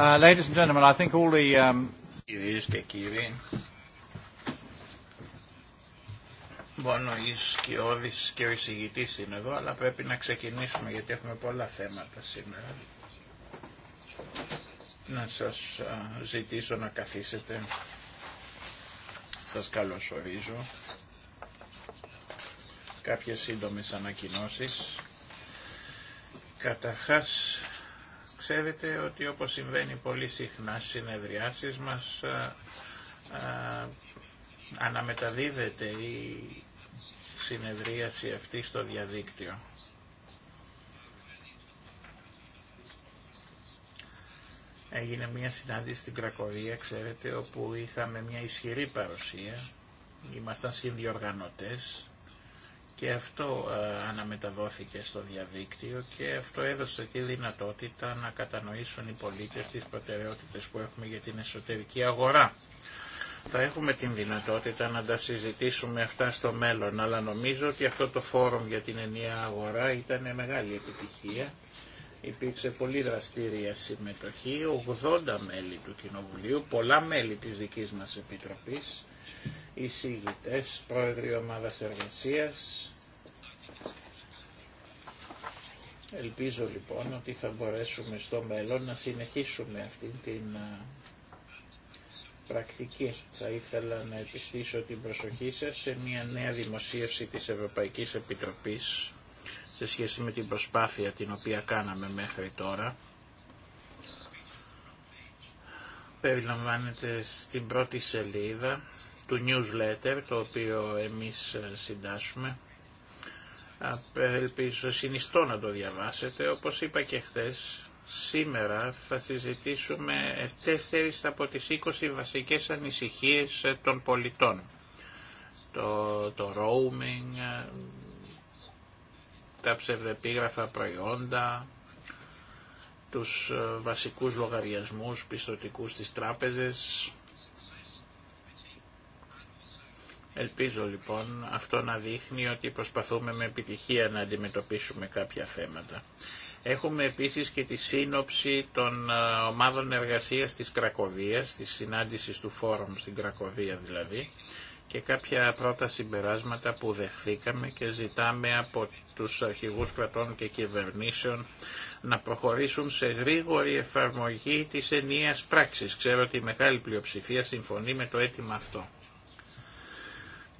Uh, ladies and um, Κυρίες και κύριοι, μόνο η σκιώδεις και ο εισηγητής είναι εδώ, αλλά πρέπει να ξεκινήσουμε γιατί έχουμε πολλά θέματα σήμερα. Να σας ζητήσω να καθίσετε. Σας καλωσορίζω. Κάποιες σύντομες ανακοινώσεις. Καταρχάς, ξέρετε ότι όπως συμβαίνει πολύ συχνά στις συνεδριάσεις μας α, ε, ε, αναμεταδίδεται η συνεδρίαση αυτή στο διαδίκτυο. Έγινε μια συνάντηση στην Κρακοβία, ξέρετε, όπου είχαμε μια ισχυρή παρουσία. Ήμασταν συνδιοργανωτές και αυτό ε, αναμεταδόθηκε στο διαδίκτυο και αυτό έδωσε τη δυνατότητα να κατανοήσουν οι πολίτες τις προτεραιότητες που έχουμε για την εσωτερική αγορά. Θα έχουμε την δυνατότητα να τα συζητήσουμε αυτά στο μέλλον, αλλά νομίζω ότι αυτό το φόρουμ για την ενιαία αγορά ήταν μεγάλη επιτυχία. Υπήρξε πολύ δραστήρια συμμετοχή, 80 μέλη του Κοινοβουλίου, πολλά μέλη της δικής μας Επιτροπής εισηγητές, πρόεδροι ομάδας εργασίας. Ελπίζω λοιπόν ότι θα μπορέσουμε στο μέλλον να συνεχίσουμε αυτή την πρακτική. Θα ήθελα να επιστήσω την προσοχή σας σε μια νέα δημοσίευση της Ευρωπαϊκής Επιτροπής σε σχέση με την προσπάθεια την οποία κάναμε μέχρι τώρα. Περιλαμβάνεται στην πρώτη σελίδα του newsletter το οποίο εμείς συντάσσουμε. Ελπίζω συνιστώ να το διαβάσετε. Όπως είπα και χθες, σήμερα θα συζητήσουμε τέσσερις από τις 20 βασικές ανησυχίες των πολιτών. Το, το roaming, τα ψευδεπίγραφα προϊόντα, τους βασικούς λογαριασμούς πιστοτικούς στις τράπεζες, Ελπίζω λοιπόν αυτό να δείχνει ότι προσπαθούμε με επιτυχία να αντιμετωπίσουμε κάποια θέματα. Έχουμε επίσης και τη σύνοψη των ε, ομάδων εργασίας της Κρακοβίας, της συνάντησης του Φόρουμ στην Κρακοβία δηλαδή, και κάποια πρώτα συμπεράσματα που δεχθήκαμε και ζητάμε από τους αρχηγούς κρατών και κυβερνήσεων να προχωρήσουν σε γρήγορη εφαρμογή της ενίας πράξης. Ξέρω ότι η μεγάλη πλειοψηφία συμφωνεί με το αίτημα αυτό.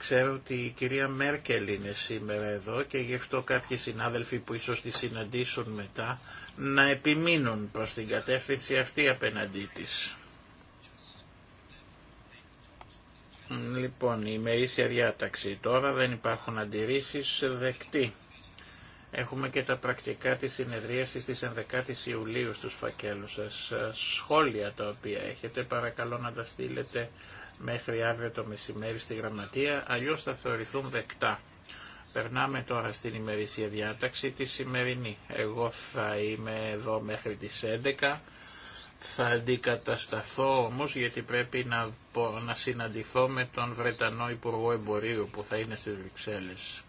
Ξέρω ότι η κυρία Μέρκελ είναι σήμερα εδώ και γι' αυτό κάποιοι συνάδελφοι που ίσως τη συναντήσουν μετά να επιμείνουν προς την κατεύθυνση αυτή απέναντί της. Λοιπόν, η ημερήσια διάταξη τώρα δεν υπάρχουν αντιρρήσεις δεκτή. Έχουμε και τα πρακτικά της συνεδρίασης της 11ης Ιουλίου στους φακέλους σας. Σχόλια τα οποία έχετε παρακαλώ να τα στείλετε μέχρι αύριο το μεσημέρι στη γραμματεία, αλλιώς θα θεωρηθούν δεκτά. Περνάμε τώρα στην ημερήσια διάταξη τη σημερινή. Εγώ θα είμαι εδώ μέχρι τις 11. Θα αντικατασταθώ όμως γιατί πρέπει να, να συναντηθώ με τον Βρετανό Υπουργό Εμπορίου που θα είναι στις Βρυξέλλες.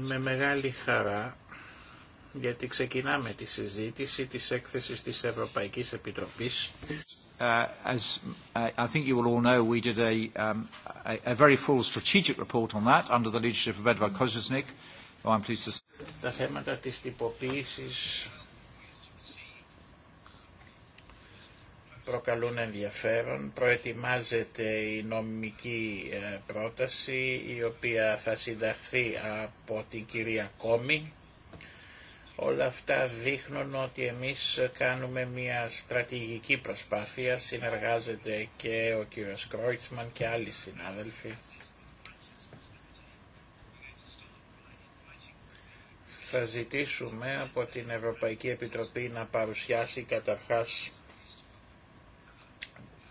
Με μεγάλη χαρά γιατί ξεκινάμε τη συζήτηση της έκθεσης της Ευρωπαϊκής Επιτροπής As I think you will all know, we did a a very full strategic report on that under the leadership of Edvard Kozisnik. I'm pleased to. Τα θέματα της τυποποίησης προκαλούν ενδιαφέρον. Προετοιμάζεται η νομική πρόταση η οποία θα συνταχθεί από την κυρία Κόμη Όλα αυτά δείχνουν ότι εμείς κάνουμε μια στρατηγική προσπάθεια, συνεργάζεται και ο κ. Κρόιτσμαν και άλλοι συνάδελφοι. Θα ζητήσουμε από την Ευρωπαϊκή Επιτροπή να παρουσιάσει καταρχάς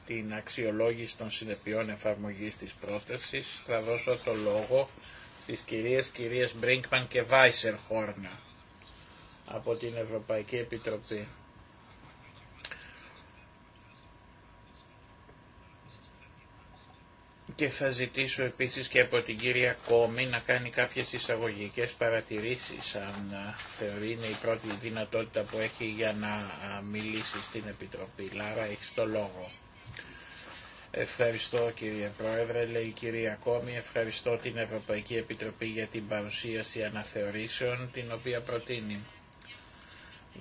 την αξιολόγηση των συνεπειών εφαρμογής της πρότασης. Θα δώσω το λόγο στις κυρίες, κυρίες Μπρίνκμαν και Βάισερ Χόρνα από την Ευρωπαϊκή Επιτροπή. Και θα ζητήσω επίσης και από την κυρία Κόμη να κάνει κάποιες εισαγωγικές παρατηρήσεις αν θεωρεί είναι η πρώτη δυνατότητα που έχει για να μιλήσει στην Επιτροπή. Λάρα, έχει το λόγο. Ευχαριστώ κύριε Πρόεδρε, λέει η κυρία Κόμη, ευχαριστώ την Ευρωπαϊκή Επιτροπή για την παρουσίαση αναθεωρήσεων την οποία προτείνει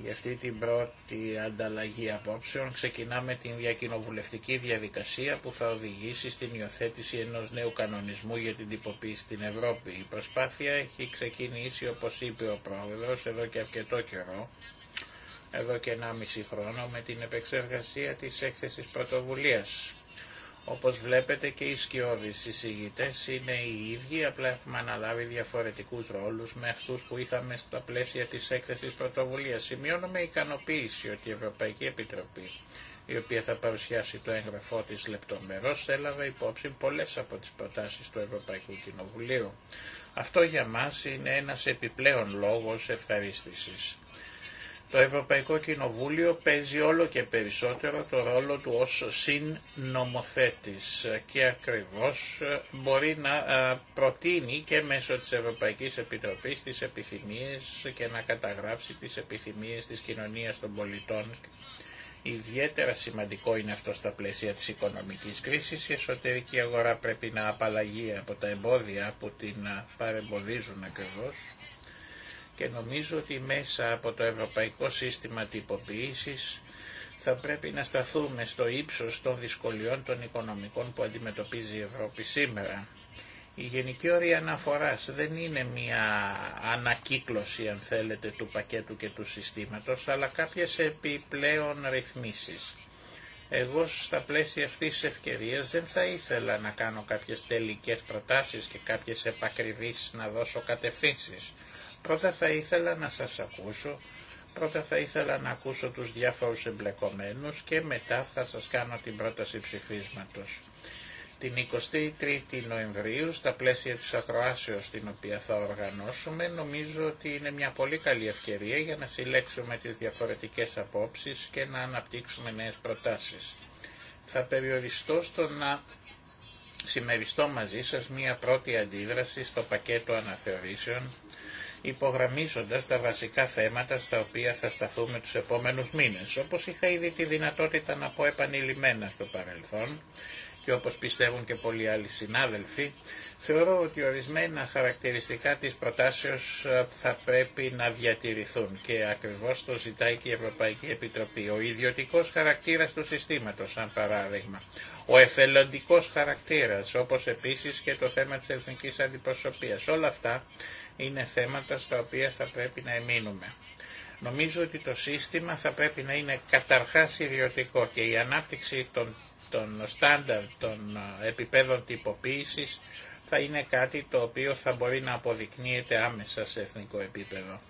για αυτή την πρώτη ανταλλαγή απόψεων ξεκινάμε την διακοινοβουλευτική διαδικασία που θα οδηγήσει στην υιοθέτηση ενός νέου κανονισμού για την τυποποίηση στην Ευρώπη. Η προσπάθεια έχει ξεκινήσει όπως είπε ο Πρόεδρος εδώ και αρκετό καιρό, εδώ και 1,5 χρόνο με την επεξεργασία της έκθεσης πρωτοβουλίας όπως βλέπετε και οι σκιώδεις εισηγητές είναι οι ίδιοι, απλά έχουμε αναλάβει διαφορετικούς ρόλους με αυτούς που είχαμε στα πλαίσια της έκθεσης πρωτοβουλίας. Σημειώνω με ικανοποίηση ότι η Ευρωπαϊκή Επιτροπή, η οποία θα παρουσιάσει το έγγραφό της λεπτομερώς, έλαβε υπόψη πολλές από τις προτάσεις του Ευρωπαϊκού Κοινοβουλίου. Αυτό για μας είναι ένας επιπλέον λόγος ευχαρίστησης. Το Ευρωπαϊκό Κοινοβούλιο παίζει όλο και περισσότερο το ρόλο του ως συνομοθέτης και ακριβώς ε, μπορεί να ε, προτείνει και μέσω της Ευρωπαϊκής Επιτροπής τις επιθυμίες και να καταγράψει τις επιθυμίες της κοινωνίας των πολιτών. Ιδιαίτερα σημαντικό είναι αυτό στα πλαίσια της οικονομικής κρίσης. Η εσωτερική αγορά πρέπει να απαλλαγεί από τα εμπόδια που την ε, παρεμποδίζουν ακριβώς και νομίζω ότι μέσα από το Ευρωπαϊκό Σύστημα τυποποιήσεις θα πρέπει να σταθούμε στο ύψος των δυσκολιών των οικονομικών που αντιμετωπίζει η Ευρώπη σήμερα. Η γενική όρια αναφοράς δεν είναι μια ανακύκλωση αν θέλετε του πακέτου και του συστήματος αλλά κάποιες επιπλέον ρυθμίσεις. Εγώ στα πλαίσια αυτής της ευκαιρίας δεν θα ήθελα να κάνω κάποιες τελικές προτάσεις και κάποιες επακριβήσεις να δώσω κατευθύνσεις. Πρώτα θα ήθελα να σας ακούσω, πρώτα θα ήθελα να ακούσω τους διάφορους εμπλεκομένους και μετά θα σας κάνω την πρόταση ψηφίσματος. Την 23η Νοεμβρίου, στα πλαίσια της ακροάσεως την οποία θα οργανώσουμε, νομίζω ότι είναι μια πολύ καλή ευκαιρία για να συλλέξουμε τις διαφορετικές απόψεις και να αναπτύξουμε νέες προτάσεις. Θα περιοριστώ στο να συμμεριστώ μαζί σας μια πρώτη αντίδραση στο πακέτο αναθεωρήσεων υπογραμμίζοντας τα βασικά θέματα στα οποία θα σταθούμε τους επόμενους μήνες. Όπως είχα ήδη τη δυνατότητα να πω επανειλημμένα στο παρελθόν και όπως πιστεύουν και πολλοί άλλοι συνάδελφοι, θεωρώ ότι ορισμένα χαρακτηριστικά της προτάσεως ε, θα πρέπει να διατηρηθούν και ακριβώς το ζητάει και η Ευρωπαϊκή Επιτροπή. Ο ιδιωτικός χαρακτήρας του συστήματος, σαν παράδειγμα. Ο εθελοντικός χαρακτήρας, όπως επίσης και το θέμα της εθνικής αντιπροσωπείας. Όλα αυτά είναι θέματα στα οποία θα πρέπει να εμείνουμε. Νομίζω ότι το σύστημα θα πρέπει να είναι καταρχάς ιδιωτικό και η ανάπτυξη των, των στάνταρ των ε, επιπέδων τυποποίησης θα είναι κάτι το οποίο θα μπορεί να αποδεικνύεται άμεσα σε εθνικό επίπεδο.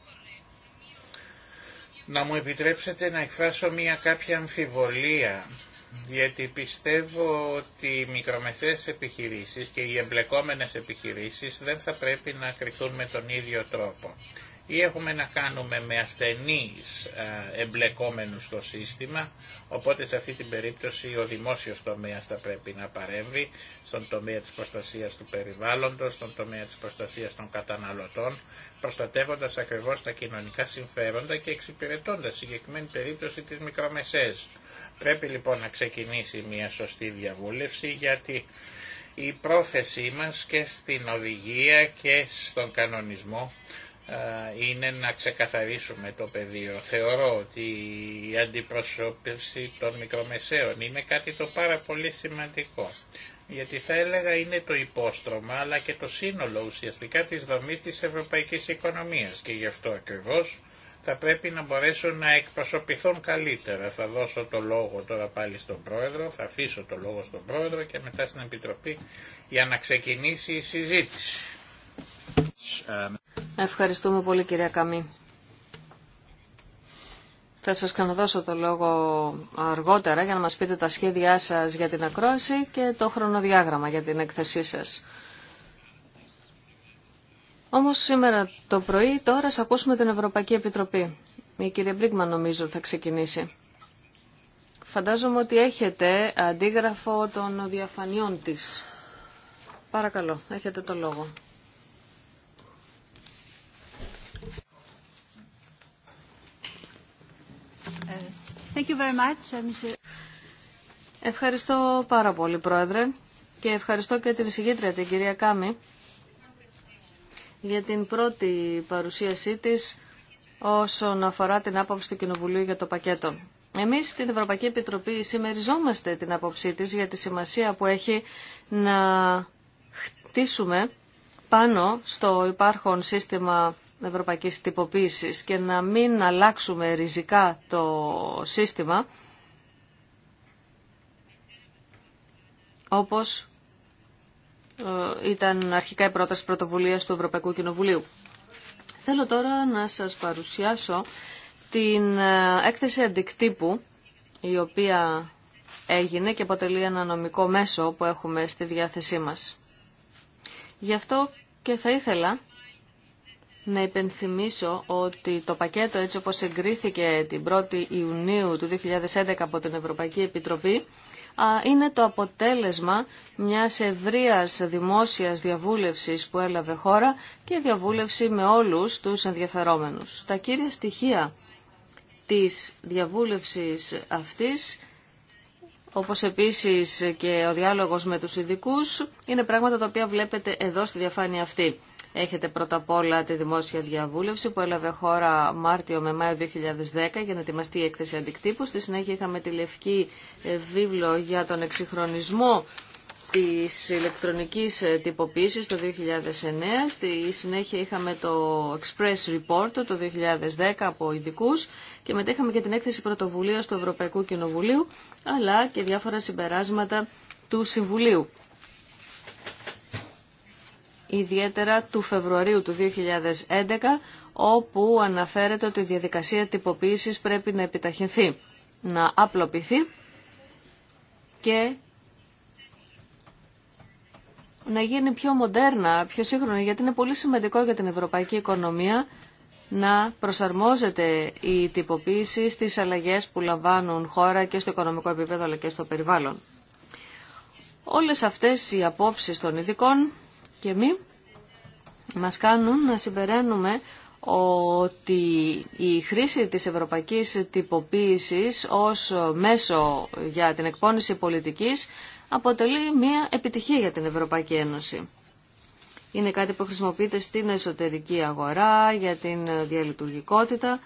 Να μου επιτρέψετε να εκφράσω μία κάποια αμφιβολία γιατί πιστεύω ότι οι μικρομεσαίες επιχειρήσεις και οι εμπλεκόμενες επιχειρήσεις δεν θα πρέπει να κρυθούν με τον ίδιο τρόπο. Ή έχουμε να κάνουμε με ασθενείς ε, εμπλεκόμενους στο σύστημα, οπότε σε αυτή την περίπτωση ο δημόσιος τομέας θα πρέπει να παρέμβει στον τομέα της προστασίας του περιβάλλοντος, στον τομέα της προστασίας των καταναλωτών, προστατεύοντας ακριβώς τα κοινωνικά συμφέροντα και εξυπηρετώντας συγκεκριμένη περίπτωση της μικρομεσαίας. Πρέπει λοιπόν να ξεκινήσει μια σωστή διαβούλευση γιατί η πρόθεσή μας και στην οδηγία και στον κανονισμό ε, είναι να ξεκαθαρίσουμε το πεδίο. Θεωρώ ότι η αντιπροσώπευση των μικρομεσαίων είναι κάτι το πάρα πολύ σημαντικό. Γιατί θα έλεγα είναι το υπόστρωμα αλλά και το σύνολο ουσιαστικά της δομής της ευρωπαϊκής οικονομίας και γι' αυτό ακριβώς θα πρέπει να μπορέσουν να εκπροσωπηθούν καλύτερα. Θα δώσω το λόγο τώρα πάλι στον Πρόεδρο, θα αφήσω το λόγο στον Πρόεδρο και μετά στην Επιτροπή για να ξεκινήσει η συζήτηση. Ευχαριστούμε πολύ κυρία Καμή. Θα σας ξαναδώσω το λόγο αργότερα για να μας πείτε τα σχέδιά σας για την ακρόαση και το χρονοδιάγραμμα για την έκθεσή σας. Όμως σήμερα το πρωί τώρα θα ακούσουμε την Ευρωπαϊκή Επιτροπή. Η κυρία Μπρίγμα νομίζω θα ξεκινήσει. Φαντάζομαι ότι έχετε αντίγραφο των διαφανειών της. Παρακαλώ, έχετε το λόγο. Thank you very much. Uh, ευχαριστώ πάρα πολύ, Πρόεδρε, και ευχαριστώ και την εισηγήτρια, την κυρία Κάμη, για την πρώτη παρουσίασή της όσον αφορά την άποψη του Κοινοβουλίου για το πακέτο. Εμείς στην Ευρωπαϊκή Επιτροπή συμμεριζόμαστε την άποψή της για τη σημασία που έχει να χτίσουμε πάνω στο υπάρχον σύστημα ευρωπαϊκής τυποποίησης και να μην αλλάξουμε ριζικά το σύστημα όπως ε, ήταν αρχικά η πρόταση πρωτοβουλίας του Ευρωπαϊκού Κοινοβουλίου. Θέλω τώρα να σας παρουσιάσω την ε, έκθεση αντικτύπου η οποία έγινε και αποτελεί ένα νομικό μέσο που έχουμε στη διάθεσή μας. Γι' αυτό και θα ήθελα να υπενθυμίσω ότι το πακέτο έτσι όπως εγκρίθηκε την 1η Ιουνίου του 2011 από την Ευρωπαϊκή Επιτροπή α είναι το αποτέλεσμα μιας ευρείας δημόσιας διαβούλευσης που έλαβε χώρα και διαβούλευση με όλους τους ενδιαφερόμενους. Τα κύρια στοιχεία της διαβούλευσης αυτής όπως επίσης και ο διάλογος με τους ειδικού είναι πράγματα τα οποία βλέπετε εδώ στη διαφάνεια αυτή. Έχετε πρώτα απ' όλα τη δημόσια διαβούλευση που έλαβε χώρα Μάρτιο με Μάιο 2010 για να ετοιμαστεί η έκθεση αντικτύπου. Στη συνέχεια είχαμε τη λευκή ε, βίβλο για τον εξυγχρονισμό της ηλεκτρονικής ε, τυποποίησης το 2009. Στη συνέχεια είχαμε το Express Report το 2010 από ειδικού και μετά είχαμε και την έκθεση πρωτοβουλίας του Ευρωπαϊκού Κοινοβουλίου αλλά και διάφορα συμπεράσματα του Συμβουλίου ιδιαίτερα του Φεβρουαρίου του 2011, όπου αναφέρεται ότι η διαδικασία τυποποίησης πρέπει να επιταχυνθεί, να απλοποιηθεί και να γίνει πιο μοντέρνα, πιο σύγχρονη, γιατί είναι πολύ σημαντικό για την ευρωπαϊκή οικονομία να προσαρμόζεται η τυποποίηση στις αλλαγές που λαμβάνουν χώρα και στο οικονομικό επίπεδο αλλά και στο περιβάλλον. Όλες αυτές οι απόψεις των ειδικών και μη μας κάνουν να συμπεραίνουμε ότι η χρήση της ευρωπαϊκής τυποποίησης ως μέσο για την εκπόνηση πολιτικής αποτελεί μια επιτυχία για την Ευρωπαϊκή Ένωση. Είναι κάτι που χρησιμοποιείται στην εσωτερική αγορά, για την διαλειτουργικότητα.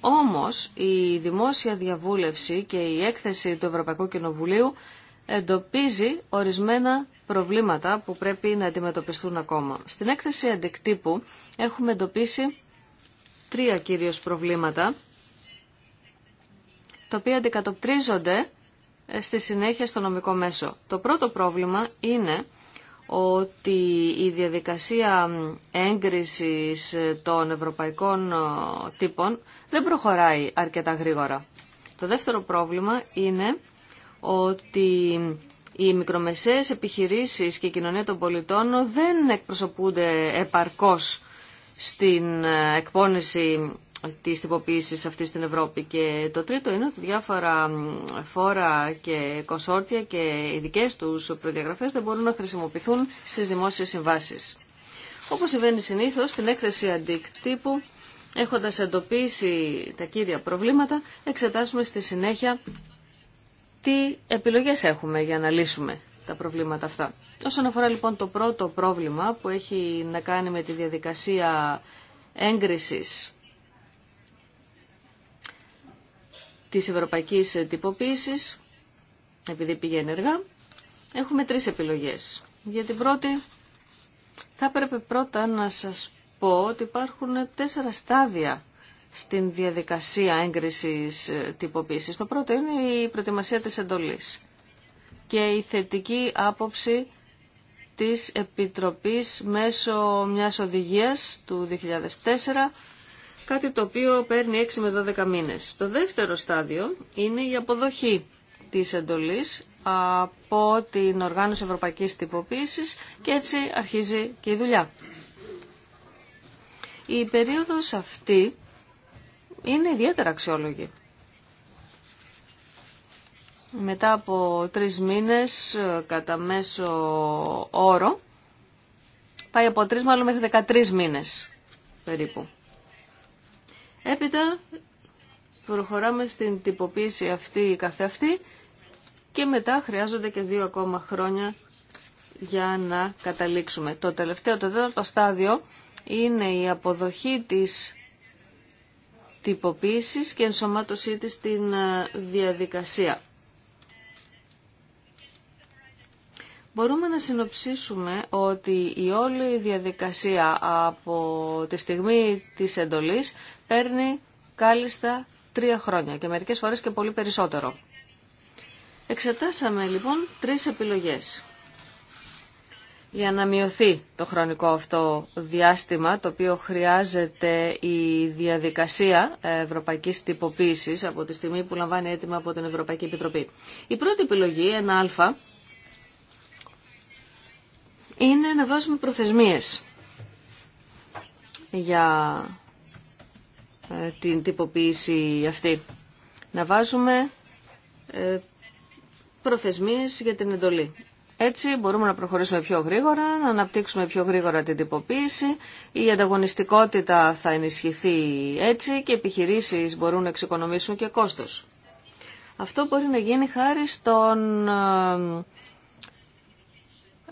Όμως η δημόσια διαβούλευση και η έκθεση του Ευρωπαϊκού Κοινοβουλίου εντοπίζει ορισμένα προβλήματα που πρέπει να αντιμετωπιστούν ακόμα. Στην έκθεση αντικτύπου έχουμε εντοπίσει τρία κυρίως προβλήματα, τα οποία αντικατοπτρίζονται ε, στη συνέχεια στο νομικό μέσο. Το πρώτο πρόβλημα είναι ότι η διαδικασία έγκρισης ε, των ευρωπαϊκών ε, τύπων δεν προχωράει αρκετά γρήγορα. Το δεύτερο πρόβλημα είναι ότι οι μικρομεσαίες επιχειρήσεις και η κοινωνία των πολιτών δεν εκπροσωπούνται επαρκώς στην ε, εκπόνηση της τυποποίησης αυτή στην Ευρώπη. Και το τρίτο είναι ότι διάφορα φόρα και κονσόρτια και οι δικές τους προδιαγραφές δεν μπορούν να χρησιμοποιηθούν στις δημόσιες συμβάσεις. Όπως συμβαίνει συνήθως, την έκθεση αντικτύπου, έχοντας εντοπίσει τα κύρια προβλήματα, εξετάσουμε στη συνέχεια τι επιλογές έχουμε για να λύσουμε τα προβλήματα αυτά. Όσον αφορά λοιπόν το πρώτο πρόβλημα που έχει να κάνει με τη διαδικασία έγκρισης της ευρωπαϊκής τυποποίησης, επειδή πηγαίνει ενεργά, έχουμε τρεις επιλογές. Για την πρώτη θα έπρεπε πρώτα να σας πω ότι υπάρχουν τέσσερα στάδια στην διαδικασία έγκρισης ε, τυποποίησης. Το πρώτο είναι η προετοιμασία της εντολής και η θετική άποψη της Επιτροπής μέσω μιας οδηγίας του 2004, κάτι το οποίο παίρνει 6 με 12 μήνες. Το δεύτερο στάδιο είναι η αποδοχή της εντολής από την Οργάνωση Ευρωπαϊκής Τυποποίησης και έτσι αρχίζει και η δουλειά. Η περίοδος αυτή είναι ιδιαίτερα αξιολογή. Μετά από τρεις μήνες ε, κατά μέσο όρο, πάει από τρεις μάλλον μέχρι 13 μήνες περίπου. Έπειτα προχωράμε στην τυποποίηση αυτή ή καθεαυτή και μετά χρειάζονται και δύο ακόμα χρόνια για να καταλήξουμε. Το τελευταίο, το τέταρτο στάδιο είναι η αποδοχή της τυποποίησης και ενσωμάτωσή της στην ε, διαδικασία. Μπορούμε να συνοψίσουμε ότι η όλη διαδικασία από τη στιγμή της εντολής παίρνει κάλλιστα τρία χρόνια και μερικές φορές και πολύ περισσότερο. Εξετάσαμε λοιπόν τρεις επιλογές για να μειωθεί το χρονικό αυτό διάστημα το οποίο χρειάζεται η διαδικασία ευρωπαϊκής τυποποίησης από τη στιγμή που λαμβάνει έτοιμα από την Ευρωπαϊκή Επιτροπή. Η πρώτη επιλογή, ένα α, είναι να βάζουμε προθεσμίες για ε, την τυποποίηση αυτή. Να βάζουμε ε, προθεσμίες για την εντολή. Έτσι μπορούμε να προχωρήσουμε πιο γρήγορα, να αναπτύξουμε πιο γρήγορα την τυποποίηση, η ανταγωνιστικότητα θα ενισχυθεί έτσι και οι επιχειρήσεις μπορούν να εξοικονομήσουν και κόστος. Αυτό μπορεί να γίνει χάρη στον... Ε,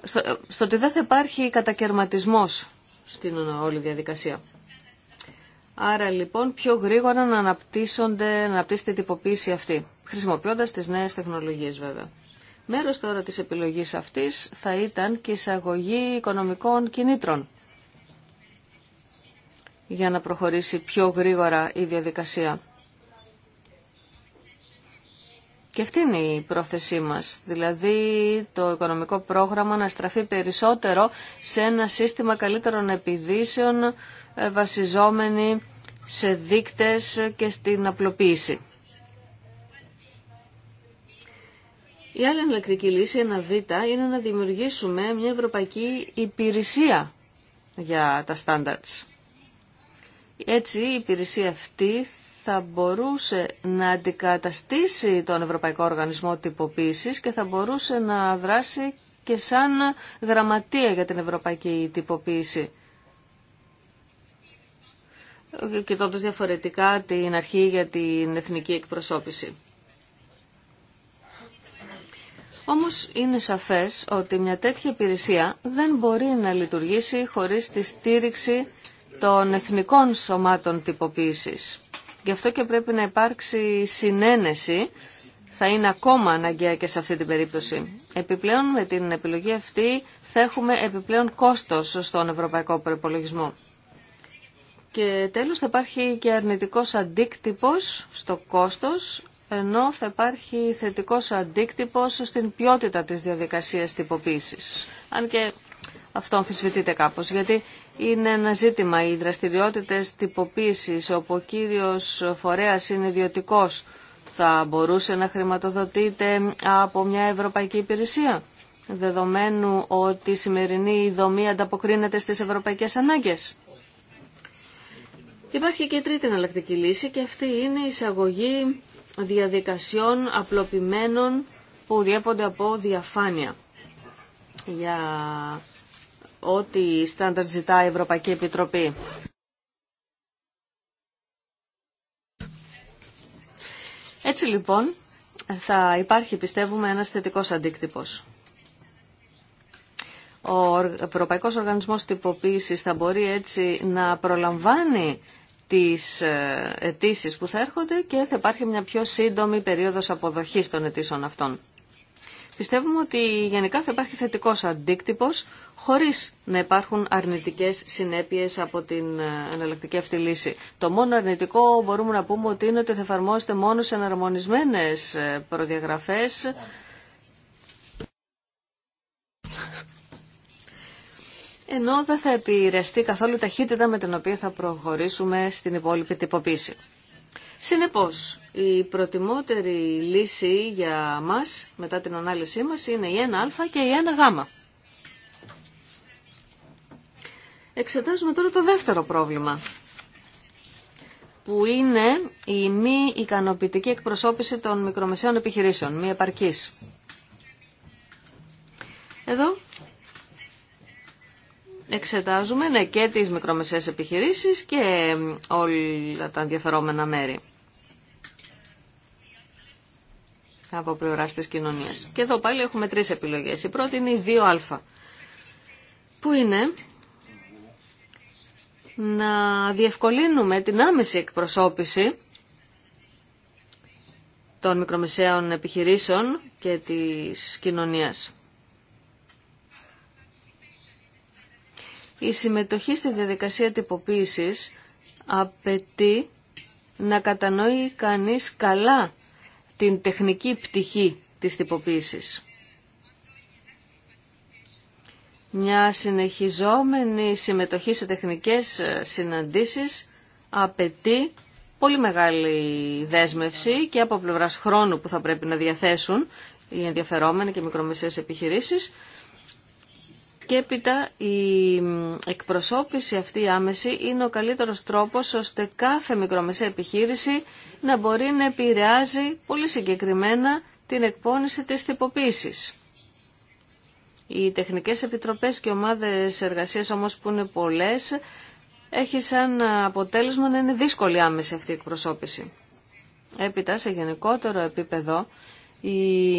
ε, στο, ότι δεν θα υπάρχει κατακαιρματισμός στην όλη διαδικασία. Άρα λοιπόν πιο γρήγορα να, αναπτύσσονται, να αναπτύσσεται η τυποποίηση αυτή, χρησιμοποιώντας τις νέες τεχνολογίες βέβαια. Μέρος τώρα της επιλογής αυτής θα ήταν και η εισαγωγή οικονομικών κινήτρων για να προχωρήσει πιο γρήγορα η διαδικασία. Και αυτή είναι η πρόθεσή μας, δηλαδή το οικονομικό πρόγραμμα να στραφεί περισσότερο σε ένα σύστημα καλύτερων επιδείσεων ε, βασιζόμενοι σε δείκτες και στην απλοποίηση. Η άλλη εναλλακτική λύση, ένα β, είναι να δημιουργήσουμε μια ευρωπαϊκή υπηρεσία για τα standards. Έτσι η υπηρεσία αυτή θα μπορούσε να αντικαταστήσει τον Ευρωπαϊκό Οργανισμό Τυποποίησης και θα μπορούσε να δράσει και σαν γραμματεία για την Ευρωπαϊκή Τυποποίηση. Κοιτώντας διαφορετικά την αρχή για την εθνική εκπροσώπηση. Όμως είναι σαφές ότι μια τέτοια υπηρεσία δεν μπορεί να λειτουργήσει χωρίς τη στήριξη των εθνικών σωμάτων τυποποίησης. Γι' αυτό και πρέπει να υπάρξει συνένεση, θα είναι ακόμα αναγκαία και σε αυτή την περίπτωση. Επιπλέον με την επιλογή αυτή θα έχουμε επιπλέον κόστος στον ευρωπαϊκό προπολογισμό. Και τέλος θα υπάρχει και αρνητικός αντίκτυπος στο κόστος ενώ θα υπάρχει θετικός αντίκτυπος στην ποιότητα της διαδικασίας τυποποίησης. Αν και αυτό αμφισβητείται κάπως, γιατί είναι ένα ζήτημα οι δραστηριότητες τυποποίησης, όπου ο κύριος φορέας είναι ιδιωτικό θα μπορούσε να χρηματοδοτείται από μια ευρωπαϊκή υπηρεσία, δεδομένου ότι η σημερινή δομή ανταποκρίνεται στις ευρωπαϊκές ανάγκες. Υπάρχει και η τρίτη εναλλακτική λύση και αυτή είναι η εισαγωγή διαδικασιών απλοποιημένων που διέπονται από διαφάνεια για ό,τι στάνταρτ ζητά η Ευρωπαϊκή Επιτροπή. Έτσι λοιπόν θα υπάρχει πιστεύουμε ένας θετικός αντίκτυπος. Ο Ευρωπαϊκός Οργανισμός Τυποποίησης θα μπορεί έτσι να προλαμβάνει τις ε, αιτήσει που θα έρχονται και θα υπάρχει μια πιο σύντομη περίοδος αποδοχής των αιτήσεων αυτών. Πιστεύουμε ότι γενικά θα υπάρχει θετικός αντίκτυπος χωρίς να υπάρχουν αρνητικές συνέπειες από την ε, εναλλακτική αυτή λύση. Το μόνο αρνητικό μπορούμε να πούμε ότι είναι ότι θα εφαρμόζεται μόνο σε εναρμονισμένες ε, προδιαγραφές ενώ δεν θα επηρεαστεί καθόλου ταχύτητα με την οποία θα προχωρήσουμε στην υπόλοιπη τυποποίηση. Συνεπώς, η προτιμότερη λύση για μας, μετά την ανάλυση μας, είναι η 1α και η 1γ. Εξετάζουμε τώρα το δεύτερο πρόβλημα, που είναι η μη ικανοποιητική εκπροσώπηση των μικρομεσαίων επιχειρήσεων, μη επαρκής. Εδώ εξετάζουμε ναι, και τις μικρομεσαίες επιχειρήσεις και όλα τα ενδιαφερόμενα μέρη από πλευρά τη κοινωνία. Και εδώ πάλι έχουμε τρεις επιλογές. Η πρώτη είναι η 2α, που είναι να διευκολύνουμε την άμεση εκπροσώπηση των μικρομεσαίων επιχειρήσεων και της κοινωνίας. Η συμμετοχή στη διαδικασία τυποποίησης απαιτεί να κατανοεί κανείς καλά την τεχνική πτυχή της τυποποίησης. Μια συνεχιζόμενη συμμετοχή σε τεχνικές συναντήσεις απαιτεί πολύ μεγάλη δέσμευση και από πλευράς χρόνου που θα πρέπει να διαθέσουν οι ενδιαφερόμενοι και οι μικρομεσαίες επιχειρήσεις και έπειτα η εκπροσώπηση αυτή άμεση είναι ο καλύτερος τρόπος ώστε κάθε μικρομεσαία επιχείρηση να μπορεί να επηρεάζει πολύ συγκεκριμένα την εκπόνηση της τυποποίησης. Οι τεχνικές επιτροπές και ομάδες εργασίας όμως που είναι πολλές έχει σαν αποτέλεσμα να είναι δύσκολη άμεση αυτή η εκπροσώπηση. Έπειτα σε γενικότερο επίπεδο η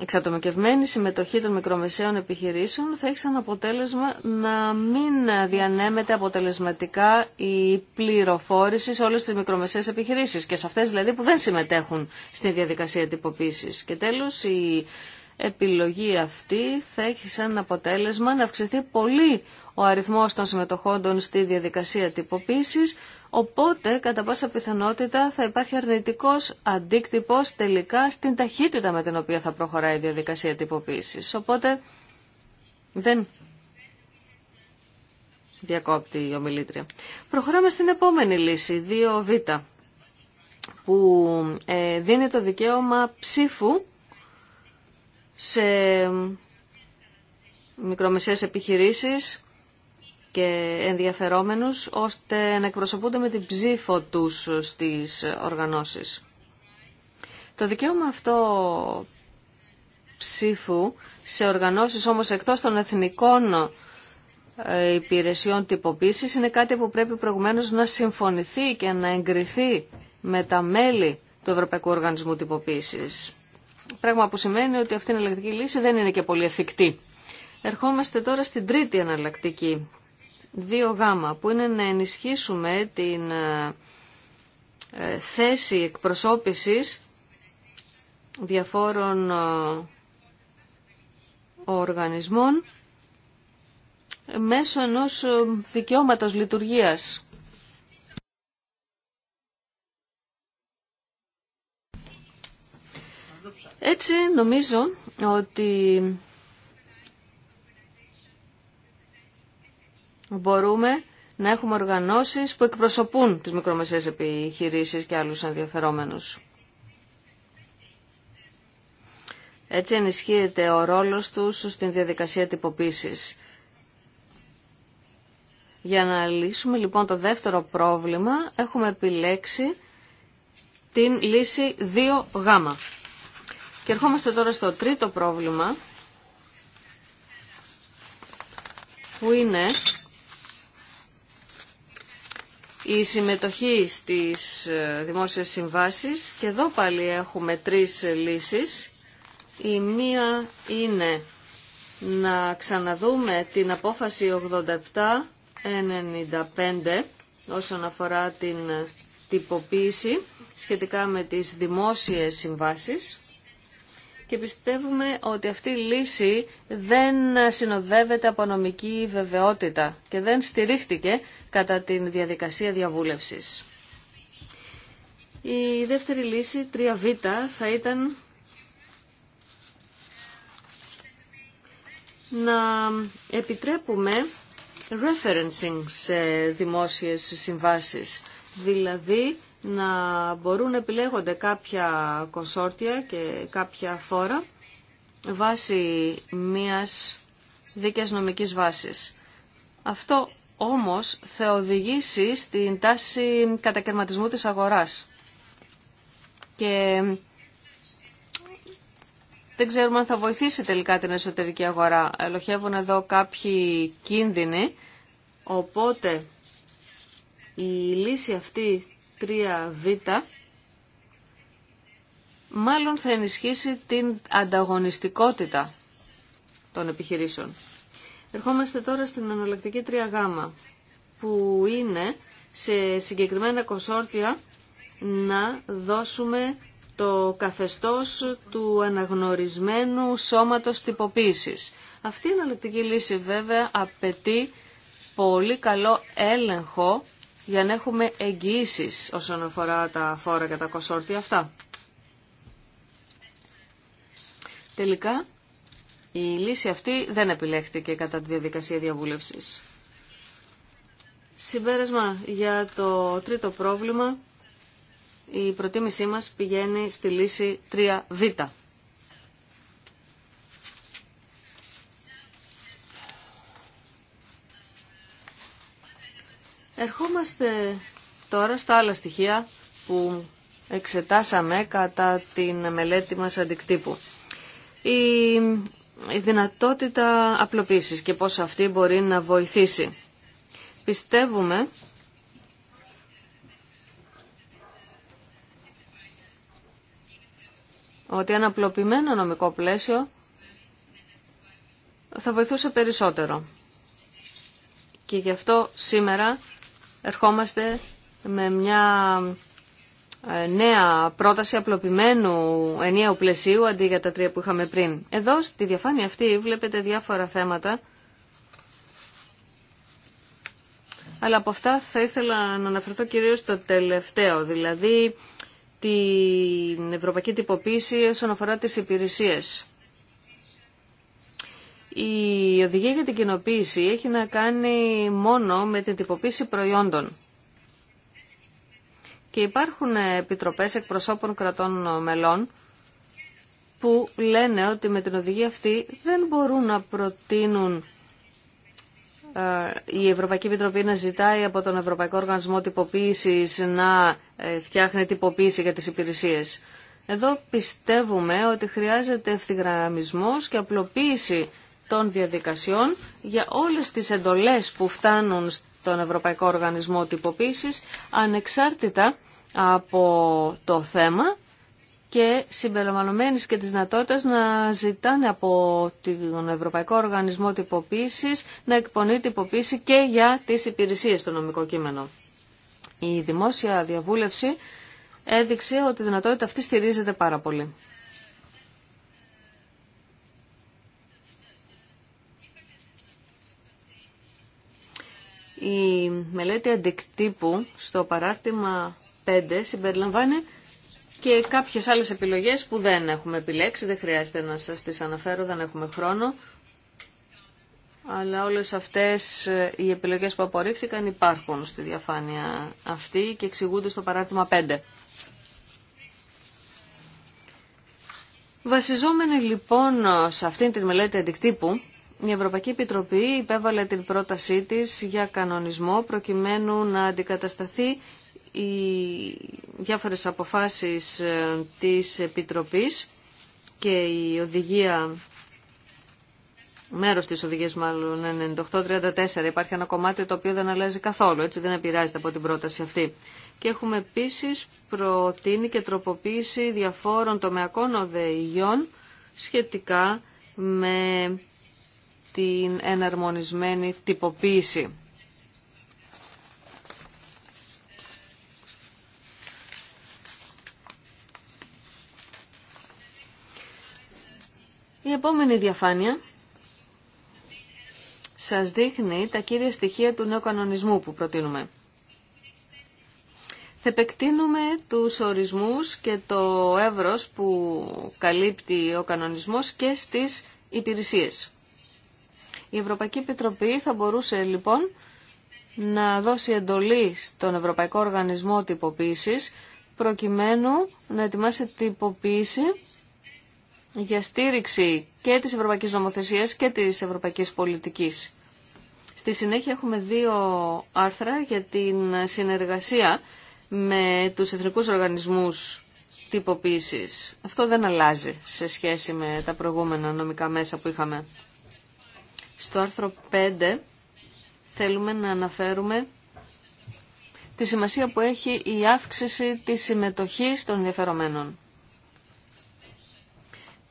εξατομικευμένη συμμετοχή των μικρομεσαίων επιχειρήσεων θα έχει σαν αποτέλεσμα να μην διανέμεται αποτελεσματικά η πληροφόρηση σε όλες τις μικρομεσαίες επιχειρήσεις και σε αυτές δηλαδή που δεν συμμετέχουν στη διαδικασία τυποποίησης. Και τέλος η επιλογή αυτή θα έχει σαν αποτέλεσμα να αυξηθεί πολύ ο αριθμός των συμμετοχόντων στη διαδικασία τυποποίησης Οπότε, κατά πάσα πιθανότητα, θα υπάρχει αρνητικός αντίκτυπος τελικά στην ταχύτητα με την οποία θα προχωράει η διαδικασία τυποποίησης. Οπότε, δεν διακόπτει η ομιλήτρια. Προχωράμε στην επόμενη λύση, 2β, που ε, δίνει το δικαίωμα ψήφου σε μικρομεσαίες επιχειρήσεις και ενδιαφερόμενους ώστε να εκπροσωπούνται με την ψήφο τους στις οργανώσεις. Το δικαίωμα αυτό ψήφου σε οργανώσεις όμως εκτός των εθνικών ε, υπηρεσιών τυποποίησης είναι κάτι που πρέπει προηγουμένως να συμφωνηθεί και να εγκριθεί με τα μέλη του Ευρωπαϊκού Οργανισμού Τυποποίησης. Πράγμα που σημαίνει ότι αυτή η εναλλακτική λύση δεν είναι και πολύ εφικτή. Ερχόμαστε τώρα στην τρίτη εναλλακτική 2Γ, που είναι να ενισχύσουμε την ε, ε, θέση εκπροσώπησης διαφόρων ε, οργανισμών μέσω ενός δικαιώματος λειτουργίας. Έτσι νομίζω ότι μπορούμε να έχουμε οργανώσεις που εκπροσωπούν τις μικρομεσαίες επιχειρήσεις και άλλους ενδιαφερόμενους. Έτσι ενισχύεται ο ρόλος τους στην διαδικασία τυποποίησης. Για να λύσουμε λοιπόν το δεύτερο πρόβλημα, έχουμε επιλέξει την λύση 2Γ. Και ερχόμαστε τώρα στο τρίτο πρόβλημα, που είναι η συμμετοχή στις ε, δημόσιες συμβάσεις και εδώ πάλι έχουμε τρεις λύσεις. Η μία είναι να ξαναδούμε την απόφαση 87-95 όσον αφορά την τυποποίηση σχετικά με τις δημόσιες συμβάσεις και πιστεύουμε ότι αυτή η λύση δεν συνοδεύεται από νομική βεβαιότητα και δεν στηρίχτηκε κατά την διαδικασία διαβούλευσης. Η δεύτερη λύση, 3β, θα ήταν να επιτρέπουμε referencing σε δημόσιες συμβάσεις, δηλαδή να μπορούν να επιλέγονται κάποια κονσόρτια και κάποια φόρα βάσει μιας δίκαιας νομικής βάσης. Αυτό όμως θα οδηγήσει στην τάση κατακαιρματισμού της αγοράς. Και δεν ξέρουμε αν θα βοηθήσει τελικά την εσωτερική αγορά. Ελοχεύουν εδώ κάποιοι κίνδυνοι, οπότε η λύση αυτή 3Β μάλλον θα ενισχύσει την ανταγωνιστικότητα των επιχειρήσεων. Ερχόμαστε τώρα στην εναλλακτική 3Γ που είναι σε συγκεκριμένα κοσόρτια να δώσουμε το καθεστώς του αναγνωρισμένου σώματος τυποποίησης. Αυτή η αναλλακτική λύση βέβαια απαιτεί πολύ καλό έλεγχο για να έχουμε εγγυήσει όσον αφορά τα φόρα και τα κοσόρτια αυτά. Τελικά, η λύση αυτή δεν επιλέχθηκε κατά τη διαδικασία διαβούλευσης. Συμπέρασμα για το τρίτο πρόβλημα, η προτίμησή μας πηγαίνει στη λύση 3β. Ερχόμαστε τώρα στα άλλα στοιχεία που εξετάσαμε κατά την μελέτη μας αντικτύπου. Η δυνατότητα απλοποίησης και πώς αυτή μπορεί να βοηθήσει. Πιστεύουμε ότι ένα απλοποιημένο νομικό πλαίσιο θα βοηθούσε περισσότερο. Και γι' αυτό σήμερα ερχόμαστε με μια ε, νέα πρόταση απλοποιημένου ενιαίου πλαισίου αντί για τα τρία που είχαμε πριν. Εδώ στη διαφάνεια αυτή βλέπετε διάφορα θέματα. Αλλά από αυτά θα ήθελα να αναφερθώ κυρίως στο τελευταίο, δηλαδή την ευρωπαϊκή τυποποίηση όσον αφορά τις υπηρεσίες. Η οδηγία για την κοινοποίηση έχει να κάνει μόνο με την τυποποίηση προϊόντων. Και υπάρχουν επιτροπές εκπροσώπων κρατών μελών που λένε ότι με την οδηγία αυτή δεν μπορούν να προτείνουν ε, η Ευρωπαϊκή Επιτροπή να ζητάει από τον Ευρωπαϊκό Οργανισμό Τυποποίησης να ε, φτιάχνει τυποποίηση για τις υπηρεσίες. Εδώ πιστεύουμε ότι χρειάζεται ευθυγραμμισμός και απλοποίηση των διαδικασιών για όλες τις εντολές που φτάνουν στον Ευρωπαϊκό Οργανισμό Τυποποίησης ανεξάρτητα από το θέμα και συμπεριλαμβανομένης και της δυνατότητα να ζητάνε από τον Ευρωπαϊκό Οργανισμό Τυποποίησης να εκπονεί τυποποίηση και για τις υπηρεσίες στο νομικό κείμενο. Η δημόσια διαβούλευση έδειξε ότι η δυνατότητα αυτή στηρίζεται πάρα πολύ. Η μελέτη αντικτύπου στο παράρτημα 5 συμπεριλαμβάνει και κάποιες άλλες επιλογές που δεν έχουμε επιλέξει, δεν χρειάζεται να σας τις αναφέρω, δεν έχουμε χρόνο. Αλλά όλες αυτές ε, οι επιλογές που απορρίφθηκαν υπάρχουν στη διαφάνεια αυτή και εξηγούνται στο παράρτημα 5. Βασιζόμενοι λοιπόν σε αυτήν την μελέτη αντικτύπου, η Ευρωπαϊκή Επιτροπή υπέβαλε την πρότασή της για κανονισμό προκειμένου να αντικατασταθεί οι διάφορες αποφάσεις ε, της Επιτροπής και η οδηγία μέρος της οδηγίας μάλλον 9834 ναι, ναι, υπάρχει ένα κομμάτι το οποίο δεν αλλάζει καθόλου έτσι δεν επηρεάζεται από την πρόταση αυτή και έχουμε επίσης προτείνει και τροποποίηση διαφόρων τομεακών οδεϊγιών σχετικά με την εναρμονισμένη τυποποίηση. Η επόμενη διαφάνεια σας δείχνει τα κύρια στοιχεία του νέου κανονισμού που προτείνουμε. Θα επεκτείνουμε τους ορισμούς και το εύρος που καλύπτει ο κανονισμός και στις υπηρεσίες. Η Ευρωπαϊκή Επιτροπή θα μπορούσε λοιπόν να δώσει εντολή στον Ευρωπαϊκό Οργανισμό Τυποποίησης προκειμένου να ετοιμάσει τυποποίηση για στήριξη και της Ευρωπαϊκής Νομοθεσίας και της Ευρωπαϊκής Πολιτικής. Στη συνέχεια έχουμε δύο άρθρα για την συνεργασία με τους εθνικούς οργανισμούς τυποποίησης. Αυτό δεν αλλάζει σε σχέση με τα προηγούμενα νομικά μέσα που είχαμε στο άρθρο 5 θέλουμε να αναφέρουμε τη σημασία που έχει η αύξηση της συμμετοχής των ενδιαφερομένων.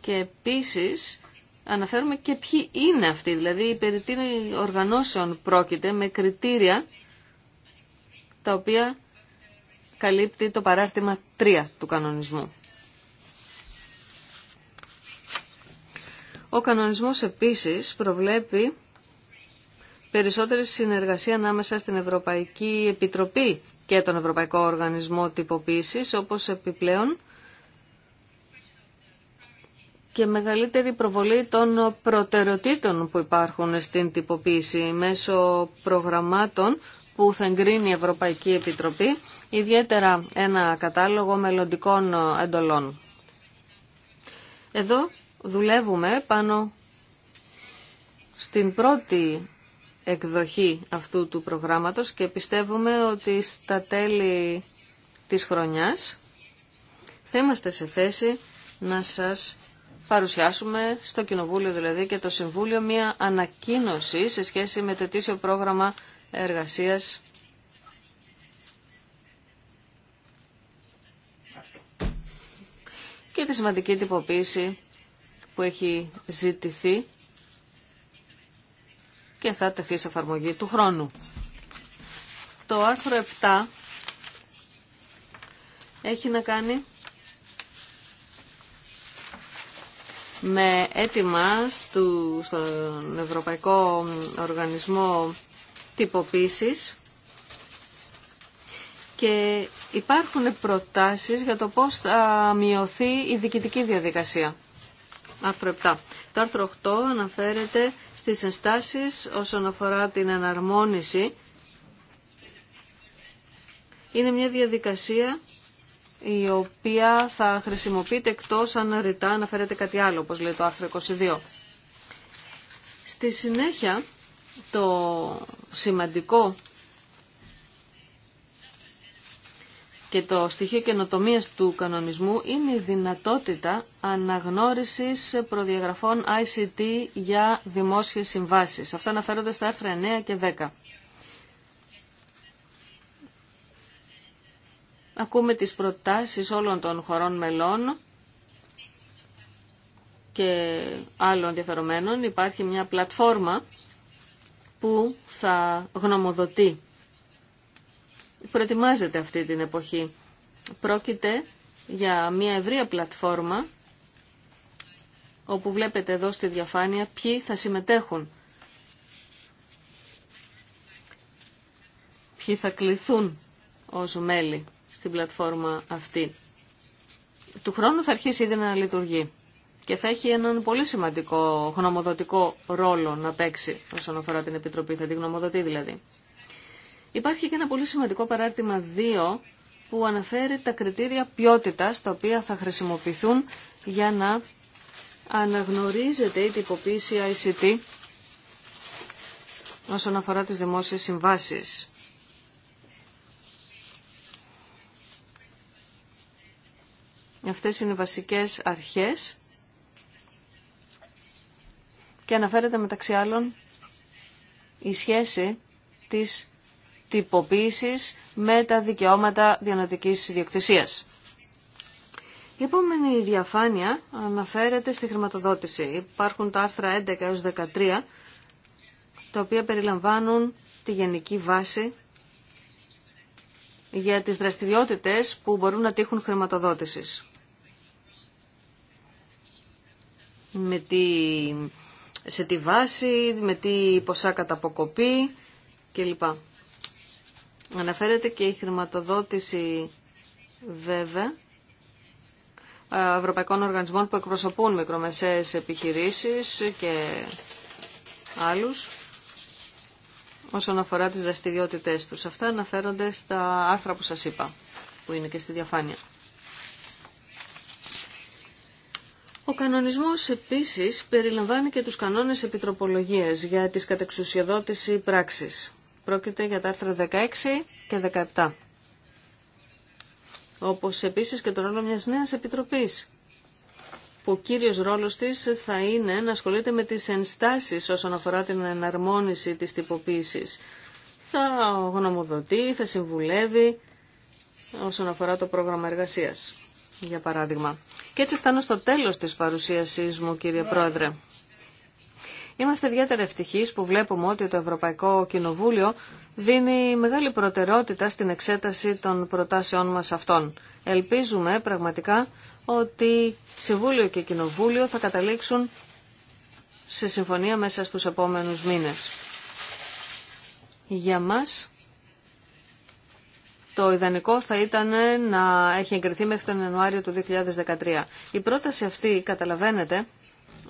Και επίσης αναφέρουμε και ποιοι είναι αυτοί, δηλαδή η τι οργανώσεων πρόκειται με κριτήρια τα οποία καλύπτει το παράρτημα 3 του κανονισμού. Ο κανονισμός επίσης προβλέπει περισσότερη συνεργασία ανάμεσα στην Ευρωπαϊκή Επιτροπή και τον Ευρωπαϊκό Οργανισμό Τυποποίησης, όπως επιπλέον και μεγαλύτερη προβολή των προτεραιοτήτων που υπάρχουν στην τυποποίηση μέσω προγραμμάτων που θα εγκρίνει η Ευρωπαϊκή Επιτροπή, ιδιαίτερα ένα κατάλογο μελλοντικών εντολών. Εδώ δουλεύουμε πάνω στην πρώτη εκδοχή αυτού του προγράμματος και πιστεύουμε ότι στα τέλη της χρονιάς θα είμαστε σε θέση να σας παρουσιάσουμε στο Κοινοβούλιο δηλαδή και το Συμβούλιο μια ανακοίνωση σε σχέση με το ετήσιο πρόγραμμα εργασίας και τη σημαντική τυποποίηση που έχει ζητηθεί και θα τεθεί σε εφαρμογή του χρόνου. Το άρθρο 7 έχει να κάνει με έτοιμα στο, στον Ευρωπαϊκό Οργανισμό Τυποποίησης και υπάρχουν προτάσεις για το πώς θα μειωθεί η διοικητική διαδικασία. Άρθρο 7. Το άρθρο 8 αναφέρεται στις ενστάσεις όσον αφορά την εναρμόνιση. Είναι μια διαδικασία η οποία θα χρησιμοποιείται εκτός αν ρητά αναφέρεται κάτι άλλο, όπως λέει το άρθρο 22. Στη συνέχεια, το σημαντικό Και το στοιχείο καινοτομία του κανονισμού είναι η δυνατότητα αναγνώρισης προδιαγραφών ICT για δημόσιες συμβάσεις. Αυτά αναφέρονται στα άρθρα 9 και 10. Ακούμε τις προτάσεις όλων των χωρών μελών και άλλων ενδιαφερομένων. Υπάρχει μια πλατφόρμα που θα γνωμοδοτεί προετοιμάζεται αυτή την εποχή. Πρόκειται για μια ευρεία πλατφόρμα όπου βλέπετε εδώ στη διαφάνεια ποιοι θα συμμετέχουν. Ποιοι θα κληθούν ως μέλη στην πλατφόρμα αυτή. Του χρόνου θα αρχίσει ήδη να λειτουργεί και θα έχει έναν πολύ σημαντικό γνωμοδοτικό ρόλο να παίξει όσον αφορά την Επιτροπή, θα την γνωμοδοτεί δηλαδή. Υπάρχει και ένα πολύ σημαντικό παράρτημα 2 που αναφέρει τα κριτήρια ποιότητας τα οποία θα χρησιμοποιηθούν για να αναγνωρίζεται η τυποποίηση ICT όσον αφορά τις δημόσιες συμβάσεις. Αυτές είναι οι βασικές αρχές και αναφέρεται μεταξύ άλλων η σχέση της τυποποίησης με τα δικαιώματα διανοτικής ιδιοκτησίας. Η επόμενη διαφάνεια αναφέρεται στη χρηματοδότηση. Υπάρχουν τα άρθρα 11 έως 13, τα οποία περιλαμβάνουν τη γενική βάση για τις δραστηριότητες που μπορούν να τύχουν χρηματοδότησης. Με τη, σε τη βάση, με τι ποσά καταποκοπή κλπ. Αναφέρεται και η χρηματοδότηση βέβαια ευρωπαϊκών οργανισμών που εκπροσωπούν μικρομεσαίες επιχειρήσεις και άλλους όσον αφορά τις δραστηριότητε τους. Αυτά αναφέρονται στα άρθρα που σας είπα, που είναι και στη διαφάνεια. Ο κανονισμός επίσης περιλαμβάνει και τους κανόνες επιτροπολογίας για τις κατεξουσιοδότηση πράξης. Πρόκειται για τα άρθρα 16 και 17. Όπως επίσης και το ρόλο μιας νέας επιτροπής που ο κύριος ρόλος της θα είναι να ασχολείται με τις ενστάσεις όσον αφορά την εναρμόνιση της τυποποίησης. Θα γνωμοδοτεί, θα συμβουλεύει όσον αφορά το πρόγραμμα εργασίας, για παράδειγμα. Και έτσι φτάνω στο τέλος της παρουσίασής μου, κύριε Πρόεδρε. Είμαστε ιδιαίτερα ευτυχείς που βλέπουμε ότι το Ευρωπαϊκό Κοινοβούλιο δίνει μεγάλη προτεραιότητα στην εξέταση των προτάσεών μας αυτών. Ελπίζουμε πραγματικά ότι Συμβούλιο και Κοινοβούλιο θα καταλήξουν σε συμφωνία μέσα στους επόμενους μήνες. Για μας το ιδανικό θα ήταν να έχει εγκριθεί μέχρι τον Ιανουάριο του 2013. Η πρόταση αυτή, καταλαβαίνετε,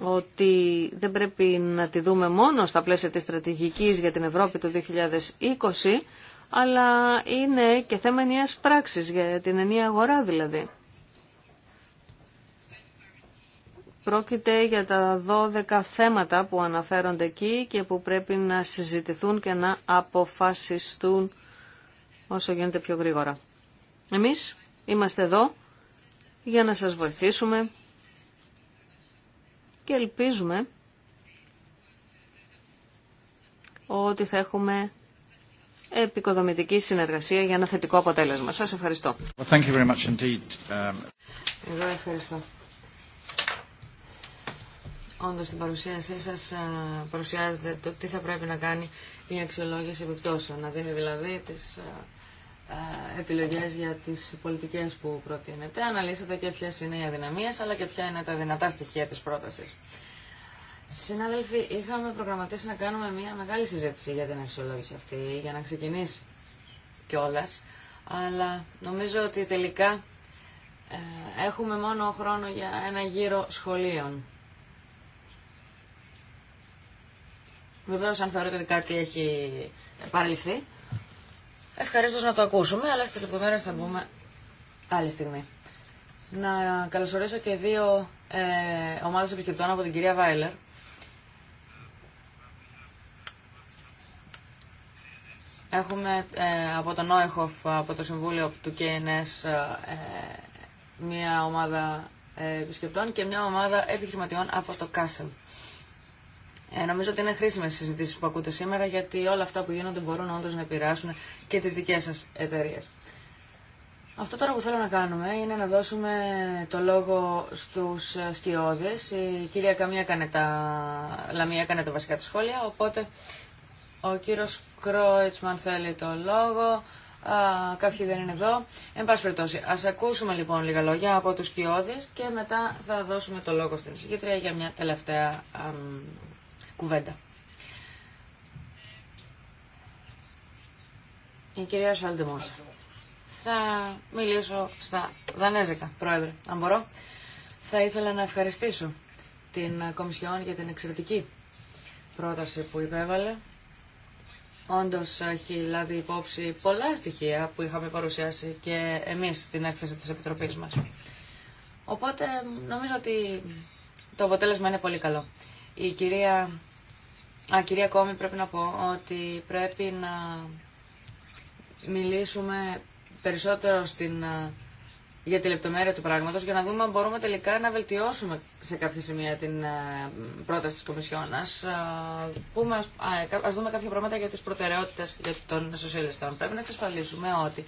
ότι δεν πρέπει να τη δούμε μόνο στα πλαίσια της στρατηγικής για την Ευρώπη το 2020, αλλά είναι και θέμα ενιαίας πράξης για την ενιαία αγορά δηλαδή. Πρόκειται για τα 12 θέματα που αναφέρονται εκεί και που πρέπει να συζητηθούν και να αποφασιστούν όσο γίνεται πιο γρήγορα. Εμείς είμαστε εδώ για να σας βοηθήσουμε και ελπίζουμε ότι θα έχουμε επικοδομητική συνεργασία για ένα θετικό αποτέλεσμα. Σας ευχαριστώ. Well, thank you very much indeed. Um, Εγώ ευχαριστώ. Όντως στην παρουσίασή σας παρουσιάζεται το τι θα πρέπει να κάνει η αξιολόγηση επιπτώσεων, να δίνει δηλαδή τις επιλογές για τις πολιτικές που προτείνετε. Αναλύσατε και ποιες είναι οι αδυναμίες, αλλά και ποια είναι τα δυνατά στοιχεία της πρότασης. Συνάδελφοι, είχαμε προγραμματίσει να κάνουμε μια μεγάλη συζήτηση για την αξιολόγηση αυτή, για να ξεκινήσει κιόλα. Αλλά νομίζω ότι τελικά ε, έχουμε μόνο χρόνο για ένα γύρο σχολείων. Βεβαίως, αν θεωρείτε ότι κάτι έχει παρελθεί, Ευχαρίστω να το ακούσουμε, αλλά στι λεπτομέρειε θα μπούμε άλλη στιγμή. Να καλωσορίσω και δύο ε, ομάδε επισκεπτών από την κυρία Βάιλερ. Έχουμε ε, από τον Νόεχοφ, από το Συμβούλιο του ΚΕΝΕΣ, μια ομάδα ε, επισκεπτών και μια ομάδα επιχειρηματιών από το Κάσελ. Ε, νομίζω ότι είναι χρήσιμε οι συζητήσει που ακούτε σήμερα, γιατί όλα αυτά που γίνονται μπορούν όντω να επηρεάσουν και τι δικέ σα εταιρείε. Αυτό τώρα που θέλω να κάνουμε είναι να δώσουμε το λόγο στους σκιώδε. Η κυρία Καμία έκανε τα... Λαμία έκανε τα βασικά τη σχόλια, οπότε ο κύριος Κρόιτσμαν θέλει το λόγο. Α, κάποιοι δεν είναι εδώ. Εν πάση περιπτώσει, ας ακούσουμε λοιπόν λίγα λόγια από τους σκιώδες και μετά θα δώσουμε το λόγο στην εισηγήτρια για μια τελευταία κουβέντα. Η κυρία Σαλντεμόσα. Θα μιλήσω στα δανέζικα, πρόεδρε, αν μπορώ. Θα ήθελα να ευχαριστήσω την Κομισιόν για την εξαιρετική πρόταση που υπέβαλε. Όντως έχει λάβει υπόψη πολλά στοιχεία που είχαμε παρουσιάσει και εμείς στην έκθεση της Επιτροπής μας. Οπότε νομίζω ότι το αποτέλεσμα είναι πολύ καλό. Η κυρία, α, κυρία Κόμη πρέπει να πω ότι πρέπει να μιλήσουμε περισσότερο στην, για τη λεπτομέρεια του πράγματος για να δούμε αν μπορούμε τελικά να βελτιώσουμε σε κάποια σημεία την πρόταση της Κομισιόν. α ας, ας δούμε κάποια πράγματα για τις προτεραιότητες των σοσιαλιστών. Πρέπει να εξασφαλίσουμε ότι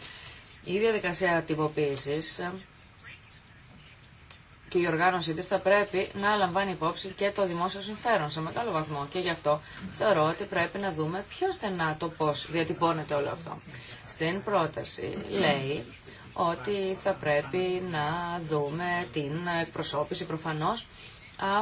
η διαδικασία τυποποίησης και η οργάνωσή τη θα πρέπει να λαμβάνει υπόψη και το δημόσιο συμφέρον σε μεγάλο βαθμό και γι' αυτό θεωρώ ότι πρέπει να δούμε πιο στενά το πώ διατυπώνεται όλο αυτό. Στην πρόταση λέει ότι θα πρέπει να δούμε την εκπροσώπηση προφανώ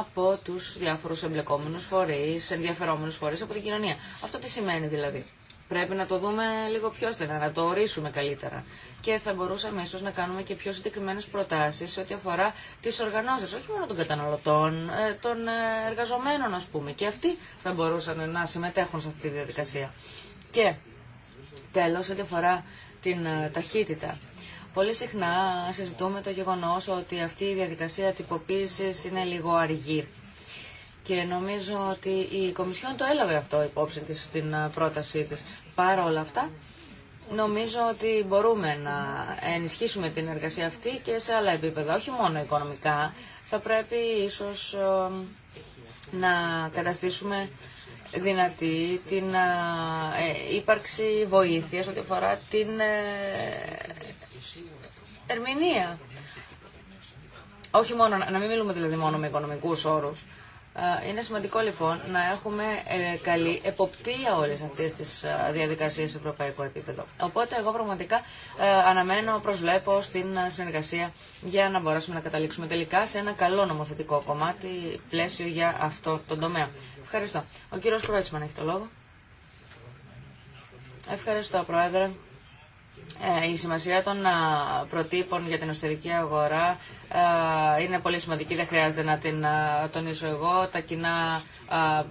από τους διάφορους εμπλεκόμενους φορείς, ενδιαφερόμενους φορείς από την κοινωνία. Αυτό τι σημαίνει δηλαδή. Πρέπει να το δούμε λίγο πιο στενά, να το ορίσουμε καλύτερα. Και θα μπορούσαμε ίσω να κάνουμε και πιο συγκεκριμένε προτάσει σε ό,τι αφορά τι οργανώσει, όχι μόνο των καταναλωτών, ε, των ε, εργαζομένων, α πούμε. Και αυτοί θα μπορούσαν να συμμετέχουν σε αυτή τη διαδικασία. Και τέλο, ό,τι αφορά την ε, ταχύτητα. Πολύ συχνά συζητούμε το γεγονό ότι αυτή η διαδικασία τυποποίηση είναι λίγο αργή. Και νομίζω ότι η Κομισιόν το έλαβε αυτό υπόψη της στην πρότασή της. Πάρα όλα αυτά, νομίζω ότι μπορούμε να ενισχύσουμε την εργασία αυτή και σε άλλα επίπεδα, όχι μόνο οικονομικά. Θα πρέπει ίσως να καταστήσουμε δυνατή την ε, ύπαρξη βοήθειας ό,τι αφορά την ε, ερμηνεία. Όχι μόνο, να μην μιλούμε δηλαδή μόνο με οικονομικούς όρους, ε, είναι σημαντικό λοιπόν να έχουμε ε, καλή εποπτεία όλες αυτές τις ε, διαδικασίες σε ευρωπαϊκό επίπεδο. Οπότε εγώ πραγματικά αναμένω, προσβλέπω στην συνεργασία για να μπορέσουμε να καταλήξουμε τελικά σε ένα καλό νομοθετικό κομμάτι πλαίσιο για αυτό το τομέα. Ευχαριστώ. Ο κύριος Κρότσμαν έχει το λόγο. Ευχαριστώ Πρόεδρε. Ε, η σημασία των προτύπων για την εσωτερική αγορά είναι πολύ σημαντική, δεν χρειάζεται να την τονίσω εγώ. Τα κοινά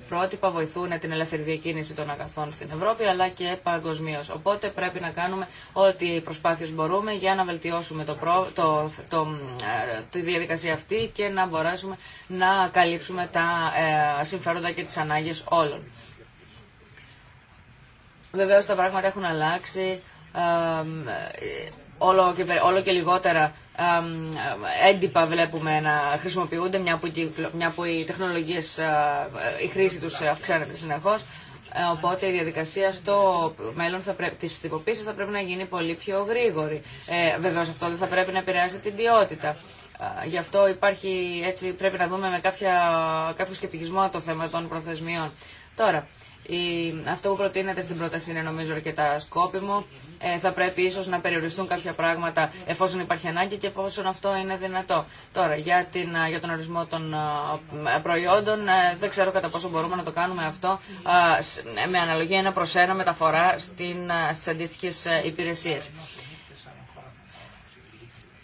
πρότυπα βοηθούν την ελεύθερη διακίνηση των αγαθών στην Ευρώπη αλλά και παγκοσμίω. Οπότε πρέπει να κάνουμε ό,τι προσπάθειε μπορούμε για να βελτιώσουμε το, το... το... τη διαδικασία αυτή και να μπορέσουμε να καλύψουμε τα ε, συμφέροντα και τι ανάγκε όλων. Βεβαίω, τα πράγματα έχουν αλλάξει όλο και, λιγότερα έντυπα βλέπουμε να χρησιμοποιούνται, μια που, μια που τεχνολογίες, ε, ε, η χρήση τους αυξάνεται συνεχώς. Ε, οπότε η διαδικασία στο μέλλον θα πρέπει, της τυποποίησης θα πρέπει να γίνει πολύ πιο γρήγορη. Ε, βεβαίως αυτό δεν θα πρέπει να επηρεάσει την ποιότητα. Γι' αυτό υπάρχει, έτσι πρέπει να δούμε με κάποια, κάποιο σκεπτικισμό το θέμα των προθεσμιών. Τώρα, η, αυτό που προτείνεται στην πρόταση είναι νομίζω αρκετά σκόπιμο. Ε, θα πρέπει ίσω να περιοριστούν κάποια πράγματα εφόσον υπάρχει ανάγκη και εφόσον αυτό είναι δυνατό. Τώρα, για, την, για τον ορισμό των προϊόντων, ε, δεν ξέρω κατά πόσο μπορούμε να το κάνουμε αυτό με αναλογία ένα προ ένα μεταφορά στι αντίστοιχε ε, υπηρεσίε.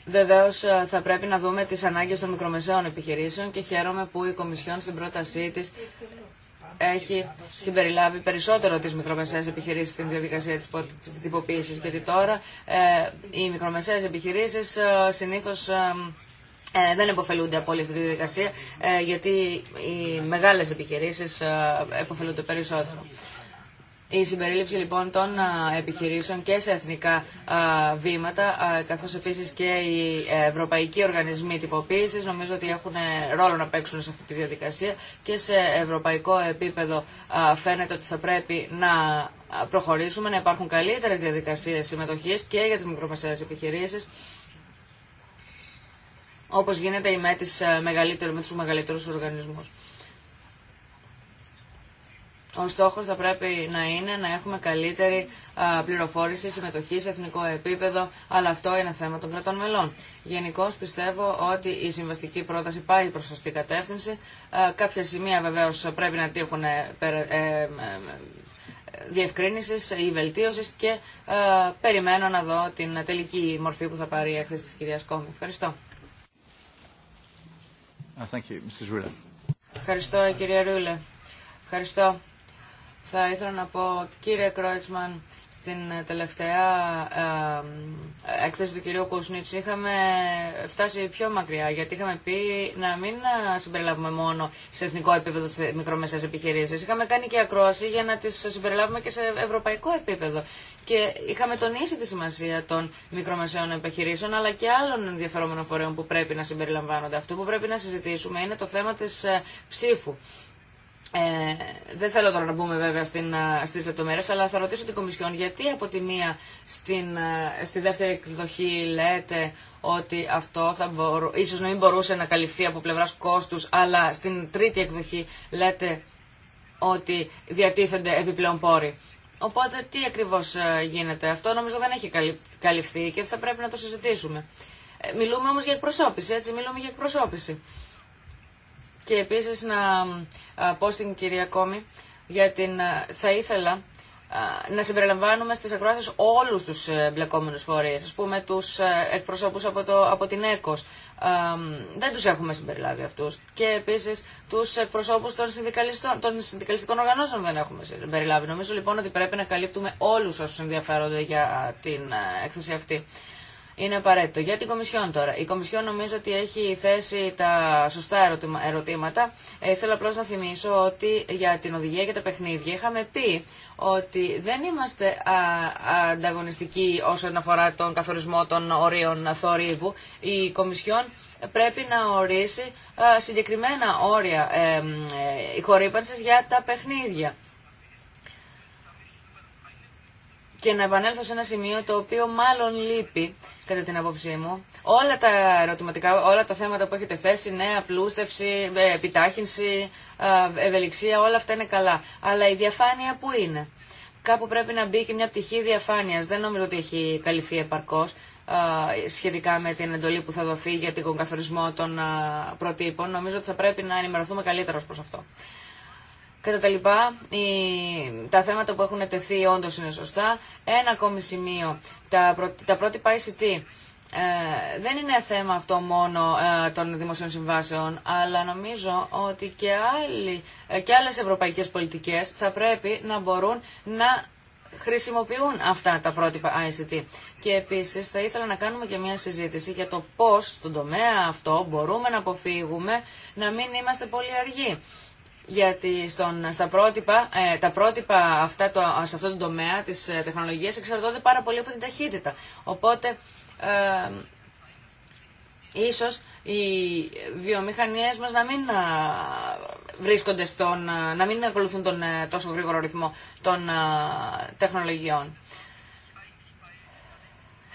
Βεβαίω ε, θα πρέπει να δούμε τι ανάγκε των μικρομεσαίων επιχειρήσεων και χαίρομαι που η Κομισιόν στην πρότασή τη έχει συμπεριλάβει περισσότερο τις μικρομεσαίες επιχειρήσεις στην διαδικασία της τυποποίησης, γιατί τώρα ε, οι μικρομεσαίες επιχειρήσεις ε, συνήθως ε, δεν επωφελούνται από όλη αυτή τη διαδικασία, γιατί οι μεγάλες επιχειρήσεις ε, περισσότερο. Η συμπερίληψη λοιπόν των επιχειρήσεων και σε εθνικά βήματα, καθώς επίσης και οι ε, ευρωπαϊκοί οργανισμοί τυποποίησης, νομίζω ότι έχουν ε, ρόλο να παίξουν σε αυτή τη διαδικασία και σε ευρωπαϊκό επίπεδο φαίνεται ότι θα πρέπει να προχωρήσουμε, να υπάρχουν καλύτερες διαδικασίες συμμετοχής και για τις μικρομεσαίες επιχειρήσεις, όπως γίνεται με, τις ε, με τους μεγαλύτερους οργανισμούς ο στόχος θα πρέπει να είναι να έχουμε καλύτερη πληροφόρηση, συμμετοχή σε εθνικό επίπεδο, αλλά αυτό είναι θέμα των κρατών μελών. Γενικώ πιστεύω ότι η συμβαστική πρόταση πάει προς σωστή κατεύθυνση. Κάποια σημεία βεβαίως πρέπει να τύχουν ε, ε, ε, διευκρίνησης ή βελτίωση και περιμένω να δω την τελική μορφή που θα πάρει η έκθεση της κυρίας Κόμη. Ευχαριστώ. Uh, Ευχαριστώ, κυρία Ρούλε. Ευχαριστώ. Θα ήθελα να πω, κύριε Κρόιτσμαν, στην τελευταία έκθεση του κυρίου Κουσνίτς είχαμε φτάσει πιο μακριά, γιατί είχαμε πει να μην συμπεριλάβουμε μόνο σε εθνικό επίπεδο τις μικρομεσαίες επιχειρήσεις. Είχαμε κάνει και ακρόαση για να τις συμπεριλάβουμε και σε ευρωπαϊκό επίπεδο. Και είχαμε τονίσει τη σημασία των μικρομεσαίων επιχειρήσεων, αλλά και άλλων ενδιαφερόμενων φορέων που πρέπει να συμπεριλαμβάνονται. Αυτό που πρέπει να συζητήσουμε είναι το θέμα της ε, ψήφου. Ε, δεν θέλω τώρα να μπούμε βέβαια στην, ε, στις λεπτομέρειες, αλλά θα ρωτήσω την Κομισιόν γιατί από τη μία στην, ε, στη δεύτερη εκδοχή λέτε ότι αυτό θα μπορού, ίσως να μην μπορούσε να καλυφθεί από πλευράς κόστους, αλλά στην τρίτη εκδοχή λέτε ότι διατίθενται επιπλέον πόροι. Οπότε τι ακριβώς γίνεται. Αυτό νομίζω δεν έχει καλυφθεί και θα πρέπει να το συζητήσουμε. Μιλούμε όμως για εκπροσώπηση, έτσι, μιλούμε για εκπροσώπηση. Και επίσης να πω στην κυρία Κόμη, για την, θα ήθελα να συμπεριλαμβάνουμε στις ακροάσεις όλους τους ε, μπλεκόμενους φορείς, ας πούμε τους ε, εκπροσώπους από, το, από την ΕΚΟΣ. Δεν τους έχουμε συμπεριλάβει αυτούς. Και επίσης τους εκπροσώπους των, συνδικαλιστών, των συνδικαλιστικών οργανώσεων δεν έχουμε συμπεριλάβει. Νομίζω λοιπόν ότι πρέπει να καλύπτουμε όλους όσους ενδιαφέρονται για την έκθεση αυτή είναι απαραίτητο. Για την Κομισιόν τώρα. Η Κομισιόν νομίζω ότι έχει θέσει τα σωστά ερωτήματα. Ε, θέλω απλώ να θυμίσω ότι για την οδηγία και τα παιχνίδια είχαμε πει ότι δεν είμαστε ανταγωνιστικοί όσον αφορά τον καθορισμό των ορίων θορύβου. Η Κομισιόν πρέπει να ορίσει συγκεκριμένα όρια ε, χορύπανσης για τα παιχνίδια. και να επανέλθω σε ένα σημείο το οποίο μάλλον λείπει, κατά την άποψή μου. Όλα τα ερωτηματικά, όλα τα θέματα που έχετε θέσει, ναι, απλούστευση, ε, επιτάχυνση, ε, ευελιξία, όλα αυτά είναι καλά. Αλλά η διαφάνεια που είναι. Κάπου πρέπει να μπει και μια πτυχή διαφάνειας. Δεν νομίζω ότι έχει καλυφθεί επαρκώς ε, σχετικά με την εντολή που θα δοθεί για τον καθορισμό των προτύπων. Νομίζω ότι θα πρέπει να ενημερωθούμε καλύτερα προς αυτό κατά τα λοιπά, τα θέματα που έχουν τεθεί όντως είναι σωστά. Ένα ακόμη σημείο, τα, τα πρότυπα ICT. Ε, δεν είναι θέμα αυτό μόνο ε, των δημοσίων συμβάσεων, αλλά νομίζω ότι και, άλλοι, ε, και άλλες ευρωπαϊκές πολιτικές θα πρέπει να μπορούν να χρησιμοποιούν αυτά τα πρότυπα ICT. Και επίσης θα ήθελα να κάνουμε και μια συζήτηση για το πώς στον τομέα αυτό μπορούμε να αποφύγουμε να μην είμαστε πολύ αργοί γιατί στον, στα πρότυπα, ε, τα πρότυπα αυτά το, σε αυτόν τον τομέα της ε, τεχνολογίας εξαρτώνται πάρα πολύ από την ταχύτητα. Οπότε, ε, ίσως οι βιομηχανίες μας να μην ε, βρίσκονται στον, ε, να μην ακολουθούν τον τόσο γρήγορο ρυθμό των τεχνολογιών.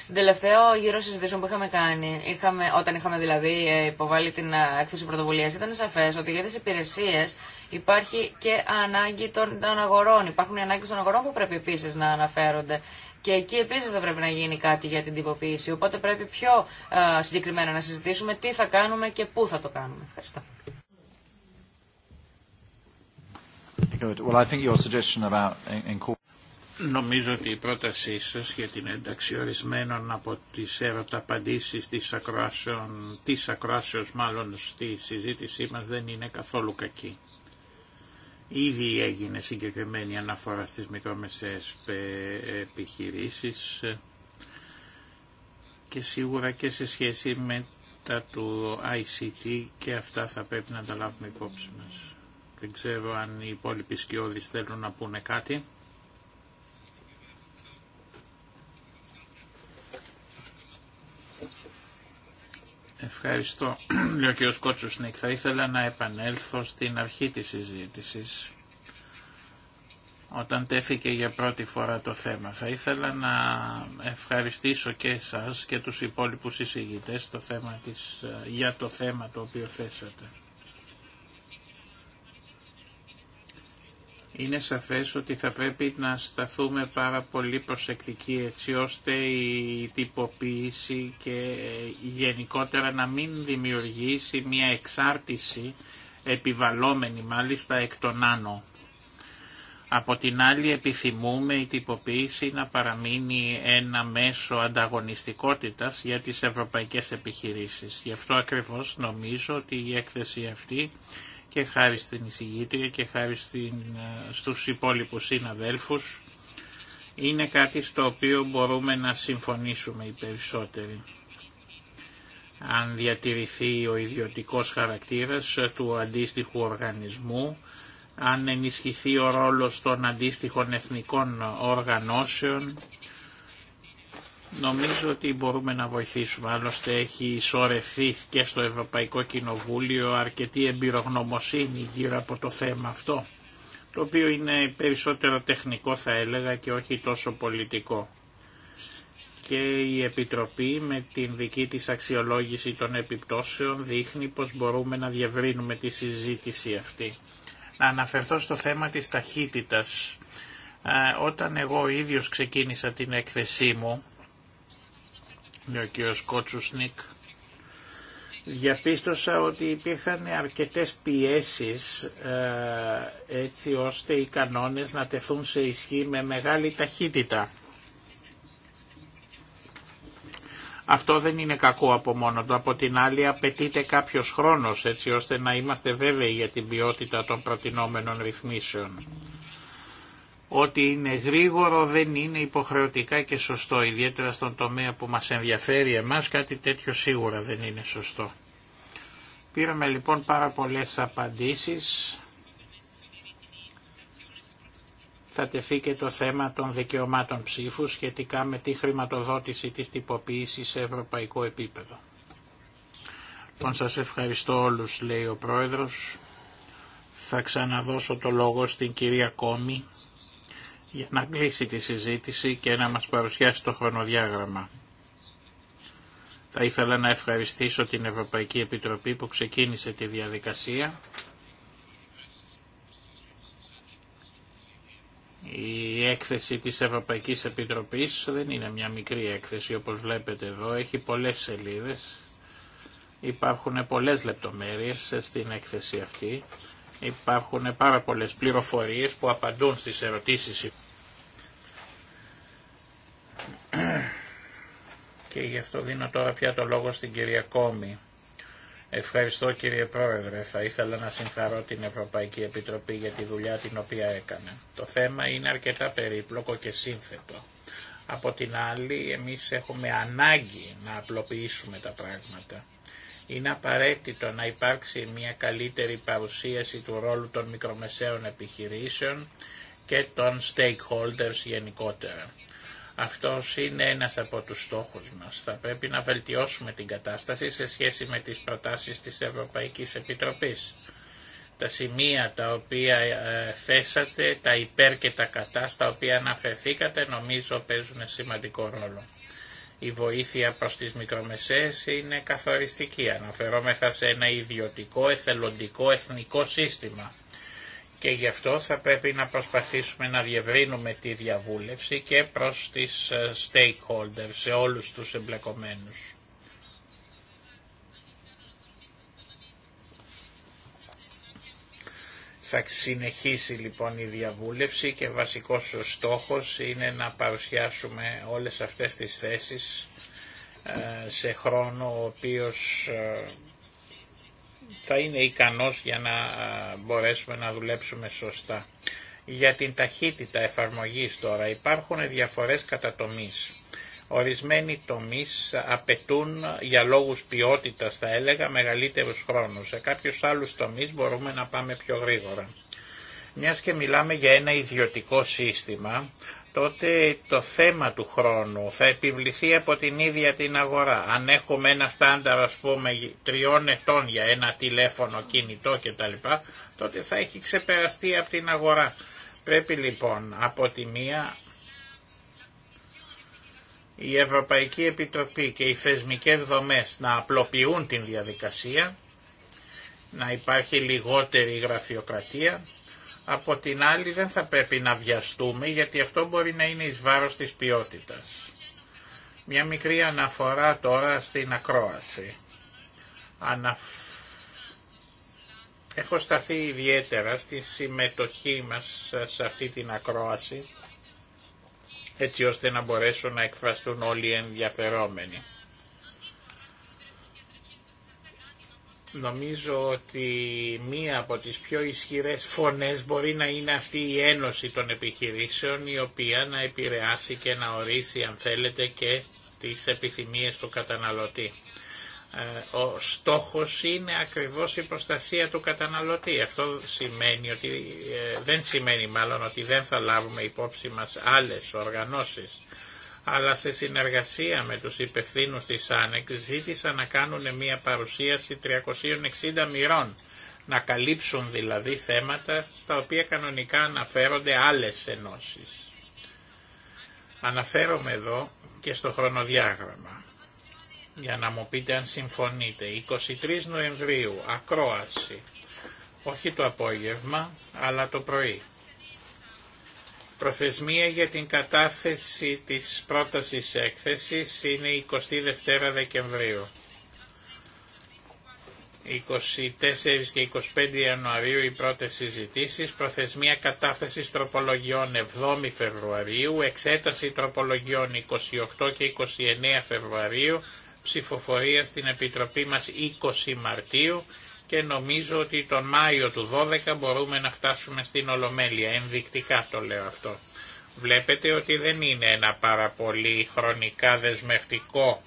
Στην τελευταίο γύρω συζητήσεων που είχαμε κάνει, είχαμε, όταν είχαμε δηλαδή ε, υποβάλει την ε, έκθεση πρωτοβουλία, ήταν σαφέ ότι για τι υπηρεσίε υπάρχει και ανάγκη των, των αγορών. Υπάρχουν οι ανάγκε των αγορών που πρέπει επίση να αναφέρονται. Και εκεί επίση θα πρέπει να γίνει κάτι για την τυποποίηση. Οπότε πρέπει πιο ε, συγκεκριμένα να συζητήσουμε τι θα κάνουμε και πού θα το κάνουμε. Ευχαριστώ. Well, I think your suggestion about Νομίζω ότι η πρότασή σας για την ένταξη ορισμένων από τις έρωτα της ακροάσεων, της ακροάσεως μάλλον στη συζήτησή μας δεν είναι καθόλου κακή. Ήδη έγινε συγκεκριμένη αναφορά στις μικρομεσαίες επιχειρήσεις και σίγουρα και σε σχέση με τα του ICT και αυτά θα πρέπει να τα λάβουμε υπόψη μας. Δεν ξέρω αν οι υπόλοιποι σκιώδεις θέλουν να πούνε κάτι. Ευχαριστώ, λέει ο κ. Θα ήθελα να επανέλθω στην αρχή της συζήτησης, όταν τέθηκε για πρώτη φορά το θέμα. Θα ήθελα να ευχαριστήσω και εσάς και τους υπόλοιπους εισηγητές το θέμα ε, για το θέμα το οποίο θέσατε. Είναι σαφές ότι θα πρέπει να σταθούμε πάρα πολύ προσεκτικοί έτσι ώστε η τυποποίηση και γενικότερα να μην δημιουργήσει μια εξάρτηση επιβαλόμενη μάλιστα εκ των άνω. Από την άλλη επιθυμούμε η τυποποίηση να παραμείνει ένα μέσο ανταγωνιστικότητας για τις ευρωπαϊκές επιχειρήσεις. Γι' αυτό ακριβώς νομίζω ότι η έκθεση αυτή και χάρη στην εισηγήτρια και χάρη στην, ε, στους υπόλοιπους συναδέλφους είναι κάτι στο οποίο μπορούμε να συμφωνήσουμε οι περισσότεροι. Αν διατηρηθεί ο ιδιωτικός χαρακτήρας ε, του αντίστοιχου οργανισμού, αν ενισχυθεί ο ρόλος των αντίστοιχων εθνικών οργανώσεων, Νομίζω ότι μπορούμε να βοηθήσουμε. Άλλωστε έχει ισορρευθεί και στο Ευρωπαϊκό Κοινοβούλιο αρκετή εμπειρογνωμοσύνη γύρω από το θέμα αυτό, το οποίο είναι περισσότερο τεχνικό θα έλεγα και όχι τόσο πολιτικό. Και η Επιτροπή με την δική της αξιολόγηση των επιπτώσεων δείχνει πως μπορούμε να διευρύνουμε τη συζήτηση αυτή. Να αναφερθώ στο θέμα της ταχύτητας. Ε, όταν εγώ ίδιος ξεκίνησα την έκθεσή μου, ναι, ο κύριος Κότσουσνικ, διαπίστωσα ότι υπήρχαν αρκετές πιέσεις ε, έτσι ώστε οι κανόνες να τεθούν σε ισχύ με μεγάλη ταχύτητα. Αυτό δεν είναι κακό από μόνο του. Από την άλλη απαιτείται κάποιος χρόνος έτσι ώστε να είμαστε βέβαιοι για την ποιότητα των προτινόμενων ρυθμίσεων ότι είναι γρήγορο δεν είναι υποχρεωτικά και σωστό, ιδιαίτερα στον τομέα που μας ενδιαφέρει εμάς κάτι τέτοιο σίγουρα δεν είναι σωστό. Πήραμε λοιπόν πάρα πολλές απαντήσεις. Θα τεθεί και το θέμα των δικαιωμάτων ψήφου σχετικά με τη χρηματοδότηση της τυποποίησης σε ευρωπαϊκό επίπεδο. Λοιπόν, σας ευχαριστώ όλους, λέει ο Πρόεδρος. Θα ξαναδώσω το λόγο στην κυρία Κόμη για να κλείσει τη συζήτηση και να μας παρουσιάσει το χρονοδιάγραμμα. Θα ήθελα να ευχαριστήσω την Ευρωπαϊκή Επιτροπή που ξεκίνησε τη διαδικασία. Η έκθεση της Ευρωπαϊκής Επιτροπής δεν είναι μια μικρή έκθεση όπως βλέπετε εδώ, έχει πολλές σελίδες. Υπάρχουν πολλές λεπτομέρειες στην έκθεση αυτή Υπάρχουν πάρα πολλές πληροφορίες που απαντούν στις ερωτήσεις. Και γι' αυτό δίνω τώρα πια το λόγο στην κυρία Κόμη. Ευχαριστώ κύριε Πρόεδρε. Θα ήθελα να συγχαρώ την Ευρωπαϊκή Επιτροπή για τη δουλειά την οποία έκανε. Το θέμα είναι αρκετά περίπλοκο και σύνθετο. Από την άλλη εμείς έχουμε ανάγκη να απλοποιήσουμε τα πράγματα. Είναι απαραίτητο να υπάρξει μια καλύτερη παρουσίαση του ρόλου των μικρομεσαίων επιχειρήσεων και των stakeholders γενικότερα. Αυτός είναι ένας από τους στόχους μας. Θα πρέπει να βελτιώσουμε την κατάσταση σε σχέση με τις προτάσεις της Ευρωπαϊκής Επιτροπής. Τα σημεία τα οποία ε, θέσατε, τα υπέρ και τα κατά στα οποία αναφερθήκατε νομίζω παίζουν σημαντικό ρόλο η βοήθεια προς τις μικρομεσαίες είναι καθοριστική. Αναφερόμεθα σε ένα ιδιωτικό, εθελοντικό, εθνικό σύστημα. Και γι' αυτό θα πρέπει να προσπαθήσουμε να διευρύνουμε τη διαβούλευση και προς τις ε, stakeholders, σε όλους τους εμπλεκομένους. Θα συνεχίσει λοιπόν η διαβούλευση και βασικός στόχος είναι να παρουσιάσουμε όλες αυτές τις θέσεις ε, σε χρόνο ο οποίος ε, θα είναι ικανός για να ε, μπορέσουμε να δουλέψουμε σωστά. Για την ταχύτητα εφαρμογής τώρα υπάρχουν διαφορές κατατομής. Ορισμένοι τομείς απαιτούν για λόγους ποιότητας θα έλεγα μεγαλύτερους χρόνους. Σε κάποιους άλλους τομείς μπορούμε να πάμε πιο γρήγορα. Μιας και μιλάμε για ένα ιδιωτικό σύστημα, τότε το θέμα του χρόνου θα επιβληθεί από την ίδια την αγορά. Αν έχουμε ένα στάνταρ ας πούμε τριών ετών για ένα τηλέφωνο κινητό κτλ, τότε θα έχει ξεπεραστεί από την αγορά. Πρέπει λοιπόν από τη μία η Ευρωπαϊκή Επιτροπή και οι θεσμικές δομές να απλοποιούν την διαδικασία, να υπάρχει λιγότερη γραφειοκρατία, από την άλλη δεν θα πρέπει να βιαστούμε γιατί αυτό μπορεί να είναι εις βάρος της ποιότητας. Μια μικρή αναφορά τώρα στην ακρόαση. Έχω σταθεί ιδιαίτερα στη συμμετοχή μας σε αυτή την ακρόαση έτσι ώστε να μπορέσουν να εκφραστούν όλοι οι ενδιαφερόμενοι. Νομίζω ότι μία από τις πιο ισχυρές φωνές μπορεί να είναι αυτή η ένωση των επιχειρήσεων η οποία να επηρεάσει και να ορίσει αν θέλετε και τις επιθυμίες του καταναλωτή. Ε, ο στόχος είναι ακριβώς η προστασία του καταναλωτή. Αυτό σημαίνει ότι, ε, δεν σημαίνει μάλλον ότι δεν θα λάβουμε υπόψη μας άλλες οργανώσεις, αλλά σε συνεργασία με τους υπευθύνους της ΆΝΕΚ ζήτησα να κάνουν μια παρουσίαση 360 μοιρών, να καλύψουν δηλαδή θέματα στα οποία κανονικά αναφέρονται άλλες ενώσεις. Αναφέρομαι εδώ και στο χρονοδιάγραμμα για να μου πείτε αν συμφωνείτε. 23 Νοεμβρίου, ακρόαση. Όχι το απόγευμα, αλλά το πρωί. Προθεσμία για την κατάθεση της πρότασης έκθεσης είναι 22 Δεκεμβρίου. 24 και 25 Ιανουαρίου οι πρώτες συζητήσεις, προθεσμία κατάθεσης τροπολογιών 7 Φεβρουαρίου, εξέταση τροπολογιών 28 και 29 Φεβρουαρίου ψηφοφορία στην Επιτροπή μας 20 Μαρτίου και νομίζω ότι τον Μάιο του 12 μπορούμε να φτάσουμε στην Ολομέλεια, ενδεικτικά το λέω αυτό. Βλέπετε ότι δεν είναι ένα πάρα πολύ χρονικά δεσμευτικό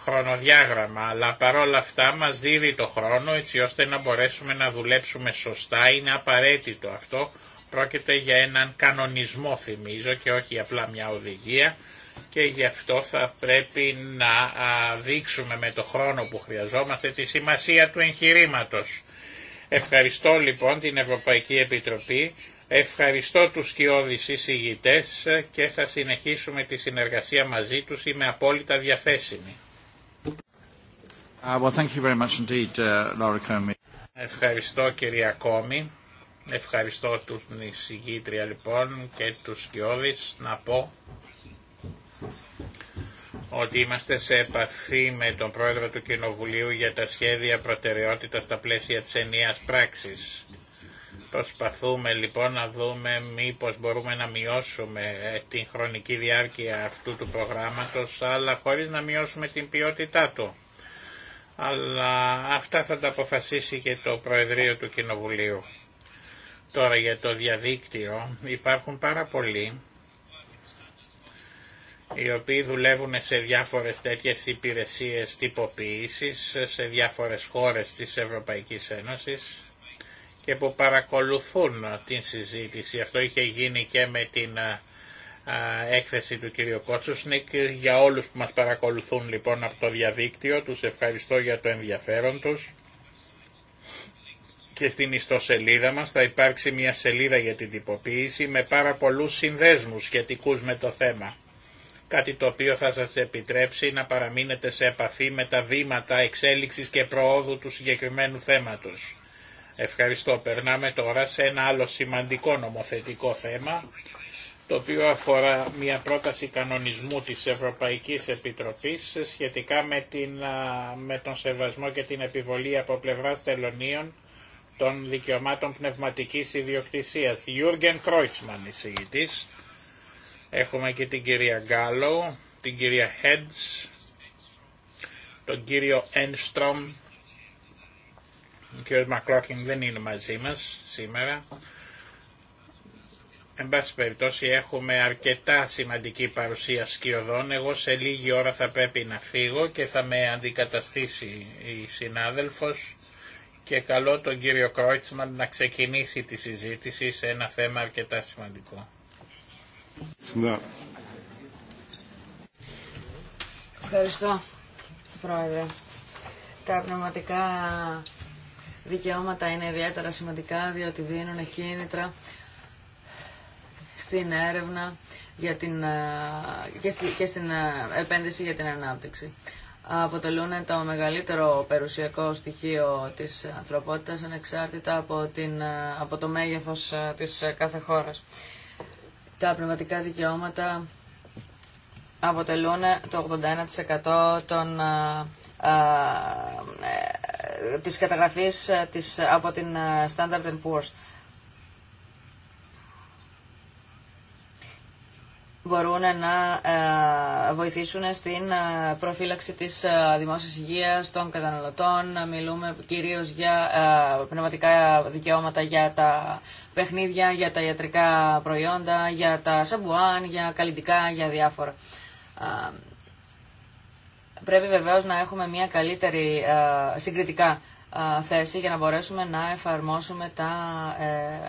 χρονοδιάγραμμα, αλλά παρόλα αυτά μας δίδει το χρόνο έτσι ώστε να μπορέσουμε να δουλέψουμε σωστά, είναι απαραίτητο αυτό, πρόκειται για έναν κανονισμό θυμίζω και όχι απλά μια οδηγία και γι' αυτό θα πρέπει να δείξουμε με το χρόνο που χρειαζόμαστε τη σημασία του εγχειρήματο. Ευχαριστώ λοιπόν την Ευρωπαϊκή Επιτροπή, ευχαριστώ τους σκιώδεις εισηγητές και θα συνεχίσουμε τη συνεργασία μαζί τους, είμαι απόλυτα διαθέσιμη. Uh, well, thank uh, Ευχαριστώ κυρία Κόμη. Ευχαριστώ τους εισηγήτρια λοιπόν και τους σκιώδεις να πω ότι είμαστε σε επαφή με τον πρόεδρο του Κοινοβουλίου για τα σχέδια προτεραιότητα στα πλαίσια της ενιαίας πράξης. Προσπαθούμε λοιπόν να δούμε μήπως μπορούμε να μειώσουμε ε, την χρονική διάρκεια αυτού του προγράμματος, αλλά χωρίς να μειώσουμε την ποιότητά του. Αλλά αυτά θα τα αποφασίσει και το Προεδρείο του Κοινοβουλίου. Τώρα για το διαδίκτυο υπάρχουν πάρα πολλοί οι οποίοι δουλεύουν σε διάφορες τέτοιες υπηρεσίες τυποποίησης σε διάφορες χώρες της Ευρωπαϊκής Ένωσης και που παρακολουθούν την συζήτηση. Αυτό είχε γίνει και με την έκθεση του κ. Κότσουσνικ. Για όλους που μας παρακολουθούν λοιπόν από το διαδίκτυο, τους ευχαριστώ για το ενδιαφέρον τους. Και στην ιστοσελίδα μας θα υπάρξει μια σελίδα για την τυποποίηση με πάρα πολλούς συνδέσμους σχετικούς με το θέμα κάτι το οποίο θα σας επιτρέψει να παραμείνετε σε επαφή με τα βήματα εξέλιξης και προόδου του συγκεκριμένου θέματος. Ευχαριστώ. Περνάμε τώρα σε ένα άλλο σημαντικό νομοθετικό θέμα, το οποίο αφορά μια πρόταση κανονισμού της Ευρωπαϊκής Επιτροπής σχετικά με, την, με τον σεβασμό και την επιβολή από πλευράς τελωνίων των δικαιωμάτων πνευματικής ιδιοκτησίας. Γιούργεν Κρόιτσμαν, εισηγητής. Έχουμε και την κυρία Γκάλο, την κυρία Χέντς, τον κύριο Ένστρομ. Ο κύριος Μακλόκιν δεν είναι μαζί μας σήμερα. Εν πάση περιπτώσει έχουμε αρκετά σημαντική παρουσία σκιωδών. Εγώ σε λίγη ώρα θα πρέπει να φύγω και θα με αντικαταστήσει η συνάδελφος και καλώ τον κύριο Κρόιτσμαν να ξεκινήσει τη συζήτηση σε ένα θέμα αρκετά σημαντικό. Ναι. Ευχαριστώ, Πρόεδρε. Τα πνευματικά δικαιώματα είναι ιδιαίτερα σημαντικά διότι δίνουν κίνητρα στην έρευνα για την, ε, και, στην ε, επένδυση για την ανάπτυξη. Αποτελούν το μεγαλύτερο περιουσιακό στοιχείο της ανθρωπότητας ανεξάρτητα από, την, ε, από το μέγεθος της κάθε χώρας τα πνευματικά δικαιώματα αποτελούν το 81% των, α, ε, ε, ε, της καταγραφής της, από την Standard Poor's. μπορούν να ε, βοηθήσουν στην ε, προφύλαξη της ε, δημόσιας υγείας των καταναλωτών. Μιλούμε κυρίως για πνευματικά δικαιώματα για τα παιχνίδια, για τα ιατρικά προϊόντα, για τα σαμπουάν, για καλλιτικά, για διάφορα. Πρέπει βεβαίως να έχουμε μια καλύτερη συγκριτικά θέση για να μπορέσουμε να εφαρμόσουμε τα,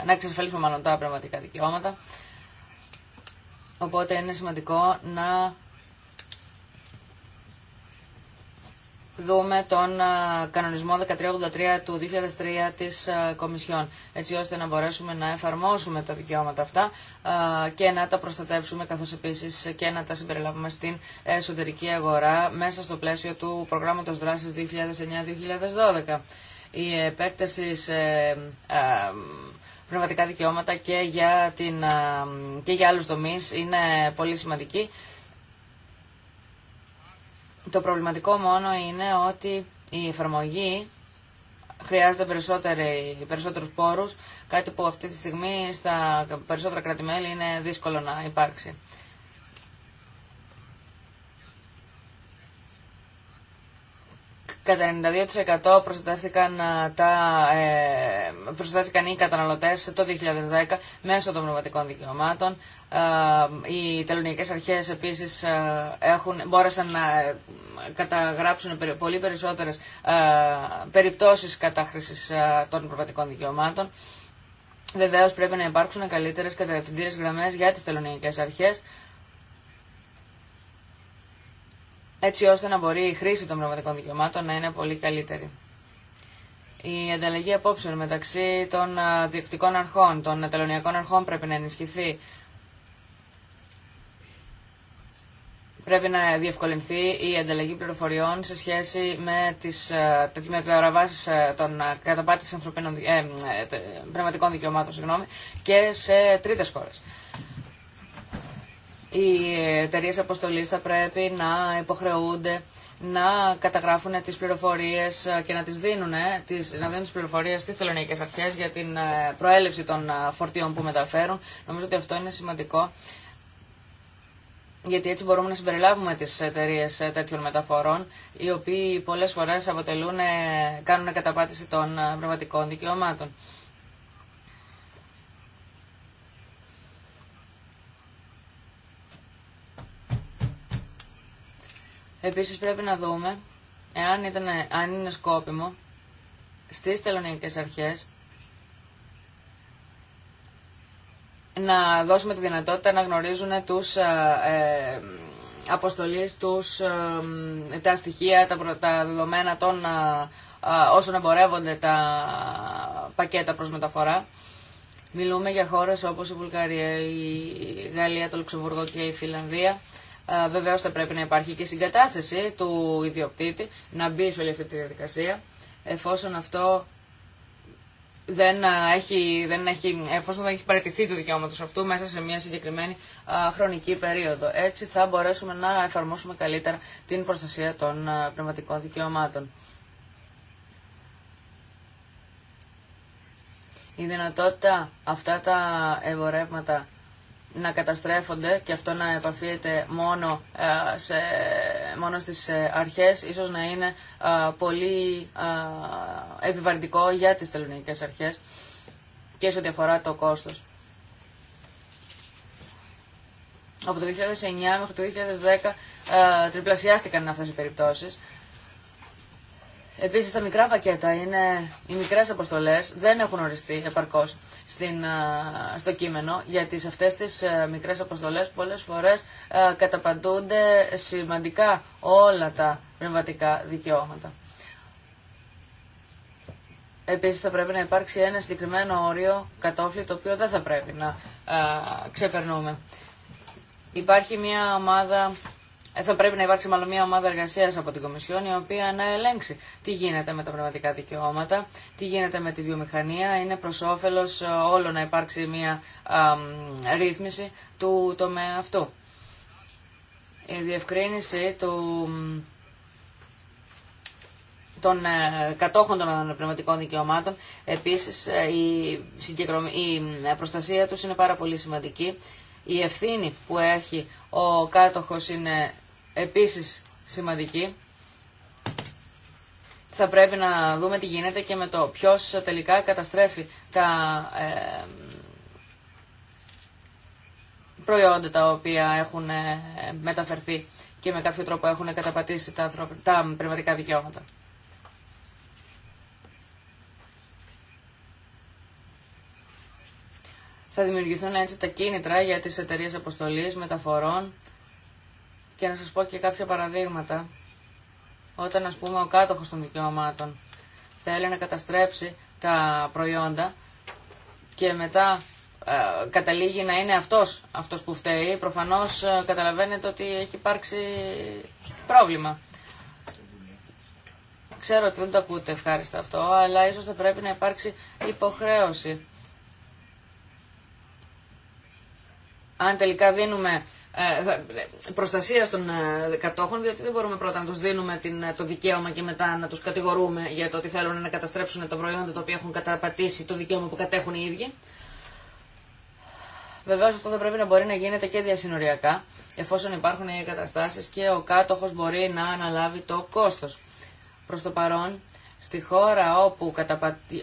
να εξασφαλίσουμε μάλλον τα πνευματικά δικαιώματα. Οπότε είναι σημαντικό να δούμε τον κανονισμό 1383 του 2003 της Κομισιόν, έτσι ώστε να μπορέσουμε να εφαρμόσουμε τα δικαιώματα αυτά και να τα προστατεύσουμε, καθώς επίσης και να τα συμπεριλάβουμε στην εσωτερική αγορά μέσα στο πλαίσιο του προγράμματος δράσης 2009-2012. Η επέκταση σε πνευματικά δικαιώματα και για, την, και για άλλους δομείς είναι πολύ σημαντική. Το προβληματικό μόνο είναι ότι η εφαρμογή χρειάζεται περισσότερους πόρους, κάτι που αυτή τη στιγμή στα περισσότερα κράτη-μέλη είναι δύσκολο να υπάρξει. Κατά 92% προστατεύτηκαν, ε, τα, ε, προστατεύτηκαν οι καταναλωτές το 2010 μέσω των πνευματικών δικαιωμάτων. Ε, οι τελωνιακές αρχές επίσης ε, έχουν, μπόρεσαν να καταγράψουν πολύ περισσότερες ε, περιπτώσεις κατάχρησης των πνευματικών δικαιωμάτων. Βεβαίως πρέπει να υπάρξουν καλύτερες κατευθυντήρες γραμμές για τις τελωνιακές αρχές. έτσι ώστε να μπορεί η χρήση των πνευματικών δικαιωμάτων να είναι πολύ καλύτερη. Η ανταλλαγή απόψεων μεταξύ των διεκτικών αρχών, των τελωνιακών αρχών πρέπει να ενισχυθεί. Πρέπει να διευκολυνθεί η ανταλλαγή πληροφοριών σε σχέση με τις παραβάσεις των καταπάτησης ε, ε πνευματικών δικαιωμάτων και σε τρίτες χώρες οι εταιρείε αποστολή θα πρέπει να υποχρεούνται να καταγράφουν τις πληροφορίες και να τις δίνουν, ε, τις, να δίνουν τις πληροφορίες στις αρχές για την ε, προέλευση των ε, φορτίων που μεταφέρουν. Νομίζω ότι αυτό είναι σημαντικό, γιατί έτσι μπορούμε να συμπεριλάβουμε τις εταιρείε τέτοιων μεταφορών, οι οποίοι πολλές φορές αποτελούν, κάνουν καταπάτηση των πνευματικών δικαιωμάτων. Επίσης πρέπει να δούμε εάν ήταν, αν είναι σκόπιμο στις τελωνιακές αρχές να δώσουμε τη δυνατότητα να γνωρίζουν τους ε, ε αποστολείς, τους, ε, τα στοιχεία, τα, δεδομένα των ε, ε, όσων εμπορεύονται τα πακέτα προς μεταφορά. Μιλούμε για χώρες όπως η Βουλγαρία, η Γαλλία, το Λουξεμβούργο και η Φιλανδία ε, Βεβαίω θα πρέπει να υπάρχει και συγκατάθεση του ιδιοκτήτη να μπει σε όλη αυτή τη διαδικασία εφόσον αυτό δεν ε, έχει, δεν έχει, εφόσον δεν έχει παραιτηθεί του δικαιώματος αυτού μέσα σε μια συγκεκριμένη ε, χρονική περίοδο. Έτσι θα μπορέσουμε να εφαρμόσουμε καλύτερα την προστασία των α, πνευματικών δικαιωμάτων. Η δυνατότητα αυτά τα εμπορεύματα να καταστρέφονται και αυτό να επαφείται μόνο, ε, σε, μόνο στις ε, αρχές ίσως να είναι ε, πολύ επιβαρυντικό για τις τελωνικές αρχές και σε ό,τι αφορά το κόστος. Από το 2009 μέχρι το 2010 τριπλασιάστηκαν αυτές οι περιπτώσεις Επίση, τα μικρά πακέτα, είναι, οι μικρές αποστολές δεν έχουν οριστεί επαρκώς στο κείμενο, γιατί σε αυτές τις ε, μικρές αποστολές πολλές φορές ε, καταπαντούνται σημαντικά όλα τα πνευματικά δικαιώματα. Επίση θα πρέπει να υπάρξει ένα συγκεκριμένο όριο κατόφλι το οποίο δεν θα πρέπει να ξεπερνούμε. Υπάρχει μια ομάδα ε, θα πρέπει να υπάρξει μάλλον μια ομάδα εργασία από την Κομισιόν η οποία να ελέγξει τι γίνεται με τα πνευματικά δικαιώματα, τι γίνεται με τη βιομηχανία. Είναι προ όφελο ε, όλων να υπάρξει μια ρύθμιση του τομέα αυτού. Η διευκρίνηση του των ε, κατόχων των πνευματικών δικαιωμάτων. Επίσης, η προστασία τους είναι πάρα πολύ σημαντική. Η ευθύνη που έχει ο κάτοχος είναι επίσης σημαντική. Θα πρέπει να δούμε τι γίνεται και με το ποιος τελικά καταστρέφει τα ε, προϊόντα τα οποία έχουν ε, μεταφερθεί και με κάποιο τρόπο έχουν καταπατήσει τα, τα πνευματικά δικαιώματα. Θα δημιουργηθούν έτσι τα κίνητρα για τις εταιρείες αποστολής, μεταφορών, και να σας πω και κάποια παραδείγματα. Όταν ας πούμε ο κάτοχος των δικαιωμάτων θέλει να καταστρέψει τα προϊόντα και μετά ε, καταλήγει να είναι αυτός, αυτός που φταίει, προφανώς ε, καταλαβαίνετε ότι έχει υπάρξει πρόβλημα. Ξέρω ότι δεν το ακούτε ευχάριστα αυτό, αλλά ίσως θα πρέπει να υπάρξει υποχρέωση. Αν τελικά δίνουμε ε, προστασία των ε, κατόχων, διότι δεν μπορούμε πρώτα να του δίνουμε ε, το δικαίωμα και μετά να του κατηγορούμε για το ότι θέλουν να καταστρέψουν τα προϊόντα τα οποία έχουν καταπατήσει το δικαίωμα που κατέχουν οι ίδιοι. Βεβαίω αυτό θα πρέπει να μπορεί να γίνεται και διασυνοριακά, εφόσον υπάρχουν οι εγκαταστάσει και ο κάτοχο μπορεί να αναλάβει το κόστο. Προ το παρόν, στη χώρα όπου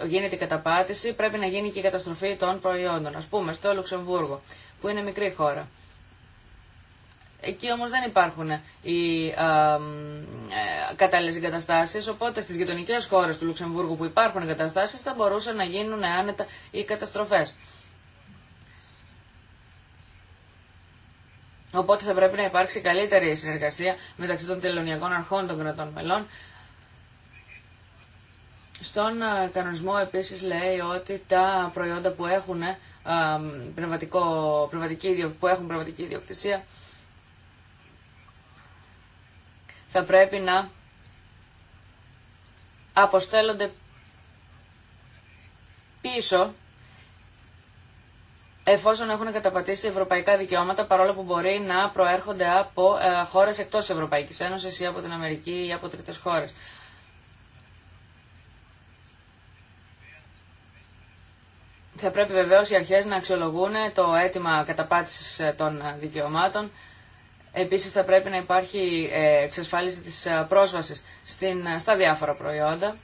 γίνεται η καταπάτηση, πρέπει να γίνει και η καταστροφή των προϊόντων. Α πούμε, στο Λουξεμβούργο, που είναι μικρή χώρα. Εκεί όμως δεν υπάρχουν οι ε, ε, κατάλληλες οπότε στις γειτονικές χώρες του Λουξεμβούργου που υπάρχουν εγκαταστάσεις θα μπορούσαν να γίνουν άνετα οι καταστροφές. Οπότε θα πρέπει να υπάρξει καλύτερη συνεργασία μεταξύ των τελωνιακών αρχών των κρατών μελών. Στον ε, κανονισμό επίσης λέει ότι τα προϊόντα που έχουν ε, πνευματικό, που έχουν πνευματική ιδιοκτησία θα πρέπει να αποστέλλονται πίσω εφόσον έχουν καταπατήσει ευρωπαϊκά δικαιώματα παρόλο που μπορεί να προέρχονται από ε, χώρες εκτός Ευρωπαϊκής Ένωσης ή από την Αμερική ή από τρίτες χώρες. Θα πρέπει βεβαίως οι αρχές να αξιολογούν το αίτημα καταπάτησης ε, των ε, δικαιωμάτων Επίσης θα πρέπει να υπάρχει ε, εξασφάλιση της ε, πρόσβασης στην, ε, στα διάφορα προϊόντα.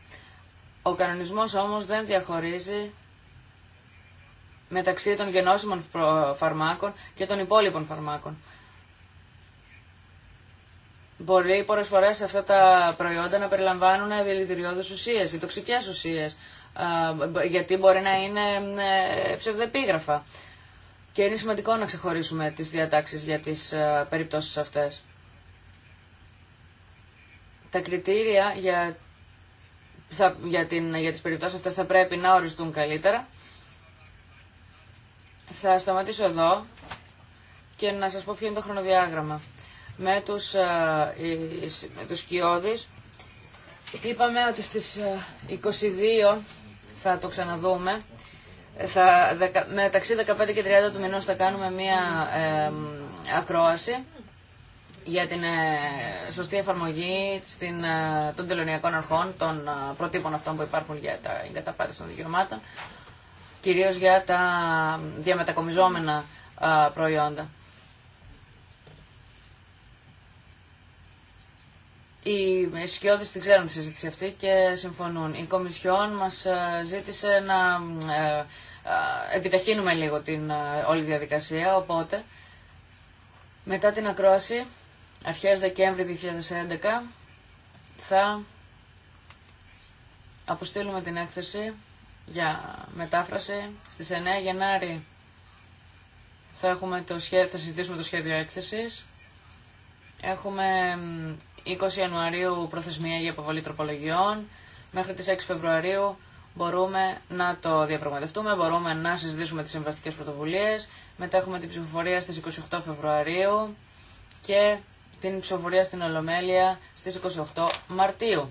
Ο κανονισμός όμως δεν διαχωρίζει μεταξύ των γενώσιμων φαρμάκων και των υπόλοιπων φαρμάκων. Μπορεί πολλέ φορέ αυτά τα προϊόντα να περιλαμβάνουν δηλητηριώδει ουσίε ή τοξικέ ουσίε, γιατί μπορεί να είναι ψευδεπίγραφα. Και είναι σημαντικό να ξεχωρίσουμε τις διατάξεις για τις ε, περιπτώσεις αυτές. Τα κριτήρια για, θα, για, την, για τις περιπτώσεις αυτές θα πρέπει να οριστούν καλύτερα. Θα σταματήσω εδώ και να σας πω ποιο είναι το χρονοδιάγραμμα. Με τους, ε, με τους κοιόδης είπαμε ότι στις 22 ε, θα το ξαναδούμε θα, μεταξύ 15 και 30 του μηνός θα κάνουμε μία ακρόαση για την ε, σωστή εφαρμογή στην, ε, των τελωνιακών αρχών, των ε, προτύπων αυτών που υπάρχουν για τα εγκαταπάτηση των δικαιωμάτων, κυρίως για τα διαμετακομιζόμενα ε, προϊόντα. Οι σκιώδεις την ξέρουν τη συζήτηση αυτή και συμφωνούν. Η Κομισιόν μας ε, ζήτησε να ε, ε, επιταχύνουμε λίγο την όλη διαδικασία, οπότε μετά την ακρόαση, αρχές Δεκέμβρη 2011, θα αποστείλουμε την έκθεση για μετάφραση. Στις 9 Γενάρη θα, έχουμε το σχέδιο, θα συζητήσουμε το σχέδιο έκθεσης. Έχουμε 20 Ιανουαρίου προθεσμία για αποβολή τροπολογιών. Μέχρι τις 6 Φεβρουαρίου μπορούμε να το διαπραγματευτούμε, μπορούμε να συζητήσουμε τις συμβαστικές πρωτοβουλίες. Μετά έχουμε την ψηφοφορία στις 28 Φεβρουαρίου και την ψηφοφορία στην Ολομέλεια στις 28 Μαρτίου.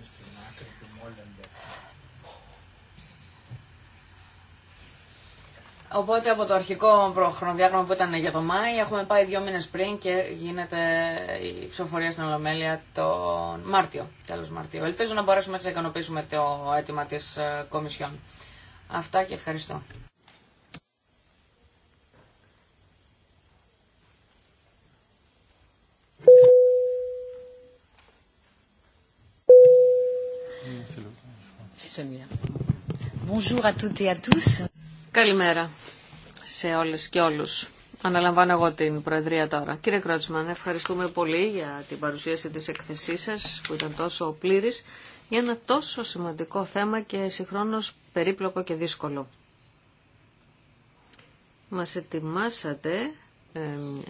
Οπότε από το αρχικό χρονοδιάγραμμα που ήταν για το Μάη, έχουμε πάει δύο μήνες πριν και γίνεται η ψηφοφορία στην Ολομέλεια τον Μάρτιο, τέλος Μαρτίου. Ελπίζω να μπορέσουμε να ικανοποιήσουμε το αίτημα τη ε, Κομισιόν. Αυτά και ευχαριστώ. Bonjour à toutes et à tous. Καλημέρα σε όλες και όλους. Αναλαμβάνω εγώ την Προεδρία τώρα. Κύριε Κρότσμαν, ευχαριστούμε πολύ για την παρουσίαση της εκθεσής σας που ήταν τόσο πλήρης για ένα τόσο σημαντικό θέμα και συγχρόνως περίπλοκο και δύσκολο. Μας ετοιμάσατε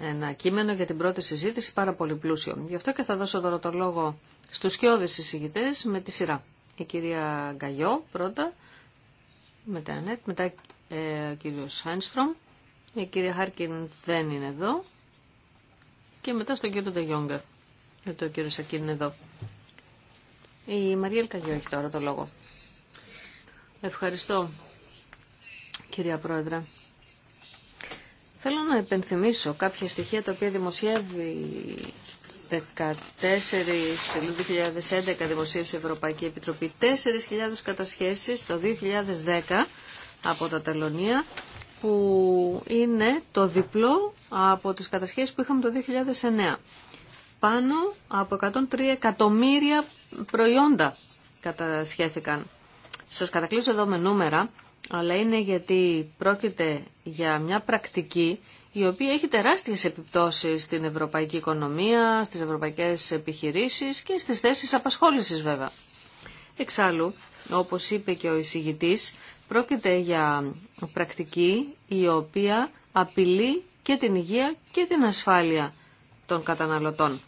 ένα κείμενο για την πρώτη συζήτηση πάρα πολύ πλούσιο. Γι' αυτό και θα δώσω τώρα το λόγο στους σκιώδες συζητητές με τη σειρά. Η κυρία Γκαγιό πρώτα, μετά μετά ε, ο κύριος ε, Η κυρία Χάρκιν δεν είναι εδώ. Και μετά στον κύριο Ντεγιόγκα. Γιατί ε, ο κύριο Σακίν είναι εδώ. Η Μαριέλ Καγιό έχει τώρα το λόγο. Ευχαριστώ, κυρία Πρόεδρε. Θέλω να επενθυμίσω κάποια στοιχεία τα οποία δημοσιεύει 14 2011 δημοσίευσε η Ευρωπαϊκή Επιτροπή 4.000 κατασχέσεις το 2010 από τα τελωνία που είναι το διπλό από τις κατασχέσεις που είχαμε το 2009. Πάνω από 103 εκατομμύρια προϊόντα κατασχέθηκαν. Σας κατακλείσω εδώ με νούμερα, αλλά είναι γιατί πρόκειται για μια πρακτική η οποία έχει τεράστιες επιπτώσεις στην ευρωπαϊκή οικονομία, στις ευρωπαϊκές επιχειρήσεις και στις θέσεις απασχόλησης βέβαια. Εξάλλου, όπως είπε και ο εισηγητής, Πρόκειται για πρακτική η οποία απειλεί και την υγεία και την ασφάλεια των καταναλωτών.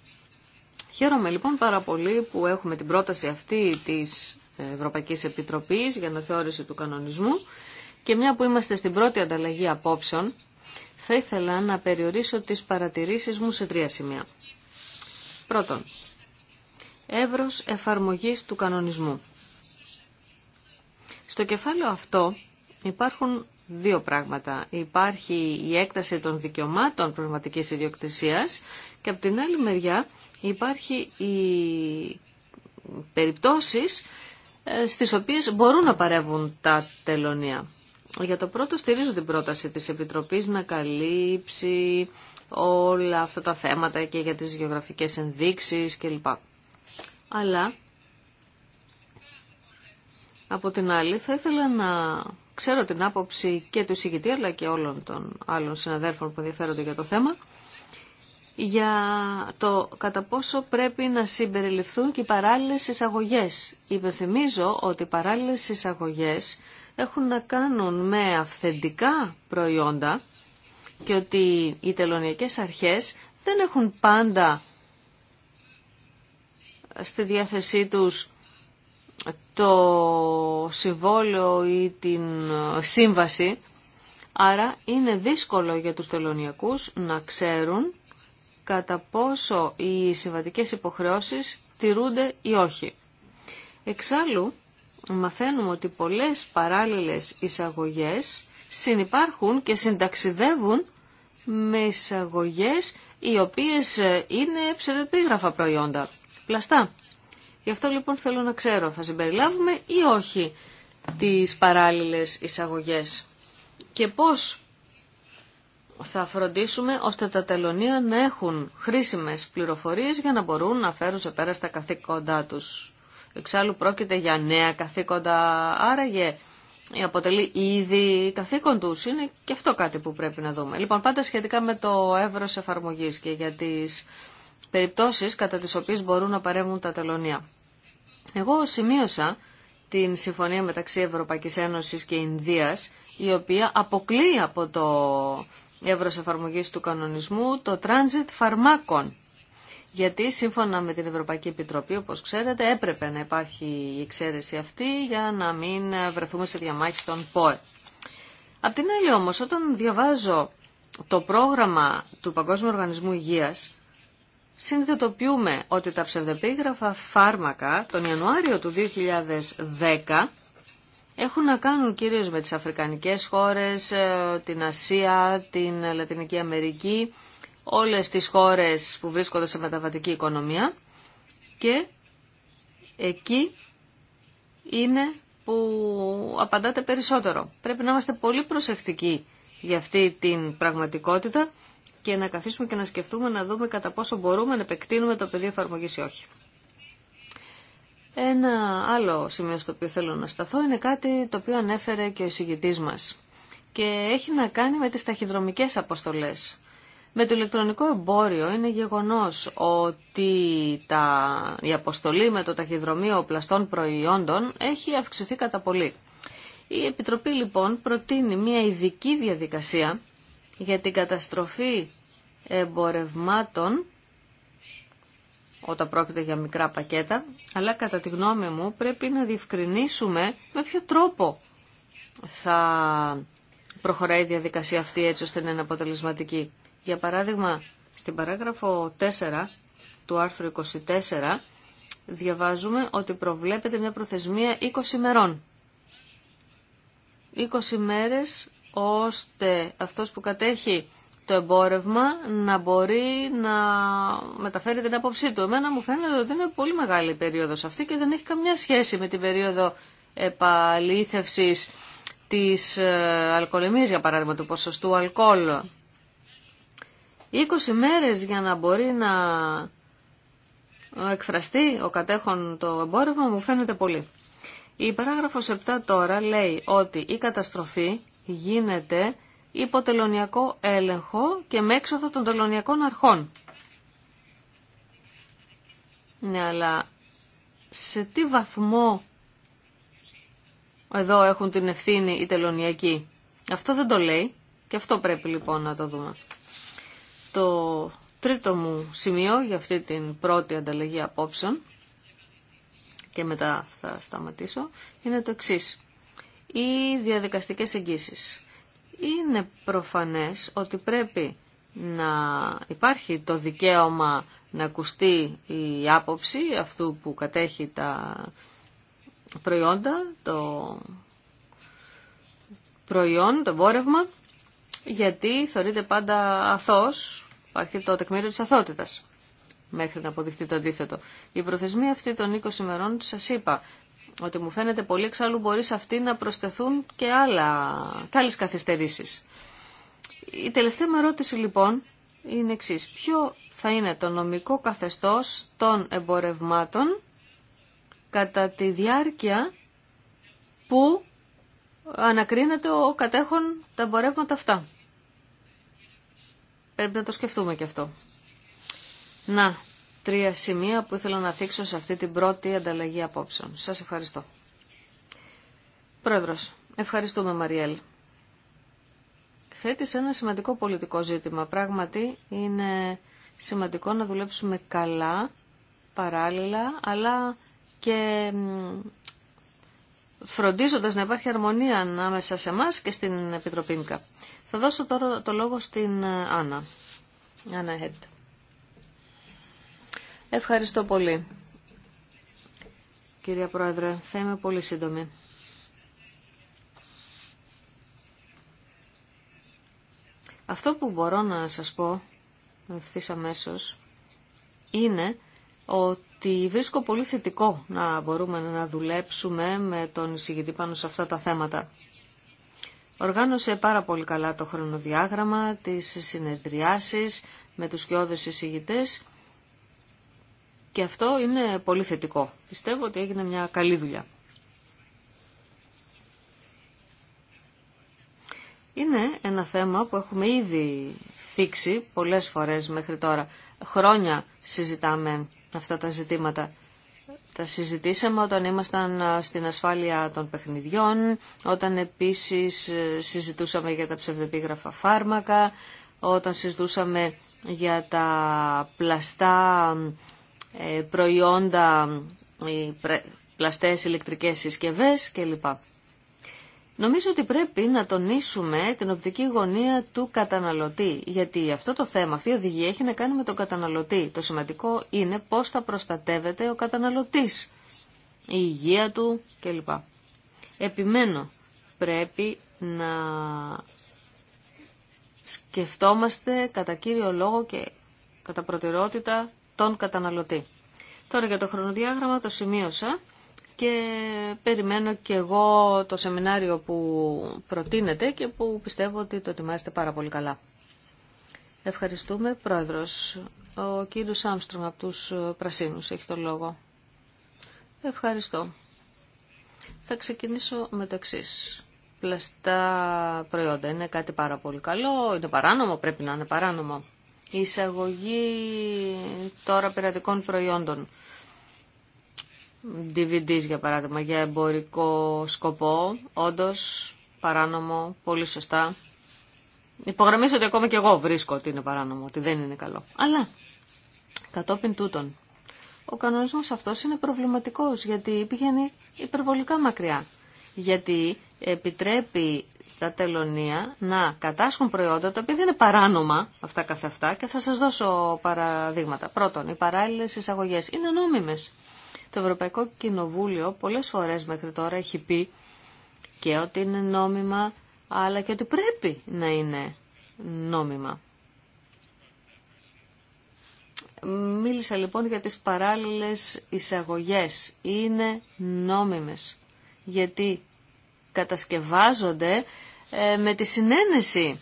Χαίρομαι λοιπόν πάρα πολύ που έχουμε την πρόταση αυτή της Ευρωπαϊκής Επιτροπής για θεώρηση του κανονισμού και μια που είμαστε στην πρώτη ανταλλαγή απόψεων θα ήθελα να περιορίσω τις παρατηρήσεις μου σε τρία σημεία. Πρώτον, εύρος εφαρμογής του κανονισμού. Στο κεφάλαιο αυτό υπάρχουν δύο πράγματα. Υπάρχει η έκταση των δικαιωμάτων πνευματικής ιδιοκτησίας και από την άλλη μεριά υπάρχει οι περιπτώσεις ε, στις οποίες μπορούν να παρεύουν τα τελωνία. Για το πρώτο στηρίζω την πρόταση της Επιτροπής να καλύψει όλα αυτά τα θέματα και για τις γεωγραφικές ενδείξεις κλπ. Αλλά από την άλλη, θα ήθελα να ξέρω την άποψη και του συγκητή αλλά και όλων των άλλων συναδέλφων που ενδιαφέρονται για το θέμα, για το κατά πόσο πρέπει να συμπεριληφθούν και οι παράλληλες εισαγωγές. Υπενθυμίζω ότι οι παράλληλες εισαγωγές έχουν να κάνουν με αυθεντικά προϊόντα και ότι οι τελωνιακές αρχές δεν έχουν πάντα στη διάθεσή τους το συμβόλαιο ή την ε, σύμβαση. Άρα είναι δύσκολο για τους τελωνιακούς να ξέρουν κατά πόσο οι συμβατικές υποχρεώσεις τηρούνται ή όχι. Εξάλλου, μαθαίνουμε ότι πολλές παράλληλες εισαγωγές συνυπάρχουν και συνταξιδεύουν με εισαγωγές οι οποίες ε, είναι ψευδεπίγραφα προϊόντα, πλαστά. Γι' αυτό λοιπόν θέλω να ξέρω, θα συμπεριλάβουμε ή όχι τις παράλληλες εισαγωγές και πώς θα φροντίσουμε ώστε τα τελωνία να έχουν χρήσιμες πληροφορίες για να μπορούν να φέρουν σε πέρα στα καθήκοντά τους. Εξάλλου πρόκειται για νέα καθήκοντα, άραγε ε, αποτελεί ήδη καθήκον τους. Είναι και αυτό κάτι που πρέπει να δούμε. Λοιπόν, πάντα σχετικά με το εύρος εφαρμογής και για τις περιπτώσεις κατά τις οποίες μπορούν να παρέμβουν τα τελωνία. Εγώ σημείωσα την συμφωνία μεταξύ Ευρωπαϊκής Ένωσης και Ινδίας, η οποία αποκλεί από το εύρος εφαρμογής του κανονισμού το τράνζιτ φαρμάκων. Γιατί σύμφωνα με την Ευρωπαϊκή Επιτροπή, όπως ξέρετε, έπρεπε να υπάρχει η εξαίρεση αυτή για να μην βρεθούμε σε διαμάχη στον ΠΟΕ. Απ' την άλλη όμως, όταν διαβάζω το πρόγραμμα του Παγκόσμιου Οργανισμού Υγείας, συνειδητοποιούμε ότι τα ψευδεπίγραφα φάρμακα τον Ιανουάριο του 2010 έχουν να κάνουν κυρίως με τις αφρικανικές χώρες, ε, την Ασία, την Λατινική Αμερική, όλες τις χώρες που βρίσκονται σε μεταβατική οικονομία και εκεί είναι που απαντάτε περισσότερο. Πρέπει να είμαστε πολύ προσεκτικοί για αυτή την πραγματικότητα και να καθίσουμε και να σκεφτούμε να δούμε κατά πόσο μπορούμε να επεκτείνουμε το πεδίο εφαρμογή ή όχι. Ένα άλλο σημείο στο οποίο θέλω να σταθώ είναι κάτι το οποίο ανέφερε και ο εισηγητή μα και έχει να κάνει με τι ταχυδρομικέ αποστολέ. Με το ηλεκτρονικό εμπόριο είναι γεγονός ότι τα... η αποστολή με το ταχυδρομείο πλαστών προϊόντων έχει αυξηθεί κατά πολύ. Η Επιτροπή λοιπόν προτείνει μια ειδική διαδικασία για την καταστροφή εμπορευμάτων όταν πρόκειται για μικρά πακέτα, αλλά κατά τη γνώμη μου πρέπει να διευκρινίσουμε με ποιο τρόπο θα προχωράει η διαδικασία αυτή έτσι ώστε να είναι αποτελεσματική. Για παράδειγμα, στην παράγραφο 4 του άρθρου 24 διαβάζουμε ότι προβλέπεται μια προθεσμία 20 ημερών. 20 μέρες ώστε αυτός που κατέχει το εμπόρευμα να μπορεί να μεταφέρει την άποψή του. Εμένα μου φαίνεται ότι είναι πολύ μεγάλη η περίοδος αυτή και δεν έχει καμιά σχέση με την περίοδο επαλήθευσης της ε, αλκοολεμίας, για παράδειγμα, του ποσοστού αλκοόλ. 20 μέρες για να μπορεί να εκφραστεί ο κατέχον το εμπόρευμα μου φαίνεται πολύ. Η παράγραφος 7 τώρα λέει ότι η καταστροφή γίνεται υπό τελωνιακό έλεγχο και με έξοδο των τελωνιακών αρχών. Ναι, αλλά σε τι βαθμό εδώ έχουν την ευθύνη οι τελωνιακοί. Αυτό δεν το λέει και αυτό πρέπει λοιπόν να το δούμε. Το τρίτο μου σημείο για αυτή την πρώτη ανταλλαγή απόψεων και μετά θα σταματήσω είναι το εξής. Οι διαδικαστικές εγγύσεις είναι προφανές ότι πρέπει να υπάρχει το δικαίωμα να ακουστεί η άποψη αυτού που κατέχει τα προϊόντα, το προϊόν, το εμπόρευμα, γιατί θεωρείται πάντα αθώος, υπάρχει το τεκμήριο της αθότητας μέχρι να αποδειχτεί το αντίθετο. Η προθεσμία αυτή των 20 ημερών, σας είπα, ότι μου φαίνεται πολύ εξάλλου μπορεί σε αυτή να προσθεθούν και, άλλα, και άλλες καθυστερήσεις. Η τελευταία μου ερώτηση λοιπόν είναι εξή. Ποιο θα είναι το νομικό καθεστώς των εμπορευμάτων κατά τη διάρκεια που ανακρίνεται ο κατέχων τα εμπορεύματα αυτά. Πρέπει να το σκεφτούμε και αυτό. Να, τρία σημεία που ήθελα να θίξω σε αυτή την πρώτη ανταλλαγή απόψεων. Σας ευχαριστώ. Πρόεδρος, ευχαριστούμε Μαριέλ. Θέτεις ένα σημαντικό πολιτικό ζήτημα. Πράγματι είναι σημαντικό να δουλέψουμε καλά, παράλληλα, αλλά και φροντίζοντας να υπάρχει αρμονία ανάμεσα σε εμά και στην Επιτροπή ΜΚΑ. Θα δώσω τώρα το λόγο στην ε, Άννα. Άννα Ευχαριστώ πολύ. Κυρία Πρόεδρε, θα είμαι πολύ σύντομη. Αυτό που μπορώ να σας πω ευθύ αμέσω είναι ότι βρίσκω πολύ θετικό να μπορούμε να δουλέψουμε με τον εισηγητή πάνω σε αυτά τα θέματα. Οργάνωσε πάρα πολύ καλά το χρονοδιάγραμμα, τις συνεδριάσεις με τους κοιόδες εισηγητές και αυτό είναι πολύ θετικό. Πιστεύω ότι έγινε μια καλή δουλειά. Είναι ένα θέμα που έχουμε ήδη θίξει πολλές φορές μέχρι τώρα. Χρόνια συζητάμε αυτά τα ζητήματα. Τα συζητήσαμε όταν ήμασταν στην ασφάλεια των παιχνιδιών, όταν επίσης ε, συζητούσαμε για τα ψευδεπίγραφα φάρμακα, όταν συζητούσαμε για τα πλαστά ε, προϊόντα, πλαστές ηλεκτρικές συσκευές κλπ. Νομίζω ότι πρέπει να τονίσουμε την οπτική γωνία του καταναλωτή, γιατί αυτό το θέμα, αυτή η οδηγία έχει να κάνει με τον καταναλωτή. Το σημαντικό είναι πώς θα προστατεύεται ο καταναλωτής, η υγεία του κλπ. Επιμένω, πρέπει να σκεφτόμαστε κατά κύριο λόγο και κατά προτεραιότητα τον καταναλωτή. Τώρα για το χρονοδιάγραμμα το σημείωσα και περιμένω και εγώ το σεμινάριο που προτείνεται και που πιστεύω ότι το ετοιμάζετε πάρα πολύ καλά. Ευχαριστούμε. Πρόεδρος, ο κύριος Άμστρομ από τους Πρασίνους έχει το λόγο. Ευχαριστώ. Θα ξεκινήσω με το εξή. Πλαστά προϊόντα είναι κάτι πάρα πολύ καλό, είναι παράνομο, πρέπει να είναι παράνομο η εισαγωγή τώρα πειρατικών προϊόντων. DVDs για παράδειγμα, για εμπορικό σκοπό, όντως παράνομο, πολύ σωστά. Υπογραμμίζω ότι ακόμα και εγώ βρίσκω ότι είναι παράνομο, ότι δεν είναι καλό. Αλλά κατόπιν τούτων, ο κανονισμός αυτός είναι προβληματικός γιατί πηγαίνει υπερβολικά μακριά. Γιατί επιτρέπει στα τελωνία να κατάσχουν προϊόντα τα οποία δεν είναι παράνομα αυτά καθ' αυτά και θα σας δώσω παραδείγματα. Πρώτον, οι παράλληλες εισαγωγές είναι νόμιμες. Το Ευρωπαϊκό Κοινοβούλιο πολλές φορές μέχρι τώρα έχει πει και ότι είναι νόμιμα αλλά και ότι πρέπει να είναι νόμιμα. Μίλησα λοιπόν για τις παράλληλες εισαγωγές. Είναι νόμιμες. Γιατί κατασκευάζονται ε, με τη συνένεση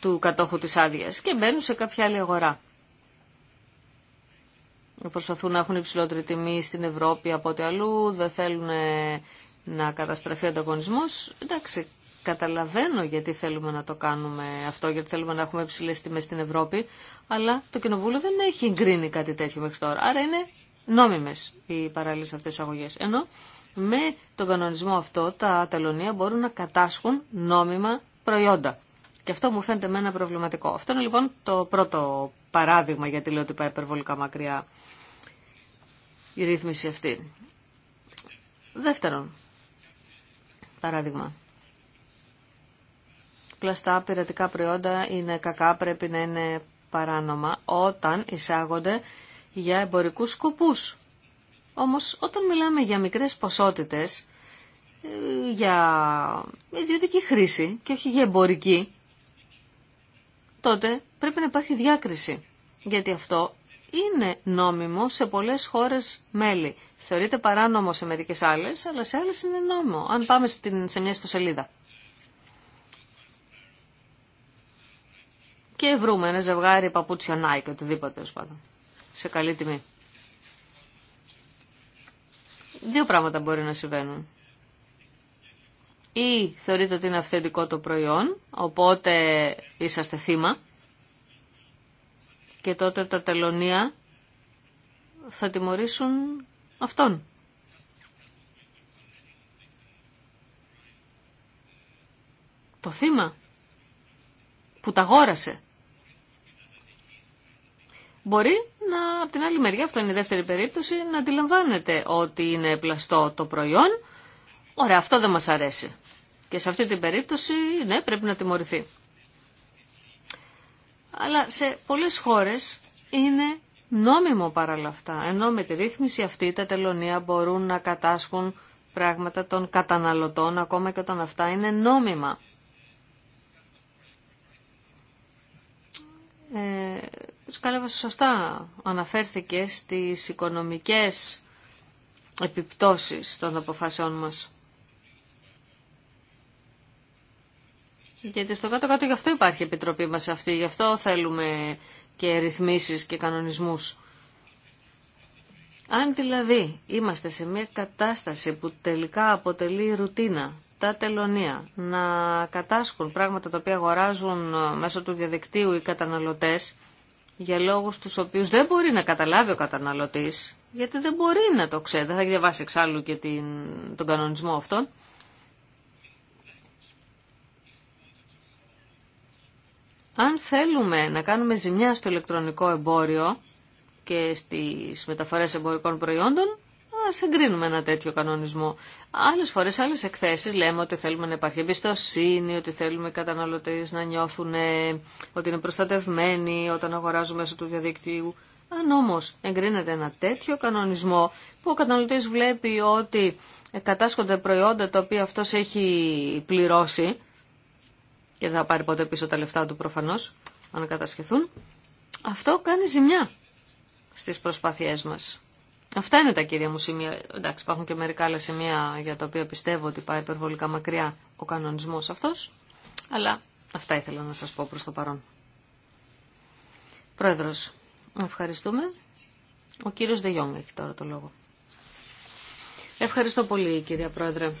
του κατόχου της άδεια και μπαίνουν σε κάποια άλλη αγορά. Προσπαθούν να έχουν υψηλότερη τιμή στην Ευρώπη από ό,τι αλλού, δεν θέλουν ε, να καταστραφεί ο ανταγωνισμός. Εντάξει, καταλαβαίνω γιατί θέλουμε να το κάνουμε αυτό, γιατί θέλουμε να έχουμε υψηλές τιμές στην Ευρώπη, αλλά το Κοινοβούλιο δεν έχει εγκρίνει κάτι τέτοιο μέχρι τώρα. Άρα είναι νόμιμες οι παράλληλες αυτές αγωγές. Ενώ με τον κανονισμό αυτό τα τελωνία μπορούν να κατάσχουν νόμιμα προϊόντα. Και αυτό μου φαίνεται με προβληματικό. Αυτό είναι λοιπόν το πρώτο παράδειγμα γιατί λέω ότι πάει υπερβολικά μακριά η ρύθμιση αυτή. Δεύτερον, παράδειγμα. Πλαστά πειρατικά προϊόντα είναι κακά, πρέπει να είναι παράνομα όταν εισάγονται για εμπορικούς σκοπούς. Όμως όταν μιλάμε για μικρές ποσότητες, ε, για ιδιωτική χρήση και όχι για εμπορική, τότε πρέπει να υπάρχει διάκριση. Γιατί αυτό είναι νόμιμο σε πολλές χώρες μέλη. Θεωρείται παράνομο σε μερικές άλλες, αλλά σε άλλες είναι νόμιμο, αν πάμε σε μια ιστοσελίδα. Και βρούμε ένα ζευγάρι παπούτσια Nike, οτιδήποτε, ως πάντων, σε καλή τιμή. Δύο πράγματα μπορεί να συμβαίνουν. Ή θεωρείτε ότι είναι αυθεντικό το προϊόν, οπότε είσαστε θύμα και τότε τα τελωνία θα τιμωρήσουν αυτόν. Το θύμα που τα αγόρασε. Μπορεί να, από την άλλη μεριά, αυτό είναι η δεύτερη περίπτωση, να αντιλαμβάνεται ότι είναι πλαστό το προϊόν. Ωραία, αυτό δεν μας αρέσει. Και σε αυτή την περίπτωση, ναι, πρέπει να τιμωρηθεί. Αλλά σε πολλές χώρες είναι νόμιμο παράλληλα αυτά. Ενώ με τη ρύθμιση αυτή τα τελωνία μπορούν να κατάσχουν πράγματα των καταναλωτών, ακόμα και όταν αυτά είναι νόμιμα. Ε, κάλεβα σωστά αναφέρθηκε στις οικονομικές επιπτώσεις των αποφάσεών μας. Γιατί στο κάτω-κάτω γι' αυτό υπάρχει Επιτροπή μας αυτή, γι' αυτό θέλουμε και ρυθμίσεις και κανονισμούς. Αν δηλαδή είμαστε σε μια κατάσταση που τελικά αποτελεί ρουτίνα, τα τελωνία, να κατάσχουν πράγματα τα οποία αγοράζουν μέσω του διαδικτύου οι καταναλωτές, για λόγους τους οποίους δεν μπορεί να καταλάβει ο καταναλωτής, γιατί δεν μπορεί να το ξέρει, δεν θα διαβάσει εξάλλου και την, τον κανονισμό αυτόν. Αν θέλουμε να κάνουμε ζημιά στο ηλεκτρονικό εμπόριο και στις μεταφορές εμπορικών προϊόντων, ας εγκρίνουμε ένα τέτοιο κανονισμό. Άλλες φορές, άλλες εκθέσεις λέμε ότι θέλουμε να υπάρχει εμπιστοσύνη, ότι θέλουμε οι καταναλωτές να νιώθουν ε, ότι είναι προστατευμένοι όταν αγοράζουν μέσω του διαδικτύου. Αν όμως εγκρίνεται ένα τέτοιο κανονισμό που ο καταναλωτής βλέπει ότι κατάσχονται προϊόντα τα οποία αυτός έχει πληρώσει και δεν θα πάρει ποτέ πίσω τα λεφτά του προφανώς, αν κατασχεθούν, αυτό κάνει ζημιά στις προσπάθειές μας. Αυτά είναι τα κύρια μου σημεία. Εντάξει, υπάρχουν και μερικά άλλα σημεία για τα οποία πιστεύω ότι πάει υπερβολικά μακριά ο κανονισμός αυτός, αλλά αυτά ήθελα να σας πω προς το παρόν. Πρόεδρο. ευχαριστούμε. Ο κύριος Δεγιόνγκ έχει τώρα το λόγο. Ευχαριστώ πολύ κυρία Πρόεδρε.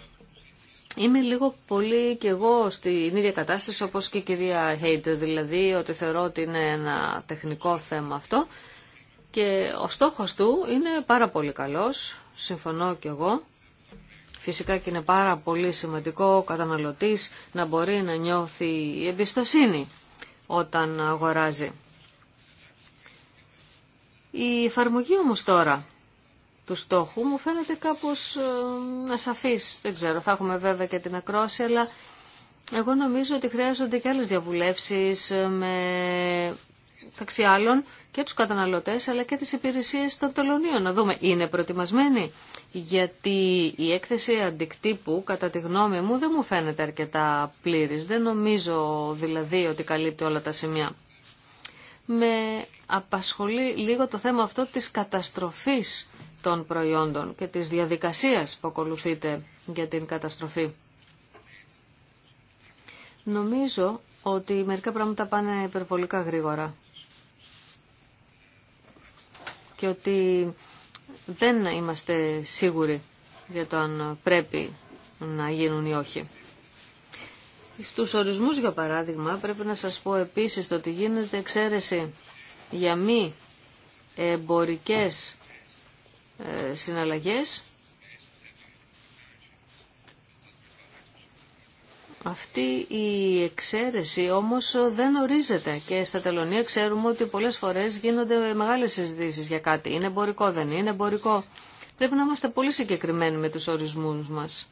Είμαι λίγο πολύ και εγώ στην ίδια κατάσταση όπως και η κυρία Χέιντ, δηλαδή ότι θεωρώ ότι είναι ένα τεχνικό θέμα αυτό και ο στόχος του είναι πάρα πολύ καλός, συμφωνώ και εγώ. Φυσικά και είναι πάρα πολύ σημαντικό ο καταναλωτής να μπορεί να νιώθει εμπιστοσύνη όταν αγοράζει. Η εφαρμογή όμως τώρα του στόχου μου φαίνεται κάπως ε, ασαφής. Δεν ξέρω, θα έχουμε βέβαια και την ακρόση, αλλά εγώ νομίζω ότι χρειάζονται και άλλες διαβουλεύσεις ε, με ταξιάλων και τους καταναλωτές αλλά και τις υπηρεσίες των τελωνίων. Να δούμε, είναι προετοιμασμένοι. Γιατί η έκθεση αντικτύπου, κατά τη γνώμη μου, δεν μου φαίνεται αρκετά πλήρης. Δεν νομίζω δηλαδή ότι καλύπτει όλα τα σημεία. Με απασχολεί λίγο το θέμα αυτό της καταστροφής των προϊόντων και της διαδικασίας που ακολουθείται για την καταστροφή. Νομίζω ότι μερικά πράγματα πάνε υπερβολικά γρήγορα και ότι δεν είμαστε σίγουροι για το αν πρέπει να γίνουν ή όχι. Στους ορισμούς, για παράδειγμα, πρέπει να σας πω επίσης το ότι γίνεται εξαίρεση για μη εμπορικές ε, συναλλαγές Αυτή η εξαίρεση όμως δεν ορίζεται και στα τελωνία ξέρουμε ότι πολλές φορές γίνονται μεγάλες συζητήσεις για κάτι. Είναι εμπορικό, δεν είναι εμπορικό. Πρέπει να είμαστε πολύ συγκεκριμένοι με τους ορισμούς μας.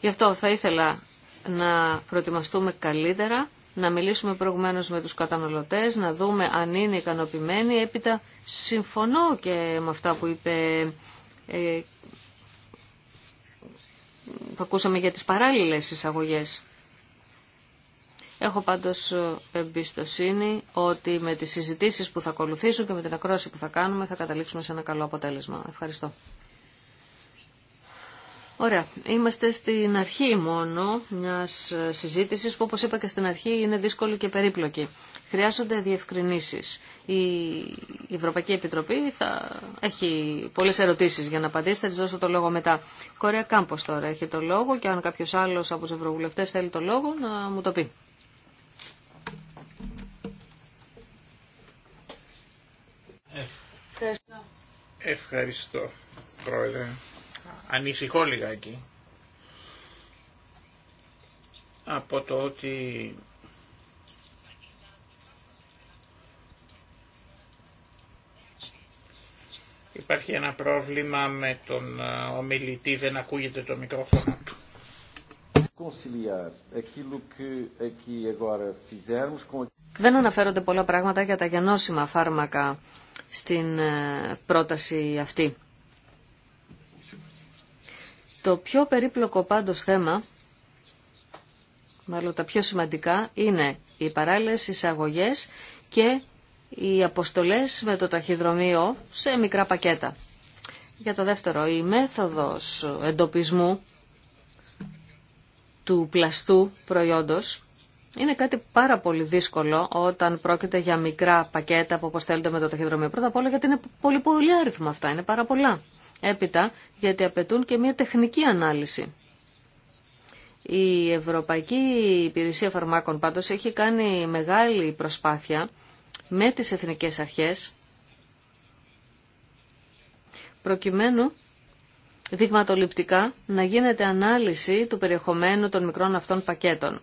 Γι' αυτό θα ήθελα να προετοιμαστούμε καλύτερα, να μιλήσουμε προηγουμένως με τους καταναλωτές, να δούμε αν είναι ικανοποιημένοι. Έπειτα συμφωνώ και με αυτά που είπε ε, που ακούσαμε για τις παράλληλες εισαγωγές. Έχω πάντως ε, εμπιστοσύνη ότι με τις συζητήσεις που θα ακολουθήσουν και με την ακρόαση που θα κάνουμε θα καταλήξουμε σε ένα καλό αποτέλεσμα. Ευχαριστώ. Ωραία. Είμαστε στην αρχή μόνο μιας ε, συζήτησης που όπως είπα και στην αρχή είναι δύσκολη και περίπλοκη. Χρειάζονται διευκρινήσεις η Ευρωπαϊκή Επιτροπή θα έχει πολλές ερωτήσεις για να απαντήσει, θα τη δώσω το λόγο μετά. Κορέα Κάμπο τώρα έχει το λόγο και αν κάποιο άλλο από του ευρωβουλευτέ θέλει το λόγο να μου το πει. Ευχαριστώ. Ευχαριστώ, Πρόεδρε. Ανησυχώ λιγάκι από το ότι Υπάρχει ένα πρόβλημα με τον ε, ομιλητή, δεν ακούγεται το μικρόφωνο του. Δεν αναφέρονται πολλά πράγματα για τα γενώσιμα φάρμακα στην ε, πρόταση αυτή. Το πιο περίπλοκο πάντως θέμα, μάλλον τα πιο σημαντικά, είναι οι παράλληλες εισαγωγές και οι αποστολές με το ταχυδρομείο σε μικρά πακέτα. Για το δεύτερο, η μέθοδος εντοπισμού του πλαστού προϊόντος είναι κάτι πάρα πολύ δύσκολο όταν πρόκειται για μικρά πακέτα που αποστέλλονται με το ταχυδρομείο. Πρώτα απ' όλα γιατί είναι πολύ πολύ αυτά, είναι πάρα πολλά. Έπειτα γιατί απαιτούν και μια τεχνική ανάλυση. Η Ευρωπαϊκή Υπηρεσία Φαρμάκων πάντως έχει κάνει μεγάλη προσπάθεια με τις εθνικές αρχές προκειμένου δειγματοληπτικά να γίνεται ανάλυση του περιεχομένου των μικρών αυτών πακέτων.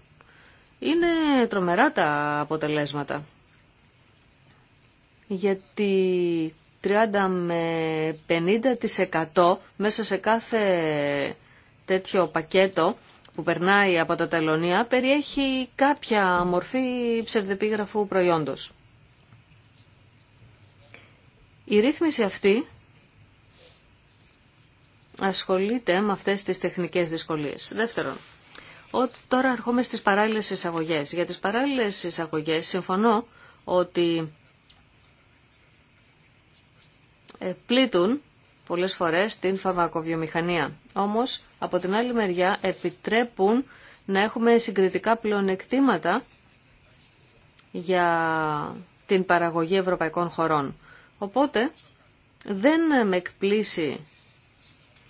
Είναι τρομερά τα αποτελέσματα. Γιατί 30 με 50% μέσα σε κάθε τέτοιο πακέτο που περνάει από τα τελωνία περιέχει κάποια μορφή ψευδεπίγραφου προϊόντος. Η ρύθμιση αυτή ασχολείται με αυτές τις τεχνικές δυσκολίες. Δεύτερον, ό τώρα αρχόμαστε στις παράλληλες εισαγωγές. Για τις παράλληλες εισαγωγές συμφωνώ ότι ε, πλήττουν πολλές φορές την φαρμακοβιομηχανία. Όμως, από την άλλη μεριά, επιτρέπουν να έχουμε συγκριτικά πλεονεκτήματα για την παραγωγή ευρωπαϊκών χωρών. Οπότε δεν με εκπλήσει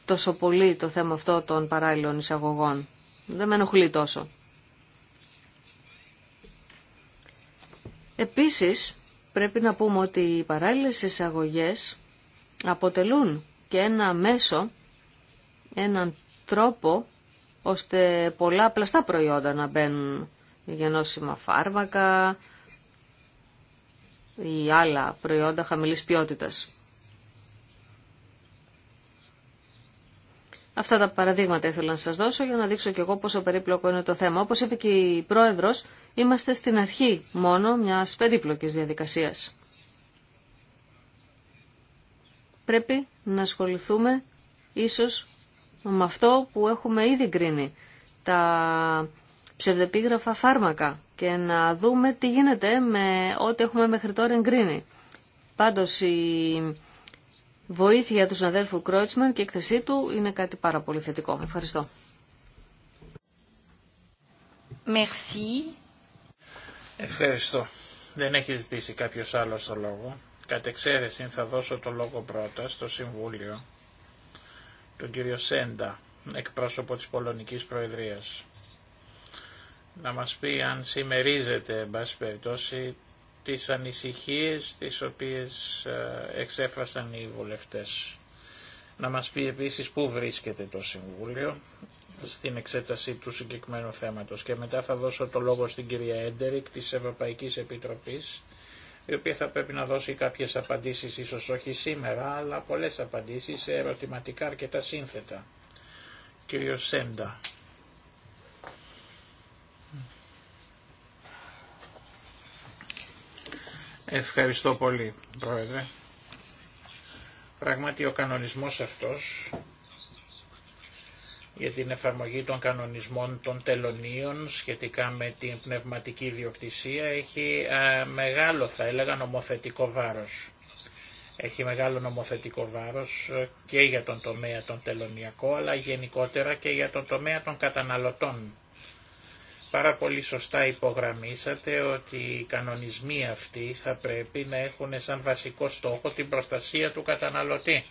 τόσο πολύ το θέμα αυτό των παράλληλων εισαγωγών. Δεν με ενοχλεί τόσο. Επίσης, πρέπει να πούμε ότι οι παράλληλες εισαγωγές αποτελούν και ένα μέσο, έναν τρόπο, ώστε πολλά πλαστά προϊόντα να μπαίνουν γενώσιμα φάρμακα, ή άλλα προϊόντα χαμηλής ποιότητας. Αυτά τα παραδείγματα ήθελα να σας δώσω για να δείξω και εγώ πόσο περίπλοκο είναι το θέμα. Όπως είπε και η Πρόεδρος, είμαστε στην αρχή μόνο μιας περίπλοκης διαδικασίας. Πρέπει να ασχοληθούμε ίσως με αυτό που έχουμε ήδη κρίνει Τα ψευδεπίγραφα φάρμακα και να δούμε τι γίνεται με ό,τι έχουμε μέχρι τώρα εγκρίνει. Πάντως η βοήθεια του συναδέλφου Κρότσμαν και η εκθεσή του είναι κάτι πάρα πολύ θετικό. Ευχαριστώ. Merci. Ευχαριστώ. Δεν έχει ζητήσει κάποιος άλλος το λόγο. Κατ' εξαίρεση θα δώσω το λόγο πρώτα στο Συμβούλιο, τον κύριο Σέντα, εκπρόσωπο της Πολωνικής Προεδρίας να μας πει αν συμμερίζεται, εν πάση περιπτώσει, τις ανησυχίες τις οποίες ε, εξέφρασαν οι βουλευτές. Να μας πει επίσης πού βρίσκεται το Συμβούλιο στην εξέταση του συγκεκριμένου θέματος και μετά θα δώσω το λόγο στην κυρία Έντερικ της Ευρωπαϊκής Επιτροπής η οποία θα πρέπει να δώσει κάποιες απαντήσεις ίσως όχι σήμερα αλλά πολλές απαντήσεις ερωτηματικά αρκετά σύνθετα. Κύριο Σέντα. Ευχαριστώ πολύ, Πρόεδρε. Πράγματι ο κανονισμός αυτός για την εφαρμογή των κανονισμών των τελωνίων σχετικά με την πνευματική διοκτησία έχει μεγάλο θα έλεγα νομοθετικό βάρος. Έχει μεγάλο νομοθετικό βάρος ε, και για τον τομέα των τελωνιακών αλλά γενικότερα και για τον τομέα των καταναλωτών πάρα πολύ σωστά υπογραμμίσατε ότι οι κανονισμοί αυτοί θα πρέπει να έχουν σαν βασικό στόχο την προστασία του καταναλωτή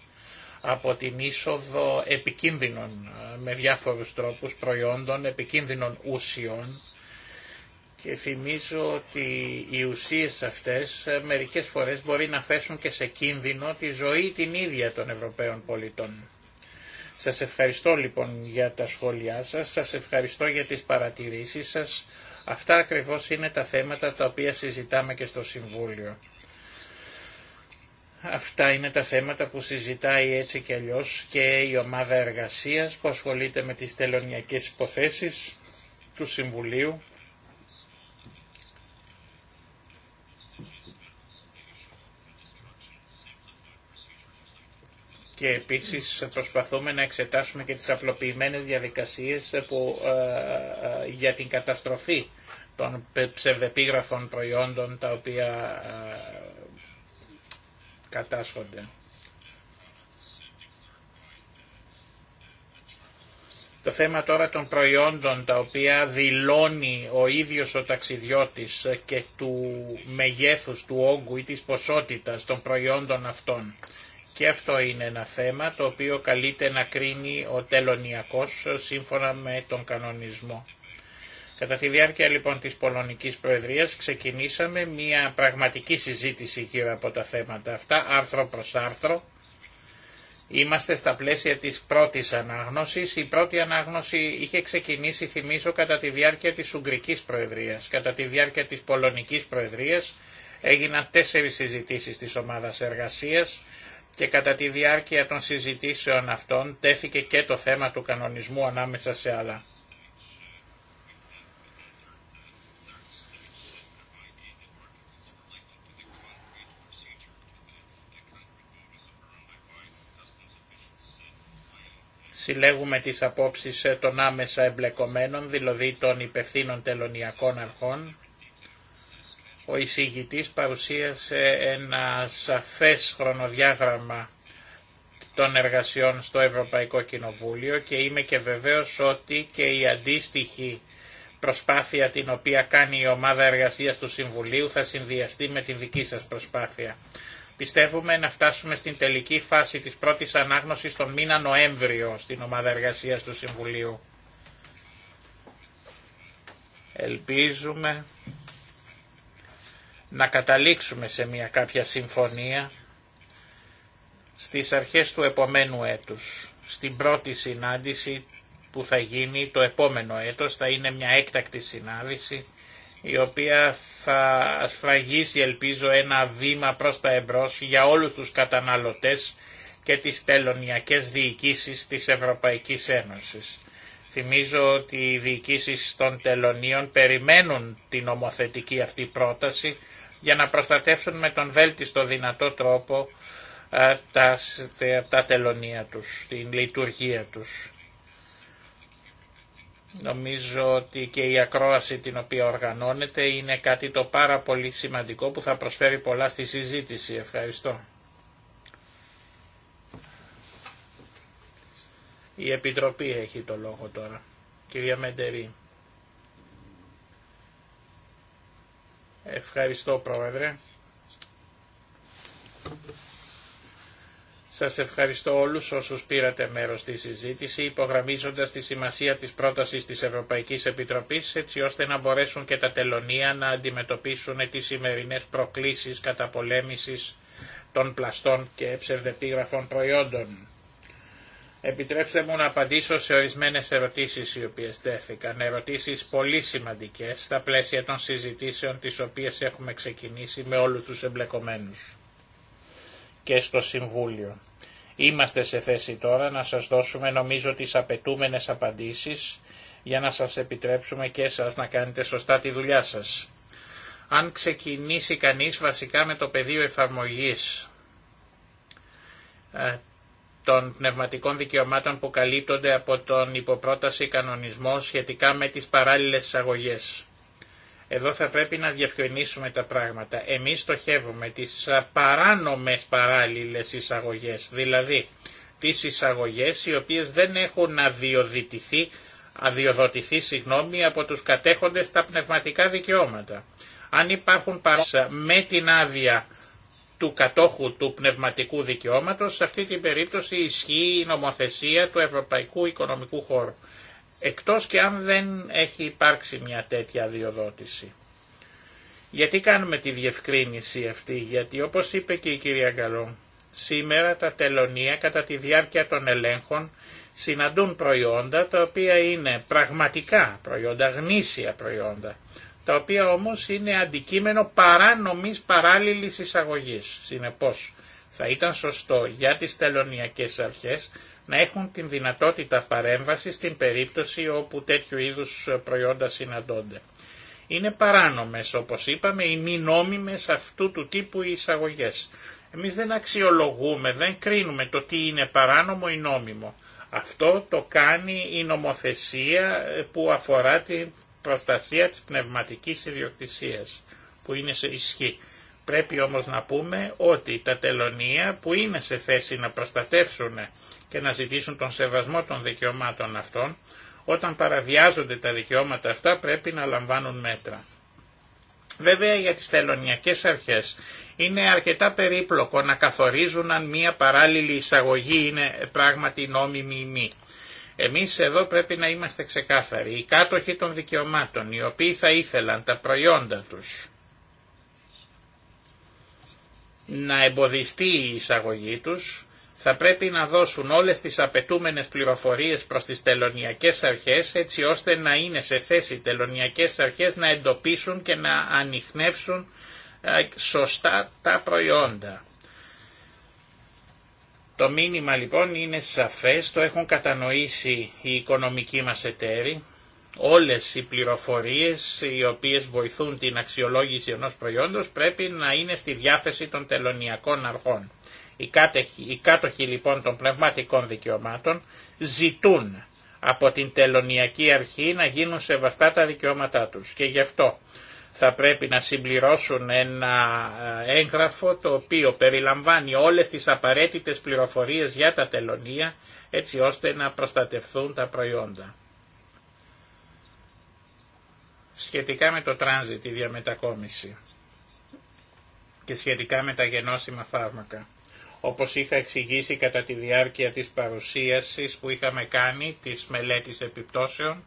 από την είσοδο επικίνδυνων ε, με διάφορους τρόπους προϊόντων, επικίνδυνων ουσιών και θυμίζω ότι οι ουσίες αυτές ε, μερικές φορές μπορεί να φέσουν και σε κίνδυνο τη ζωή την ίδια των Ευρωπαίων πολιτών. Σας ευχαριστώ λοιπόν για τα σχόλιά σας, σας ευχαριστώ για τις παρατηρήσεις σας. Αυτά ακριβώς είναι τα θέματα τα οποία συζητάμε και στο Συμβούλιο. Αυτά είναι τα θέματα που συζητάει έτσι και αλλιώ και η ομάδα εργασίας που ασχολείται με τις τελωνιακές υποθέσεις του Συμβουλίου και επίσης προσπαθούμε να εξετάσουμε και τις απλοποιημένες διαδικασίες που, ε, ε, για την καταστροφή των ψευδεπίγραφων προϊόντων τα οποία ε, κατάσχονται. Το θέμα τώρα των προϊόντων τα οποία δηλώνει ο ίδιος ο ταξιδιώτης και του μεγέθους, του όγκου ή της ποσότητας των προϊόντων αυτών. Και αυτό είναι ένα θέμα το οποίο καλείται να κρίνει ο τελωνιακός σύμφωνα με τον κανονισμό. Κατά τη διάρκεια λοιπόν της Πολωνικής Προεδρίας ξεκινήσαμε μια πραγματική συζήτηση γύρω από τα θέματα αυτά, άρθρο προς άρθρο. Είμαστε στα πλαίσια της πρώτης ανάγνωσης. Η πρώτη ανάγνωση είχε ξεκινήσει, θυμίζω, κατά τη διάρκεια της Ουγγρικής Προεδρίας. Κατά τη διάρκεια της Πολωνικής Προεδρίας έγιναν τέσσερις συζητήσεις της ομάδας εργασίας και κατά τη διάρκεια των συζητήσεων αυτών τέθηκε και το θέμα του κανονισμού ανάμεσα σε άλλα. συλλέγουμε τις απόψεις των άμεσα εμπλεκομένων, δηλαδή των υπευθύνων τελωνιακών αρχών, ο εισηγητής παρουσίασε ένα σαφές χρονοδιάγραμμα των εργασιών στο Ευρωπαϊκό Κοινοβούλιο και είμαι και βεβαίως ότι και η αντίστοιχη προσπάθεια την οποία κάνει η ομάδα εργασίας του Συμβουλίου θα συνδυαστεί με την δική σας προσπάθεια. Πιστεύουμε να φτάσουμε στην τελική φάση της πρώτης ανάγνωσης τον μήνα Νοέμβριο στην ομάδα εργασίας του Συμβουλίου. Ελπίζουμε να καταλήξουμε σε μια κάποια συμφωνία στις αρχές του επομένου έτους. Στην πρώτη συνάντηση που θα γίνει το επόμενο έτος θα είναι μια έκτακτη συνάντηση η οποία θα σφραγίσει ελπίζω ένα βήμα προς τα εμπρός για όλους τους καταναλωτές και τις τελωνιακές διοικήσεις της Ευρωπαϊκής Ένωσης. Θυμίζω ότι οι διοικήσεις των τελωνίων περιμένουν την ομοθετική αυτή πρόταση για να προστατεύσουν με τον βέλτιστο δυνατό τρόπο ε, τα, τα τελωνία τους, την λειτουργία τους. Νομίζω ότι και η ακρόαση την οποία οργανώνεται είναι κάτι το πάρα πολύ σημαντικό που θα προσφέρει πολλά στη συζήτηση. Ευχαριστώ. Η Επιτροπή έχει το λόγο τώρα. Κυρία Μέντερη. Ευχαριστώ Πρόεδρε. Σας ευχαριστώ όλους όσους πήρατε μέρος στη συζήτηση, υπογραμμίζοντας τη σημασία της πρότασης της Ευρωπαϊκής Επιτροπής, έτσι ώστε να μπορέσουν και τα τελωνία να αντιμετωπίσουν τις σημερινές προκλήσεις καταπολέμησης των πλαστών και ψευδεπίγραφων προϊόντων. Επιτρέψτε μου να απαντήσω σε ορισμένες ερωτήσεις οι οποίες τέθηκαν. Ερωτήσεις πολύ σημαντικές στα πλαίσια των συζητήσεων τις οποίες έχουμε ξεκινήσει με όλους τους εμπλεκομένους και στο Συμβούλιο. Είμαστε σε θέση τώρα να σας δώσουμε νομίζω τις απαιτούμενες απαντήσεις για να σας επιτρέψουμε και σας να κάνετε σωστά τη δουλειά σας. Αν ξεκινήσει κανείς βασικά με το πεδίο εφαρμογής ε, των πνευματικών δικαιωμάτων που καλύπτονται από τον υποπρόταση κανονισμό σχετικά με τις παράλληλες εισαγωγέ. Εδώ θα πρέπει να διευκρινίσουμε τα πράγματα. Εμείς στοχεύουμε τις παράνομες παράλληλες εισαγωγέ, δηλαδή τις εισαγωγέ οι οποίες δεν έχουν αδειοδοτηθεί, αδειοδοτηθεί συγγνώμη, από τους κατέχοντες τα πνευματικά δικαιώματα. Αν υπάρχουν παρά με την άδεια του κατόχου του πνευματικού δικαιώματος, σε αυτή την περίπτωση ισχύει η νομοθεσία του Ευρωπαϊκού Οικονομικού Χώρου, εκτός και αν δεν έχει υπάρξει μια τέτοια διοδότηση. Γιατί κάνουμε τη διευκρίνηση αυτή, γιατί όπως είπε και η κυρία Γκαλό, σήμερα τα τελωνία κατά τη διάρκεια των ελέγχων συναντούν προϊόντα τα οποία είναι πραγματικά προϊόντα, γνήσια προϊόντα, τα οποία όμως είναι αντικείμενο παράνομης παράλληλης εισαγωγής. Συνεπώς, θα ήταν σωστό για τις τελωνιακές αρχές να έχουν την δυνατότητα παρέμβαση στην περίπτωση όπου τέτοιου είδους προϊόντα συναντώνται. Είναι παράνομες, όπως είπαμε, οι μη νόμιμες αυτού του τύπου εισαγωγές. Εμείς δεν αξιολογούμε, δεν κρίνουμε το τι είναι παράνομο ή νόμιμο. Αυτό το κάνει η νομοθεσία που αφορά την προστασία της πνευματικής ιδιοκτησίας που είναι σε ισχύ. Πρέπει όμως να πούμε ότι τα τελωνία που είναι σε θέση να προστατεύσουν και να ζητήσουν τον σεβασμό των δικαιωμάτων αυτών, όταν παραβιάζονται τα δικαιώματα αυτά πρέπει να λαμβάνουν μέτρα. Βέβαια για τις τελωνιακές αρχές είναι αρκετά περίπλοκο να καθορίζουν αν μία παράλληλη εισαγωγή είναι πράγματι νόμιμη ή μη. Εμείς εδώ πρέπει να είμαστε ξεκάθαροι. Οι κάτοχοι των δικαιωμάτων, οι οποίοι θα ήθελαν τα προϊόντα τους να εμποδιστεί η εισαγωγή τους, θα πρέπει να δώσουν όλες τις απαιτούμενες πληροφορίες προς τις τελωνιακές αρχές έτσι ώστε να είναι σε θέση οι τελωνιακές αρχές να εντοπίσουν και να ανοιχνεύσουν ε, σωστά τα προϊόντα. Το μήνυμα λοιπόν είναι σαφές, το έχουν κατανοήσει οι οικονομικοί μας εταίροι, όλες οι πληροφορίες οι οποίες βοηθούν την αξιολόγηση ενός προϊόντος πρέπει να είναι στη διάθεση των τελωνιακών αρχών. Οι κάτοχοι, οι λοιπόν των πνευματικών δικαιωμάτων ζητούν από την τελωνιακή αρχή να γίνουν σεβαστά τα δικαιώματά τους και γι' αυτό θα πρέπει να συμπληρώσουν ένα ε, έγγραφο το οποίο περιλαμβάνει όλες τις απαραίτητες πληροφορίες για τα τελωνία έτσι ώστε να προστατευθούν τα προϊόντα. Σχετικά με το τράνζιτ, η διαμετακόμιση και σχετικά με τα γενώσιμα φάρμακα. Όπως είχα εξηγήσει κατά τη διάρκεια της παρουσίασης που είχαμε κάνει της μελέτης επιπτώσεων,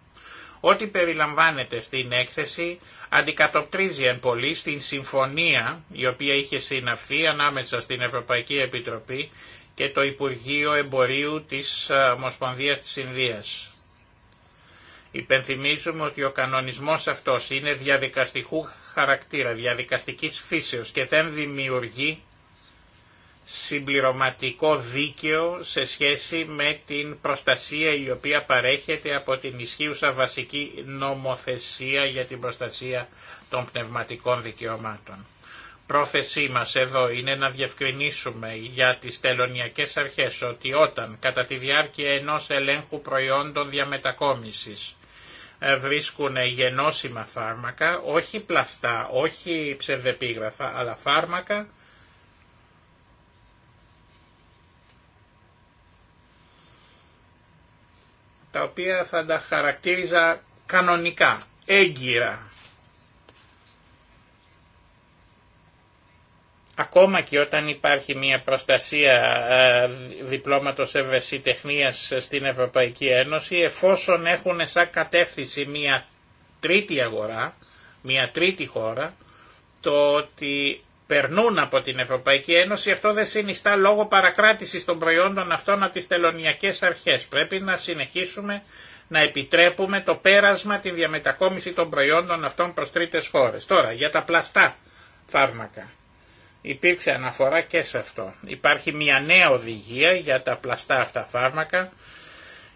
ό,τι περιλαμβάνεται στην έκθεση αντικατοπτρίζει εν πολύ στην συμφωνία η οποία είχε συναυθεί ανάμεσα στην Ευρωπαϊκή Επιτροπή και το Υπουργείο Εμπορίου της ε, Ομοσπονδίας της Ινδίας. Υπενθυμίζουμε ότι ο κανονισμός αυτός είναι διαδικαστικού χαρακτήρα, διαδικαστικής φύσεως και δεν δημιουργεί συμπληρωματικό δίκαιο σε σχέση με την προστασία η οποία παρέχεται από την ισχύουσα βασική νομοθεσία για την προστασία των πνευματικών δικαιωμάτων. Πρόθεσή μας εδώ είναι να διευκρινίσουμε για τις τελωνιακές αρχές ότι όταν κατά τη διάρκεια ενός ελέγχου προϊόντων διαμετακόμισης ε, βρίσκουν γενώσιμα φάρμακα, όχι πλαστά, όχι ψευδεπίγραφα, αλλά φάρμακα, τα οποία θα τα χαρακτήριζα κανονικά, έγκυρα. Ακόμα και όταν υπάρχει μια προστασία ε, διπλώματος ευαισθητεχνίας στην Ευρωπαϊκή Ένωση, εφόσον έχουν σαν κατεύθυνση μια τρίτη αγορά, μια τρίτη χώρα, το ότι περνούν από την Ευρωπαϊκή Ένωση, αυτό δεν συνιστά λόγο παρακράτησης των προϊόντων αυτών από τις τελωνιακές αρχές. Πρέπει να συνεχίσουμε να επιτρέπουμε το πέρασμα, τη διαμετακόμιση των προϊόντων αυτών προς τρίτες χώρες. Τώρα, για τα πλαστά φάρμακα. Υπήρξε αναφορά και σε αυτό. Υπάρχει μια νέα οδηγία για τα πλαστά αυτά φάρμακα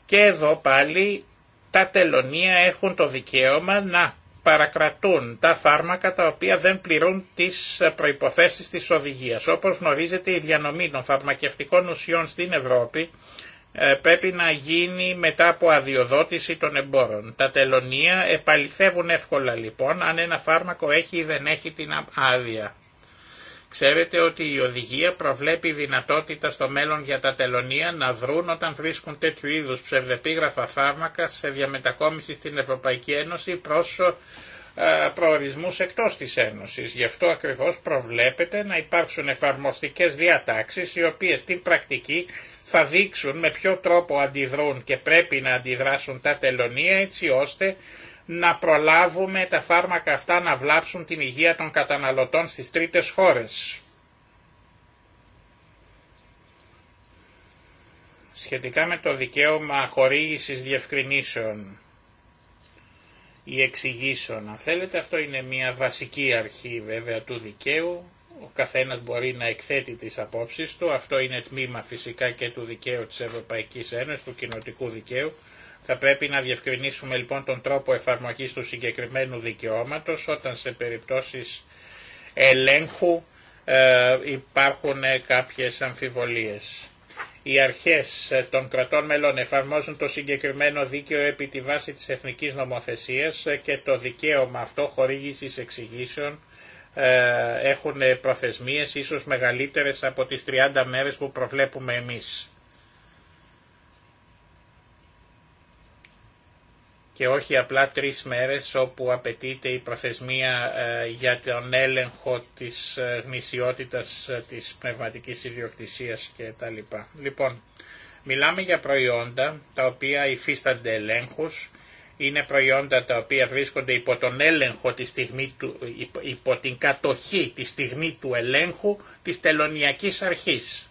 και εδώ πάλι τα τελωνία έχουν το δικαίωμα να παρακρατούν τα φάρμακα τα οποία δεν πληρούν τις προϋποθέσεις της οδηγίας. Όπως γνωρίζετε η διανομή των φαρμακευτικών ουσιών στην Ευρώπη ε, πρέπει να γίνει μετά από αδειοδότηση των εμπόρων. Τα τελωνία επαληθεύουν εύκολα λοιπόν αν ένα φάρμακο έχει ή δεν έχει την άδεια. Ξέρετε ότι η οδηγία προβλέπει δυνατότητα στο μέλλον για τα τελωνία να δρουν όταν βρίσκουν τέτοιου είδου ψευδεπίγραφα φάρμακα σε διαμετακόμιση στην Ευρωπαϊκή Ένωση προς ε, προορισμού εκτό της Ένωσης. Γι' αυτό ακριβώς προβλέπεται να υπάρξουν εφαρμοστικέ διατάξεις οι οποίες στην πρακτική θα δείξουν με ποιο τρόπο αντιδρούν και πρέπει να αντιδράσουν τα τελωνία έτσι ώστε να προλάβουμε τα φάρμακα αυτά να βλάψουν την υγεία των καταναλωτών στις τρίτες χώρες. Σχετικά με το δικαίωμα χορήγησης διευκρινήσεων ή εξηγήσεων, αν θέλετε, αυτό είναι μια βασική αρχή βέβαια του δικαίου. Ο καθένας μπορεί να εκθέτει τις απόψεις του, αυτό είναι τμήμα φυσικά και του δικαίου της Ευρωπαϊκής Ένωσης, του κοινοτικού δικαίου, θα πρέπει να διευκρινίσουμε λοιπόν τον τρόπο εφαρμογής του συγκεκριμένου δικαιώματος όταν σε περιπτώσεις ελέγχου ε, υπάρχουν κάποιες αμφιβολίες. Οι αρχές των κρατών μελών εφαρμόζουν το συγκεκριμένο δίκαιο επί τη βάση της εθνικής νομοθεσίας και το δικαίωμα αυτό χορήγησης εξηγήσεων ε, έχουν προθεσμίες ίσως μεγαλύτερες από τις 30 μέρες που προβλέπουμε εμείς. και όχι απλά τρεις μέρες όπου απαιτείται η προθεσμία ε, για τον έλεγχο της ε, γνησιότητας ε, της πνευματικής ιδιοκτησίας κτλ. Λοιπόν, μιλάμε για προϊόντα τα οποία υφίστανται ελέγχους, είναι προϊόντα τα οποία βρίσκονται υπό τον έλεγχο του, υπό την κατοχή τη στιγμή του ελέγχου της τελωνιακής αρχής.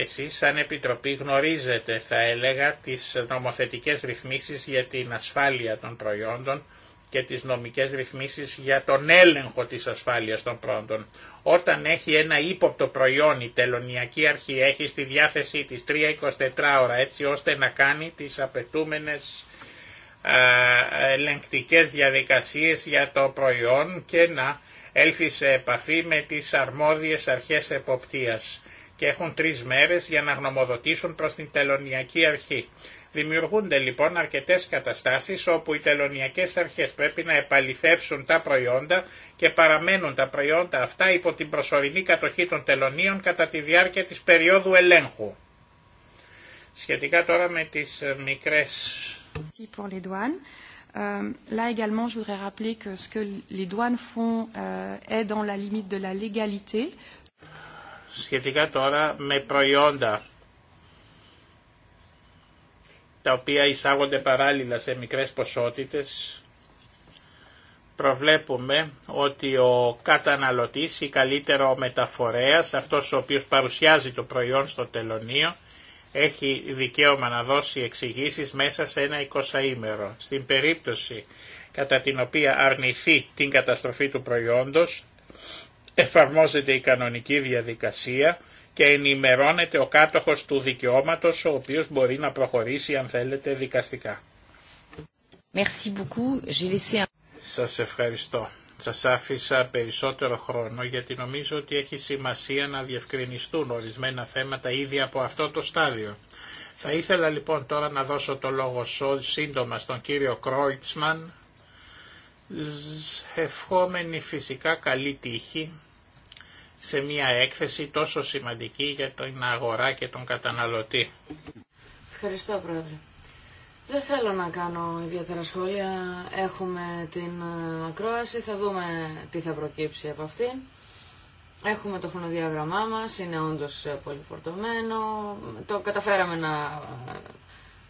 Εσείς σαν Επιτροπή γνωρίζετε θα έλεγα τις νομοθετικές ρυθμίσεις για την ασφάλεια των προϊόντων και τις νομικές ρυθμίσεις για τον έλεγχο της ασφάλειας των προϊόντων. Όταν έχει ένα ύποπτο προϊόν η τελωνιακή αρχή έχει στη διάθεσή της 3-24 ώρα έτσι ώστε να κάνει τις απαιτούμενες ελεγκτικές διαδικασίες για το προϊόν και να έλθει σε επαφή με τις αρμόδιες αρχές εποπτείας και έχουν τρει μέρες για να γνωμοδοτήσουν προ την τελωνιακή αρχή. Δημιουργούνται λοιπόν αρκετέ καταστάσεις όπου οι τελωνιακέ αρχές πρέπει να επαληθεύσουν τα προϊόντα και παραμένουν τα προϊόντα αυτά υπό την προσωρινή κατοχή των τελωνίων κατά τη διάρκεια της περίοδου ελέγχου. Σχετικά τώρα με τι ε, μικρέ. Euh, là également, je voudrais rappeler que ce que les douanes font euh, est dans la limite de la légalité σχετικά τώρα με προϊόντα τα οποία εισάγονται παράλληλα σε μικρές ποσότητες, προβλέπουμε ότι ο καταναλωτής ή καλύτερο ο μεταφορέας, αυτός ο οποίος παρουσιάζει το προϊόν στο τελωνίο, έχει δικαίωμα να δώσει εξηγήσει μέσα σε ενα εικοσαήμερο. Στην περίπτωση κατά την οποία αρνηθεί την καταστροφή του προϊόντος, εφαρμόζεται η κανονική διαδικασία και ενημερώνεται ο κάτοχος του δικαιώματος ο οποίος μπορεί να προχωρήσει αν θέλετε δικαστικά. Merci Σας ευχαριστώ. Σας άφησα περισσότερο χρόνο γιατί νομίζω ότι έχει σημασία να διευκρινιστούν ορισμένα θέματα ήδη από αυτό το στάδιο. Θα ήθελα λοιπόν τώρα να δώσω το λόγο σύντομα στον κύριο Κρόιτσμαν, ευχόμενη φυσικά καλή τύχη σε μια έκθεση τόσο σημαντική για την αγορά και τον καταναλωτή. Ευχαριστώ Πρόεδρε. Δεν θέλω να κάνω ιδιαίτερα σχόλια. Έχουμε την ε, ακρόαση, θα δούμε τι θα προκύψει από αυτήν. Έχουμε το χρονοδιάγραμμά μας, είναι όντως ε, πολύ φορτωμένο. Το καταφέραμε να ε,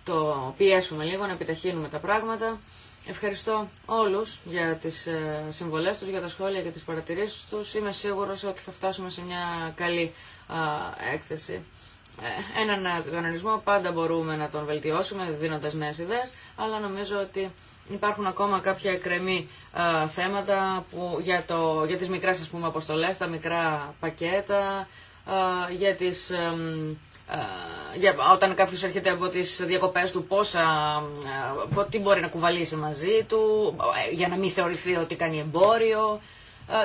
το πιέσουμε λίγο, να επιταχύνουμε τα πράγματα. Ευχαριστώ όλους για τις ε, συμβολές τους, για τα σχόλια και τις παρατηρήσεις τους. Είμαι σίγουρος ότι θα φτάσουμε σε μια καλή έκθεση. Ε, έναν ε, κανονισμό πάντα μπορούμε να τον βελτιώσουμε δίνοντας νέες ιδέες, αλλά νομίζω ότι υπάρχουν ακόμα κάποια εκρεμή θέματα που για, το, για τις μικρές ας αποστολές, τα μικρά πακέτα, ε, για τις ε, για, όταν κάποιος έρχεται από τις διακοπές του πόσα, ε, τι μπορεί να κουβαλήσει μαζί του, για να μην θεωρηθεί ότι κάνει εμπόριο.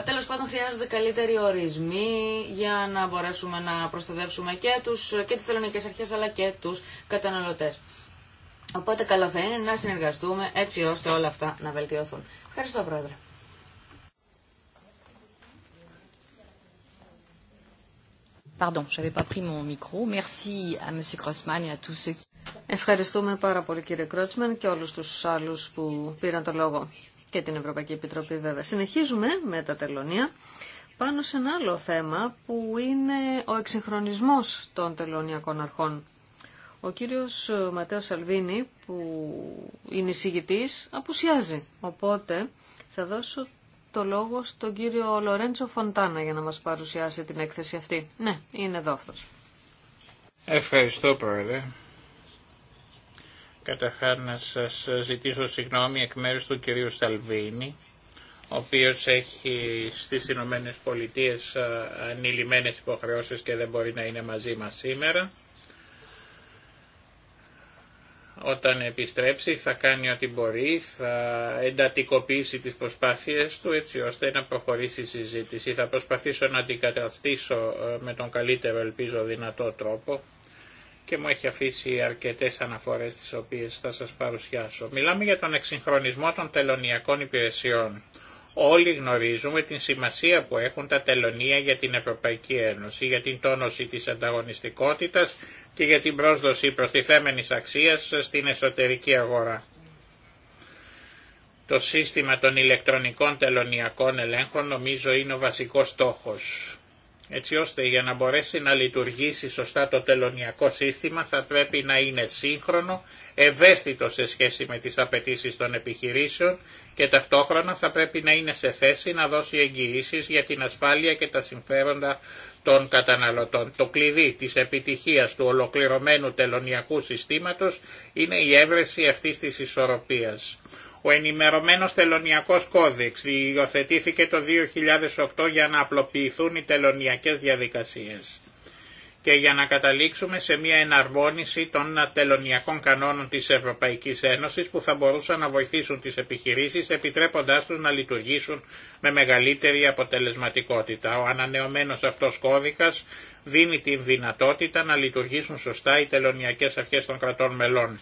Τέλος πάντων χρειάζονται καλύτεροι ορισμοί για να μπορέσουμε να προστατεύσουμε και, τους, και τις θελονικές αρχές αλλά και τους καταναλωτές. Οπότε καλό θα είναι να συνεργαστούμε έτσι ώστε όλα αυτά να βελτιωθούν. Ευχαριστώ Πρόεδρε. Ευχαριστούμε πάρα πολύ κύριε Κρότσμαν και όλους τους άλλους που πήραν το λόγο και την Ευρωπαϊκή Επιτροπή βέβαια. Συνεχίζουμε με τα τελωνία πάνω σε ένα άλλο θέμα που είναι ο εξυγχρονισμός των τελωνιακών αρχών. Ο κύριος Ματέο Σαλβίνη που είναι εισηγητής απουσιάζει. Οπότε θα δώσω το λόγο στον κύριο Λορέντσο Φοντάνα για να μας παρουσιάσει την έκθεση αυτή. Ναι, είναι εδώ αυτός. Ευχαριστώ πρόεδρε. Καταρχά να σας ζητήσω συγγνώμη εκ μέρους του κυρίου Σαλβίνη, ο οποίος έχει στις Ηνωμένε Πολιτείες ε, ανηλυμένες υποχρεώσεις και δεν μπορεί να είναι μαζί μας σήμερα. Όταν επιστρέψει θα κάνει ό,τι μπορεί, θα εντατικοποιήσει τις προσπάθειες του έτσι ώστε να προχωρήσει η συζήτηση. Θα προσπαθήσω να αντικαταστήσω ε, με τον καλύτερο ελπίζω δυνατό τρόπο και μου έχει αφήσει αρκετές αναφορές τις οποίες θα σας παρουσιάσω. Μιλάμε για τον εξυγχρονισμό των τελωνιακών υπηρεσιών. Όλοι γνωρίζουμε την σημασία που έχουν τα τελωνία για την Ευρωπαϊκή Ένωση, για την τόνωση της ανταγωνιστικότητας και για την πρόσδοση προστιθέμενης αξίας στην εσωτερική αγορά. Το σύστημα των ηλεκτρονικών τελωνιακών ελέγχων νομίζω είναι ο βασικός στόχος έτσι ώστε για να μπορέσει να λειτουργήσει σωστά το τελωνιακό σύστημα θα πρέπει να είναι σύγχρονο, ευαίσθητο σε σχέση με τις απαιτήσει των επιχειρήσεων και ταυτόχρονα θα πρέπει να είναι σε θέση να δώσει εγγυήσει για την ασφάλεια και τα συμφέροντα των καταναλωτών. Το κλειδί της επιτυχίας του ολοκληρωμένου τελωνιακού συστήματος είναι η έβρεση αυτής της ισορροπίας. Ο ενημερωμένος τελωνιακός κώδεξ υιοθετήθηκε το 2008 για να απλοποιηθούν οι τελωνιακές διαδικασίες και για να καταλήξουμε σε μια εναρμόνιση των τελωνιακών κανόνων της Ευρωπαϊκής Ένωσης που θα μπορούσαν να βοηθήσουν τις επιχειρήσεις επιτρέποντάς τους να λειτουργήσουν με μεγαλύτερη αποτελεσματικότητα. Ο ανανεωμένος αυτός κώδικας δίνει την δυνατότητα να λειτουργήσουν σωστά οι τελωνιακές αρχές των κρατών μελών.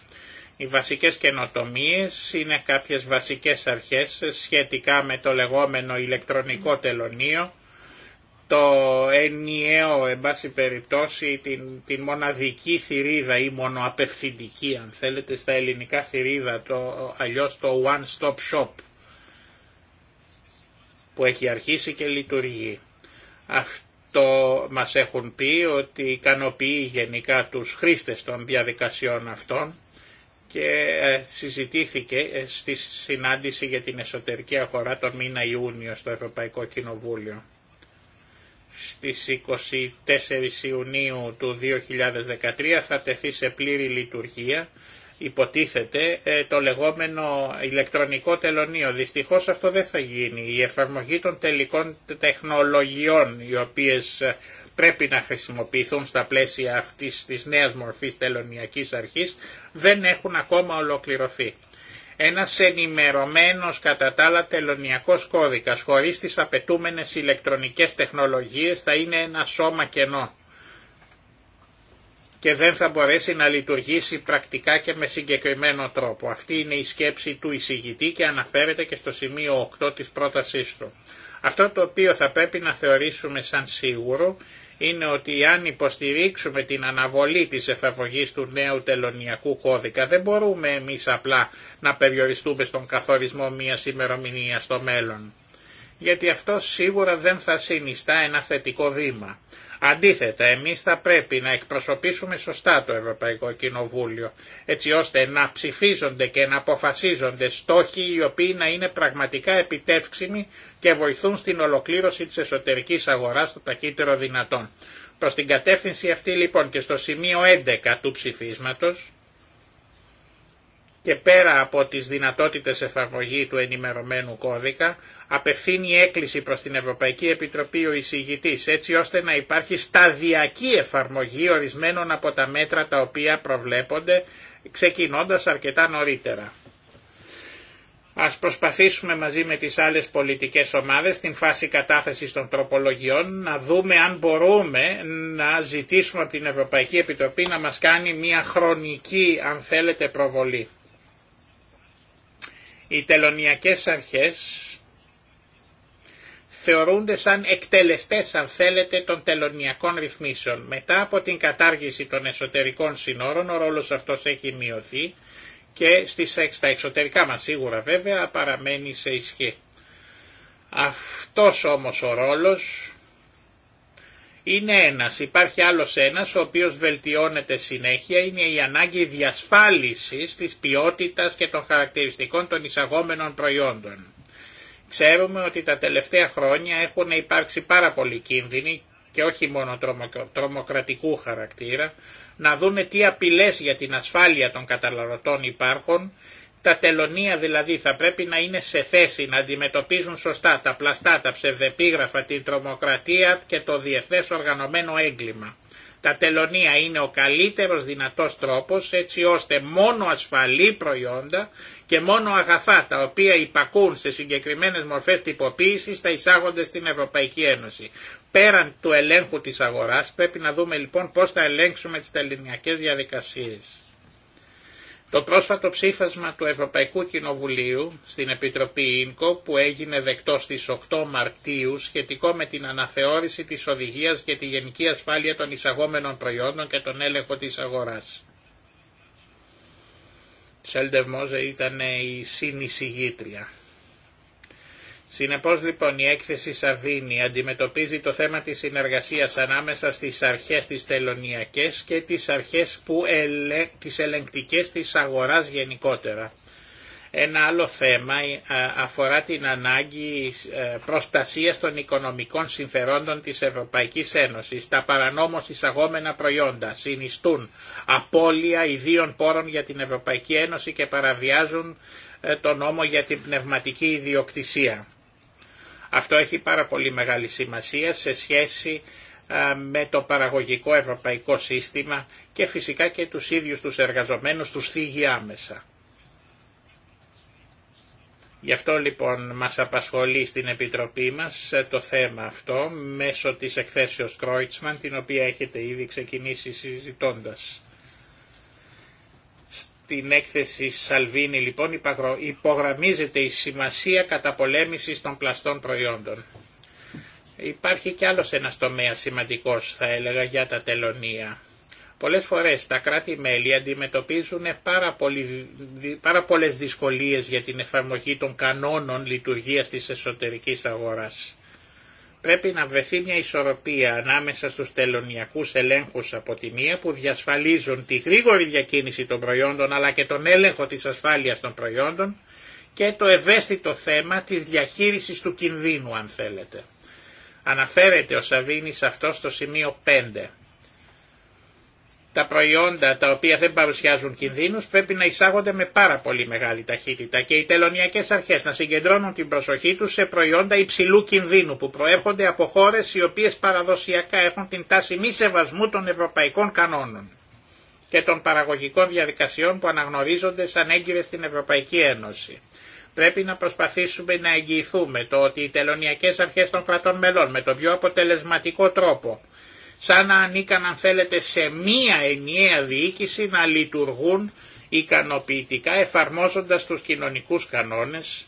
Οι βασικές καινοτομίες είναι κάποιες βασικές αρχές σχετικά με το λεγόμενο ηλεκτρονικό τελωνίο, το ενιαίο, εν πάση περιπτώσει, την, την μοναδική θηρίδα ή μονοαπευθυντική, αν θέλετε, στα ελληνικά θηρίδα, το, αλλιώς το one-stop shop που έχει αρχίσει και λειτουργεί. Αυτό μας έχουν πει ότι ικανοποιεί γενικά τους χρήστες των διαδικασιών αυτών και ε, συζητήθηκε ε, στη συνάντηση για την εσωτερική αγορά τον μήνα Ιούνιο στο Ευρωπαϊκό Κοινοβούλιο στις 24 Ιουνίου του 2013 θα τεθεί σε πλήρη λειτουργία υποτίθεται ε, το λεγόμενο ηλεκτρονικό τελωνίο. Δυστυχώς αυτό δεν θα γίνει. Η εφαρμογή των τελικών τεχνολογιών οι οποίες ε, πρέπει να χρησιμοποιηθούν στα πλαίσια αυτής της νέας μορφής τελωνιακής αρχής δεν έχουν ακόμα ολοκληρωθεί ένας ενημερωμένος κατά τα άλλα τελωνιακός κώδικας χωρίς τις απαιτούμενες ηλεκτρονικές τεχνολογίες θα είναι ένα σώμα κενό και δεν θα μπορέσει να λειτουργήσει πρακτικά και με συγκεκριμένο τρόπο. Αυτή είναι η σκέψη του εισηγητή και αναφέρεται και στο σημείο 8 της πρότασής του. Αυτό το οποίο θα πρέπει να θεωρήσουμε σαν σίγουρο είναι ότι αν υποστηρίξουμε την αναβολή της εφαρμογής του νέου τελωνιακού κώδικα δεν μπορούμε εμείς απλά να περιοριστούμε στον καθορισμό μιας ημερομηνία στο μέλλον γιατί αυτό σίγουρα δεν θα συνιστά ένα θετικό βήμα. Αντίθετα, εμείς θα πρέπει να εκπροσωπήσουμε σωστά το Ευρωπαϊκό Κοινοβούλιο, έτσι ώστε να ψηφίζονται και να αποφασίζονται στόχοι οι οποίοι να είναι πραγματικά επιτεύξιμοι και βοηθούν στην ολοκλήρωση της εσωτερικής αγοράς το ταχύτερο δυνατόν. Προς την κατεύθυνση αυτή λοιπόν και στο σημείο 11 του ψηφίσματος, και πέρα από τις δυνατότητες εφαρμογή του ενημερωμένου κώδικα, απευθύνει έκκληση προς την Ευρωπαϊκή Επιτροπή ο εισηγητής, έτσι ώστε να υπάρχει σταδιακή εφαρμογή ορισμένων από τα μέτρα τα οποία προβλέπονται, ξεκινώντας αρκετά νωρίτερα. Ας προσπαθήσουμε μαζί με τις άλλες πολιτικές ομάδες στην φάση κατάθεσης των τροπολογιών να δούμε αν μπορούμε να ζητήσουμε από την Ευρωπαϊκή Επιτροπή να μας κάνει μια χρονική αν θέλετε προβολή. Οι τελωνιακές αρχές θεωρούνται σαν εκτελεστές αν θέλετε των τελωνιακών ρυθμίσεων. Μετά από την κατάργηση των εσωτερικών συνόρων ο ρόλος αυτός έχει μειωθεί και στις, στα εξωτερικά μας σίγουρα βέβαια παραμένει σε ισχύ. Αυτός όμως ο ρόλος είναι ένας, υπάρχει άλλος ένας ο οποίος βελτιώνεται συνέχεια, είναι η ανάγκη διασφάλισης της ποιότητας και των χαρακτηριστικών των εισαγόμενων προϊόντων. Ξέρουμε ότι τα τελευταία χρόνια έχουν υπάρξει πάρα πολλοί κίνδυνοι και όχι μόνο τρομοκρατικού χαρακτήρα, να δούμε τι απειλές για την ασφάλεια των καταναλωτών υπάρχουν τα τελωνία δηλαδή θα πρέπει να είναι σε θέση να αντιμετωπίζουν σωστά τα πλαστά, τα ψευδεπίγραφα, την τρομοκρατία και το διεθνές οργανωμένο έγκλημα. Τα τελωνία είναι ο καλύτερος δυνατός τρόπος έτσι ώστε μόνο ασφαλή προϊόντα και μόνο αγαθά τα οποία υπακούν σε συγκεκριμένες μορφές τυποποίησης θα εισάγονται στην Ευρωπαϊκή Ένωση. Πέραν του ελέγχου της αγοράς πρέπει να δούμε λοιπόν πώς θα ελέγξουμε τις τελωνιακές διαδικασίες. Το πρόσφατο ψήφασμα του Ευρωπαϊκού Κοινοβουλίου στην Επιτροπή ΙΝΚΟ που έγινε δεκτό στις 8 Μαρτίου σχετικό με την αναθεώρηση της οδηγίας για τη γενική ασφάλεια των εισαγόμενων προϊόντων και τον έλεγχο της αγοράς. Σέλντερ Μόζε ήταν η συνεισηγήτρια. Συνεπώς λοιπόν η έκθεση Σαβίνη αντιμετωπίζει το θέμα της συνεργασίας ανάμεσα στις αρχές της τελωνιακές και τις αρχές που ελε... τις ελεγκτικές της αγοράς γενικότερα. Ένα άλλο θέμα ε, αφορά την ανάγκη ε, προστασίας των οικονομικών συμφερόντων της Ευρωπαϊκής Ένωσης. Τα παρανόμως εισαγόμενα προϊόντα συνιστούν απώλεια ιδίων πόρων για την Ευρωπαϊκή Ένωση και παραβιάζουν ε, το νόμο για την πνευματική ιδιοκτησία. Αυτό έχει πάρα πολύ μεγάλη σημασία σε σχέση με το παραγωγικό ευρωπαϊκό σύστημα και φυσικά και τους ίδιους τους εργαζομένους τους θίγει άμεσα. Γι' αυτό λοιπόν μας απασχολεί στην Επιτροπή μας ε, το θέμα αυτό μέσω της εκθέσεως Κρόιτσμαν την οποία έχετε ήδη ξεκινήσει συζητώντας. Την έκθεση Σαλβίνη λοιπόν υπογραμμίζεται η σημασία καταπολέμησης των πλαστών προϊόντων. Υπάρχει κι άλλος ένας τομέας σημαντικός θα έλεγα για τα τελωνία. Πολλές φορές τα κράτη-μέλη αντιμετωπίζουν πάρα, πολύ, πάρα πολλές δυσκολίες για την εφαρμογή των κανόνων λειτουργίας της εσωτερικής αγοράς πρέπει να βρεθεί μια ισορροπία ανάμεσα στους τελωνιακούς ελέγχους από τη μία που διασφαλίζουν τη γρήγορη διακίνηση των προϊόντων αλλά και τον έλεγχο της ασφάλειας των προϊόντων και το ευαίσθητο θέμα της διαχείρισης του κινδύνου αν θέλετε. Αναφέρεται ο Σαβίνης αυτό στο σημείο 5 τα προϊόντα τα οποία δεν παρουσιάζουν κινδύνους πρέπει να εισάγονται με πάρα πολύ μεγάλη ταχύτητα και οι τελωνιακές αρχές να συγκεντρώνουν την προσοχή τους σε προϊόντα υψηλού κινδύνου που προέρχονται από χώρες οι οποίες παραδοσιακά έχουν την τάση μη σεβασμού των ευρωπαϊκών κανόνων και των παραγωγικών διαδικασιών που αναγνωρίζονται σαν έγκυρες στην Ευρωπαϊκή Ένωση. Πρέπει να προσπαθήσουμε να εγγυηθούμε το ότι οι τελωνιακές αρχές των κρατών μελών με τον πιο αποτελεσματικό τρόπο σαν να ανήκαν αν θέλετε σε μία ενιαία διοίκηση να λειτουργούν ικανοποιητικά εφαρμόζοντας τους κοινωνικούς κανόνες,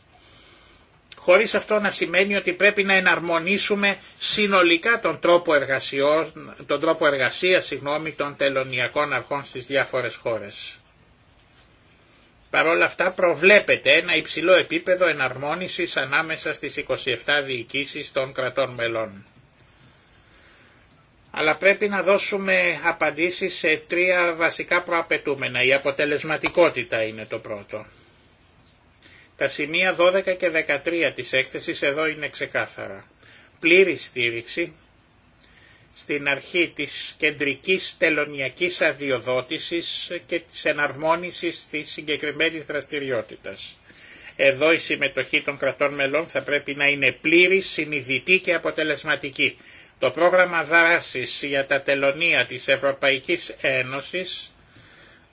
χωρίς αυτό να σημαίνει ότι πρέπει να εναρμονίσουμε συνολικά τον τρόπο, εργασιών, τον τρόπο εργασίας συγγνώμη, των τελωνιακών αρχών στις διάφορες χώρες. Παρ' όλα αυτά προβλέπεται ένα υψηλό επίπεδο εναρμόνισης ανάμεσα στις 27 διοικήσεις των κρατών μελών αλλά πρέπει να δώσουμε απαντήσεις σε τρία βασικά προαπαιτούμενα. Η αποτελεσματικότητα είναι το πρώτο. Τα σημεία 12 και 13 της έκθεσης εδώ είναι ξεκάθαρα. Πλήρη στήριξη στην αρχή της κεντρικής τελωνιακής αδειοδότησης και της εναρμόνισης της συγκεκριμένης δραστηριότητας. Εδώ η συμμετοχή των κρατών μελών θα πρέπει να είναι πλήρη, συνειδητή και αποτελεσματική. Το πρόγραμμα δράσης για τα τελωνία της Ευρωπαϊκής Ένωσης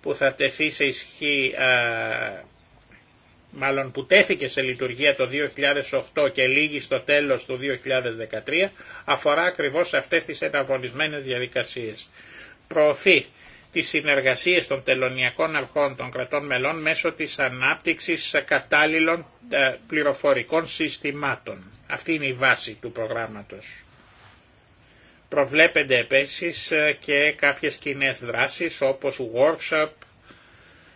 που θα τεθεί σε ισχύ, μάλλον που τέθηκε σε λειτουργία το 2008 και λήγει στο τέλος του 2013, αφορά ακριβώς αυτές τις εναρμονισμένες διαδικασίες. Προωθεί τις συνεργασίες των τελωνιακών αρχών των κρατών μελών μέσω της ανάπτυξης κατάλληλων ε, πληροφορικών συστημάτων. Αυτή είναι η βάση του προγράμματος. Προβλέπεται επίσης ε, και κάποιες κοινέ δράσεις όπως workshop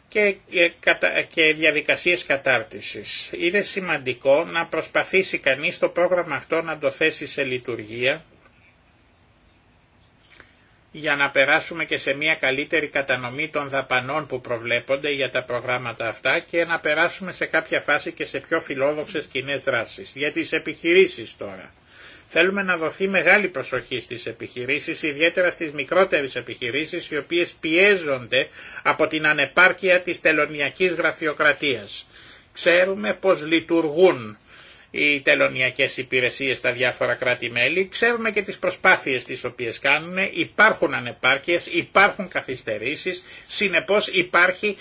και, ε, και διαδικασίες κατάρτισης. Είναι σημαντικό να προσπαθήσει κανείς το πρόγραμμα αυτό να το θέσει σε λειτουργία για να περάσουμε και σε μια καλύτερη κατανομή των δαπανών που προβλέπονται για τα προγράμματα αυτά και να περάσουμε σε κάποια φάση και σε πιο φιλόδοξες κοινέ δράσεις. Για τις επιχειρήσεις τώρα. Θέλουμε να δοθεί μεγάλη προσοχή στις επιχειρήσεις, ιδιαίτερα στις μικρότερες επιχειρήσεις, οι οποίες πιέζονται από την ανεπάρκεια της τελωνιακής γραφειοκρατίας. Ξέρουμε πώς λειτουργούν οι τελωνιακές υπηρεσίες στα διάφορα κράτη-μέλη. Ξέρουμε και τις προσπάθειες τις οποίες κάνουν. Υπάρχουν ανεπάρκειες, υπάρχουν καθυστερήσεις. Συνεπώς υπάρχει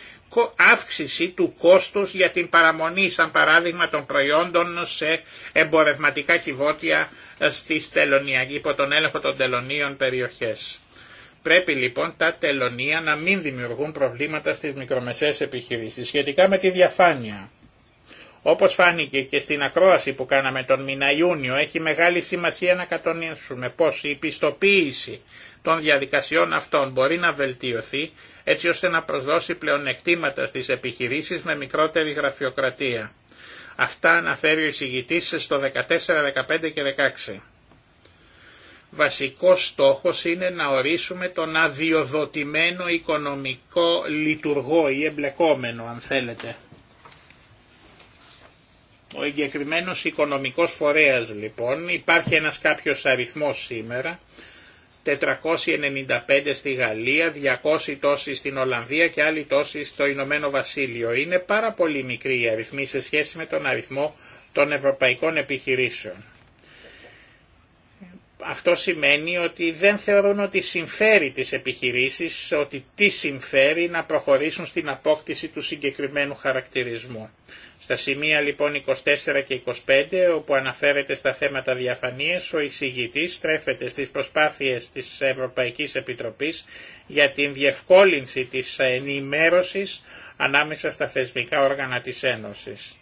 αύξηση του κόστους για την παραμονή, σαν παράδειγμα, των προϊόντων σε εμπορευματικά κυβότια ε, στις υπό τον έλεγχο των τελωνίων περιοχές. Πρέπει λοιπόν τα τελωνία να μην δημιουργούν προβλήματα στις μικρομεσαίες επιχειρήσεις σχετικά με τη διαφάνεια. Όπως φάνηκε και στην ακρόαση που κάναμε τον μήνα Ιούνιο, έχει μεγάλη σημασία να κατονίσουμε πως η πιστοποίηση των διαδικασιών αυτών μπορεί να βελτιωθεί έτσι ώστε να προσδώσει πλεονεκτήματα στις επιχειρήσεις με μικρότερη γραφειοκρατία. Αυτά αναφέρει ο εισηγητής στο 14, 15 και 16. Βασικός στόχος είναι να ορίσουμε τον αδειοδοτημένο οικονομικό λειτουργό ή εμπλεκόμενο αν θέλετε. Ο εγκεκριμένος οικονομικός φορέας λοιπόν υπάρχει ένας κάποιος αριθμός σήμερα 495 στη Γαλλία, 200 τόσοι στην Ολλανδία και άλλοι τόσοι στο Ηνωμένο Βασίλειο. Είναι πάρα πολύ μικρή η αριθμή σε σχέση με τον αριθμό των ευρωπαϊκών επιχειρήσεων. Αυτό σημαίνει ότι δεν θεωρούν ότι συμφέρει τις επιχειρήσεις, ότι τι συμφέρει να προχωρήσουν στην απόκτηση του συγκεκριμένου χαρακτηρισμού. Στα σημεία λοιπόν 24 και 25, όπου αναφέρεται στα θέματα διαφανείας ο εισηγητής στρέφεται στις προσπάθειες της Ευρωπαϊκής Επιτροπής για την διευκόλυνση της ενημέρωσης ανάμεσα στα θεσμικά όργανα της Ένωσης.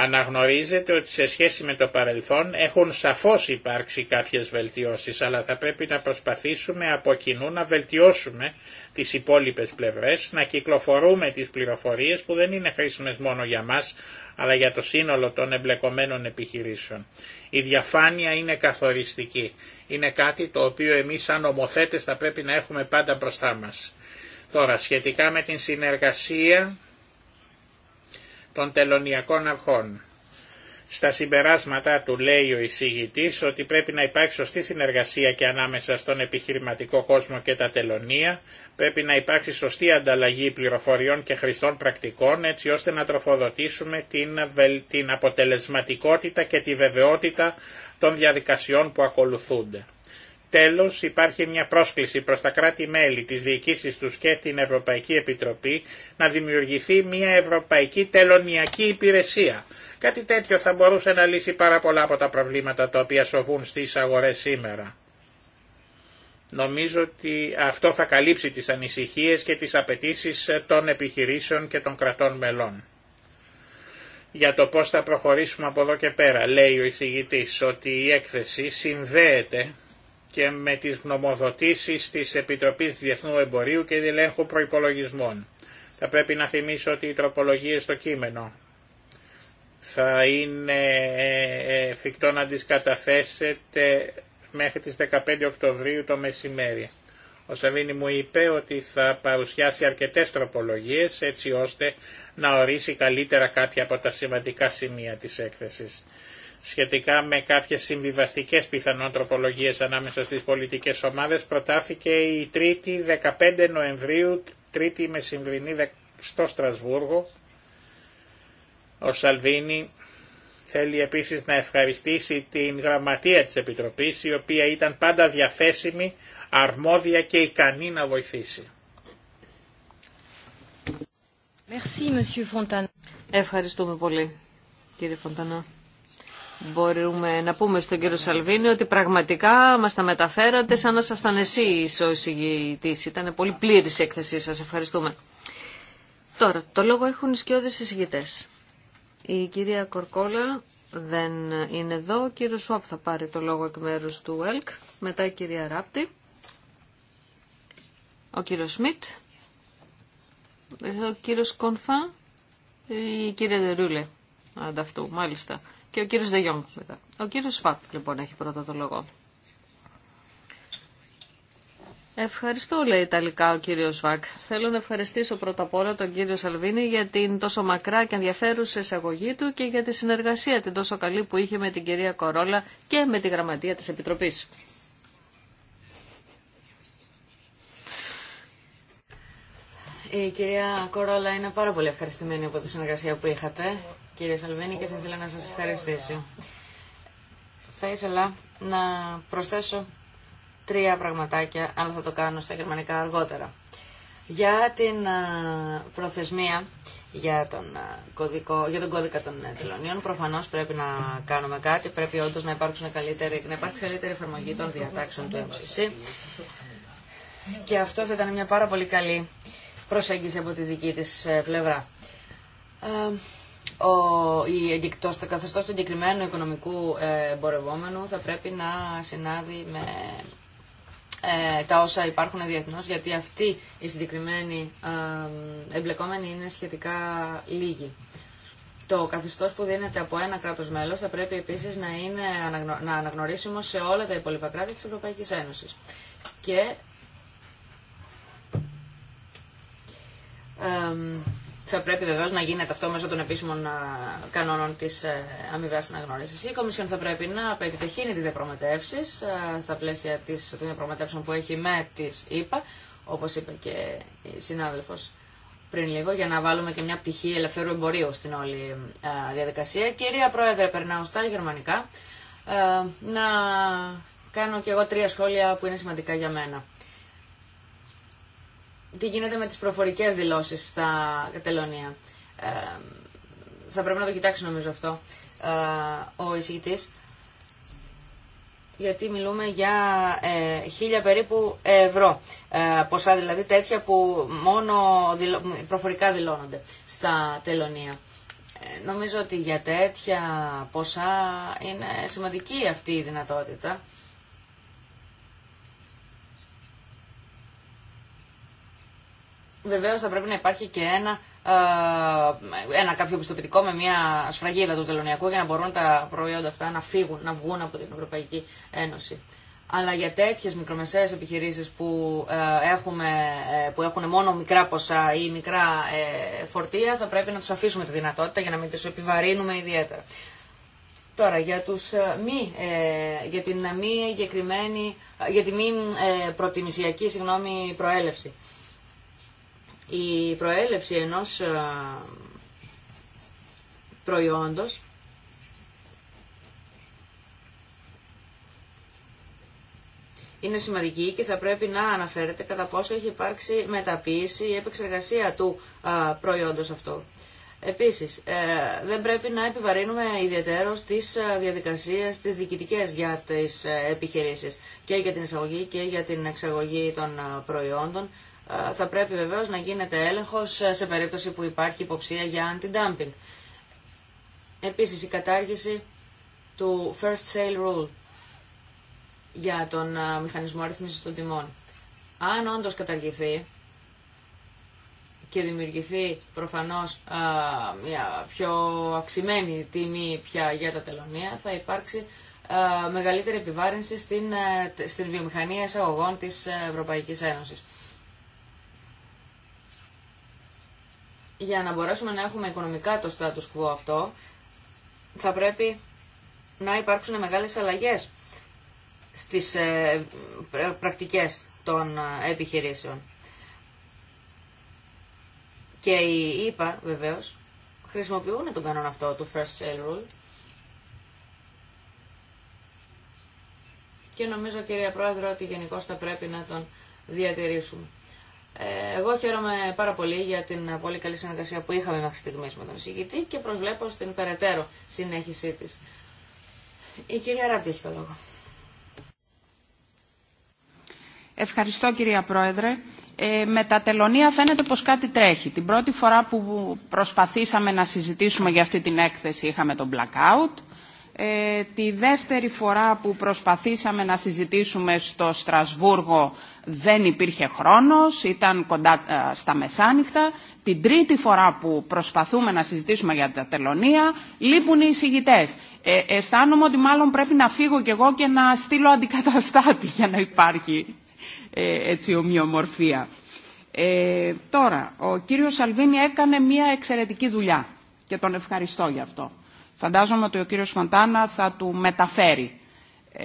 Αναγνωρίζετε ότι σε σχέση με το παρελθόν έχουν σαφώς υπάρξει κάποιες βελτιώσεις, αλλά θα πρέπει να προσπαθήσουμε από κοινού να βελτιώσουμε τις υπόλοιπες πλευρές, να κυκλοφορούμε τις πληροφορίες που δεν είναι χρήσιμες μόνο για μας, αλλά για το σύνολο των εμπλεκομένων επιχειρήσεων. Η διαφάνεια είναι καθοριστική. Είναι κάτι το οποίο εμείς σαν ομοθέτες θα πρέπει να έχουμε πάντα μπροστά μας. Τώρα, σχετικά με την συνεργασία των τελωνιακών αρχών. Στα συμπεράσματα του λέει ο εισηγητής ότι πρέπει να υπάρχει σωστή συνεργασία και ανάμεσα στον επιχειρηματικό κόσμο και τα τελωνία, πρέπει να υπάρχει σωστή ανταλλαγή πληροφοριών και χρηστών πρακτικών έτσι ώστε να τροφοδοτήσουμε την αποτελεσματικότητα και τη βεβαιότητα των διαδικασιών που ακολουθούνται. Τέλος υπάρχει μια πρόσκληση προς τα κράτη-μέλη της διοικήσεις τους και την Ευρωπαϊκή Επιτροπή να δημιουργηθεί μια Ευρωπαϊκή Τελωνιακή Υπηρεσία. Κάτι τέτοιο θα μπορούσε να λύσει πάρα πολλά από τα προβλήματα τα οποία σοβούν στις αγορές σήμερα. Νομίζω ότι αυτό θα καλύψει τις ανησυχίες και τις απαιτήσει των επιχειρήσεων και των κρατών μελών. Για το πώς θα προχωρήσουμε από εδώ και πέρα, λέει ο εισηγητής ότι η έκθεση συνδέεται και με τις γνωμοδοτήσεις της Επιτροπής Διεθνού Εμπορίου και Διλέγχου Προϋπολογισμών. Θα πρέπει να θυμίσω ότι οι τροπολογίες στο κείμενο θα είναι ε, ε, εφικτό να τις καταθέσετε μέχρι τις 15 Οκτωβρίου το μεσημέρι. Ο Σαβίνη μου είπε ότι θα παρουσιάσει αρκετές τροπολογίες έτσι ώστε να ορίσει καλύτερα κάποια από τα σημαντικά σημεία της έκθεσης σχετικά με κάποιες συμβιβαστικές πιθανόν τροπολογίες ανάμεσα στις πολιτικές ομάδες προτάθηκε η 3η 15 Νοεμβρίου, 3η μεσημβρινή στο Στρασβούργο. Ο Σαλβίνη θέλει επίσης να ευχαριστήσει την γραμματεία της Επιτροπής η οποία ήταν πάντα διαθέσιμη, αρμόδια και ικανή να βοηθήσει. Merci, Monsieur Ευχαριστούμε πολύ κύριε Φοντανά μπορούμε να πούμε στον κύριο Σαλβίνη ότι πραγματικά μας τα μεταφέρατε σαν να σας ήταν η ο Ήταν πολύ πλήρης η έκθεσή σας. Ευχαριστούμε. Τώρα, το λόγο έχουν οι σκιώδες εισηγητές. Η κυρία Κορκόλα δεν είναι εδώ. Ο κύριος Σουάπ θα πάρει το λόγο εκ μέρους του ΕΛΚ. Μετά η κυρία Ράπτη. Ο κύριος Σμιτ. Ο κύριος Κονφά. Η κυρία Δερούλε. Ανταυτού, μάλιστα και ο κύριο Δεγιόν μετά. Ο κύριος Σφάτ, λοιπόν έχει πρώτα το λόγο. Ευχαριστώ, λέει Ιταλικά ο κύριο Βακ. Θέλω να ευχαριστήσω πρώτα απ' όλα τον κύριο Σαλβίνη για την τόσο μακρά και ενδιαφέρουσα εισαγωγή του και για τη συνεργασία την τόσο καλή που είχε με την κυρία Κορόλα και με τη γραμματεία τη Επιτροπή. Η κυρία Κορόλα είναι πάρα πολύ ευχαριστημένη από τη συνεργασία που είχατε κύριε Σαλβίνη και θα ήθελα να σας ευχαριστήσω. Θα ήθελα να προσθέσω τρία πραγματάκια, αλλά θα το κάνω στα γερμανικά αργότερα. Για την προθεσμία για τον, κωδικό, για τον κώδικα των ε, τελωνίων. Προφανώς πρέπει να κάνουμε κάτι, πρέπει όντως να, υπάρξουν καλύτερη, να υπάρξει καλύτερη εφαρμογή των διατάξεων του MCC. Και αυτό θα ήταν μια πάρα πολύ καλή προσέγγιση από τη δική της ε, πλευρά. Ε, ο, η, το, το καθεστώς του εγκεκριμένου οικονομικού ε, εμπορευόμενου θα πρέπει να συνάδει με ε, τα όσα υπάρχουν διεθνώς, γιατί αυτοί οι συγκεκριμένοι ε, εμπλεκόμενοι είναι σχετικά λίγοι. Το καθεστώς που δίνεται από ένα κράτος μέλος θα πρέπει επίσης να είναι να αναγνωρίσιμο σε όλα τα υπόλοιπα κράτη της Ευρωπαϊκής Ένωσης. Και... Θα πρέπει βεβαίω να γίνεται αυτό μέσω των επίσημων κανόνων τη ε, αμοιβαία αναγνώριση. Η Κομισιόν θα πρέπει να επιτεχύνει τι διαπραγματεύσει στα πλαίσια της, των διαπραγματεύσεων που έχει με τι ΗΠΑ, όπω είπε και η συνάδελφο πριν λίγο, για να βάλουμε και μια πτυχή ελευθερού εμπορίου στην όλη διαδικασία. Κυρία Πρόεδρε, περνάω στα γερμανικά. Να κάνω και εγώ τρία σχόλια που είναι σημαντικά για μένα τι γίνεται με τις προφορικές δηλώσεις στα τελωνία. Ε, θα πρέπει να το κοιτάξει νομίζω αυτό ε, ο εισηγητής. Γιατί μιλούμε για ε, χίλια περίπου ευρώ. Ε, ποσά δηλαδή τέτοια που μόνο προφορικά δηλώνονται στα τελωνία. Ε, νομίζω ότι για τέτοια ποσά είναι σημαντική αυτή η δυνατότητα. Βεβαίω θα πρέπει να υπάρχει και ένα, ε, ένα κάποιο πιστοποιητικό με μια σφραγίδα του τελωνιακού για να μπορούν τα προϊόντα αυτά να φύγουν, να βγουν από την Ευρωπαϊκή Ένωση. Αλλά για τέτοιες μικρομεσαίες επιχειρήσεις που, ε, έχουμε, ε, που έχουν μόνο μικρά ποσά ή μικρά φορτία θα πρέπει να τους αφήσουμε τη δυνατότητα για να μην τους επιβαρύνουμε ιδιαίτερα. Τώρα, για, τους μη, για την μη τη μη προτιμησιακή προέλευση η προέλευση ενός ε, προϊόντος είναι σημαντική και θα πρέπει να αναφέρεται κατά πόσο έχει υπάρξει μεταποίηση ή επεξεργασία του ε, προϊόντος αυτού. Επίσης, ε, δεν πρέπει να επιβαρύνουμε ιδιαίτερο τις διαδικασίες, τις διοικητικές για τις επιχειρήσεις και για την εισαγωγή και για την εξαγωγή των προϊόντων θα πρέπει βεβαίω να γίνεται έλεγχος σε περίπτωση που υπάρχει υποψία για anti-dumping. Επίσης η κατάργηση του first sale rule για τον μηχανισμό αριθμίσης των τιμών. Αν όντως καταργηθεί και δημιουργηθεί προφανώς α, μια πιο αυξημένη τιμή πια για τα τελωνία, θα υπάρξει μεγαλύτερη επιβάρυνση στην, ε, στην βιομηχανία εισαγωγών της ε, Ευρωπαϊκής Ένωσης. για να μπορέσουμε να έχουμε οικονομικά το status quo αυτό, θα πρέπει να υπάρξουν μεγάλες αλλαγές στις ε, πρακτικές των ε, επιχειρήσεων. Και οι ΙΠΑ βεβαίως χρησιμοποιούν τον κανόνα αυτό του First Sale Rule. Και νομίζω κυρία Πρόεδρε ότι γενικώ θα πρέπει να τον διατηρήσουμε. Ε, εγώ χαίρομαι πάρα πολύ για την πολύ καλή συνεργασία που είχαμε μέχρι στιγμής με τον εισηγητή και προσβλέπω στην περαιτέρω συνέχισή της. Η κυρία Ράπτη έχει το λόγο. Ευχαριστώ κυρία Πρόεδρε. Ε, με τα τελωνία φαίνεται πως κάτι τρέχει. Την πρώτη φορά που προσπαθήσαμε να συζητήσουμε για αυτή την έκθεση είχαμε τον blackout. Ε, τη δεύτερη φορά που προσπαθήσαμε να συζητήσουμε στο Στρασβούργο δεν υπήρχε χρόνος, ήταν κοντά ε, στα μεσάνυχτα. Την τρίτη φορά που προσπαθούμε να συζητήσουμε για τα τελωνία λείπουν οι εισηγητές. Ε, αισθάνομαι ότι μάλλον πρέπει να φύγω κι εγώ και να στείλω αντικαταστάτη για να υπάρχει ε, έτσι ομοιομορφία. Τώρα, ο κύριος Σαλβίνη έκανε μια εξαιρετική δουλειά και τον ευχαριστώ γι' αυτό. Φαντάζομαι ότι ο κύριος Φοντάνα θα του μεταφέρει ε,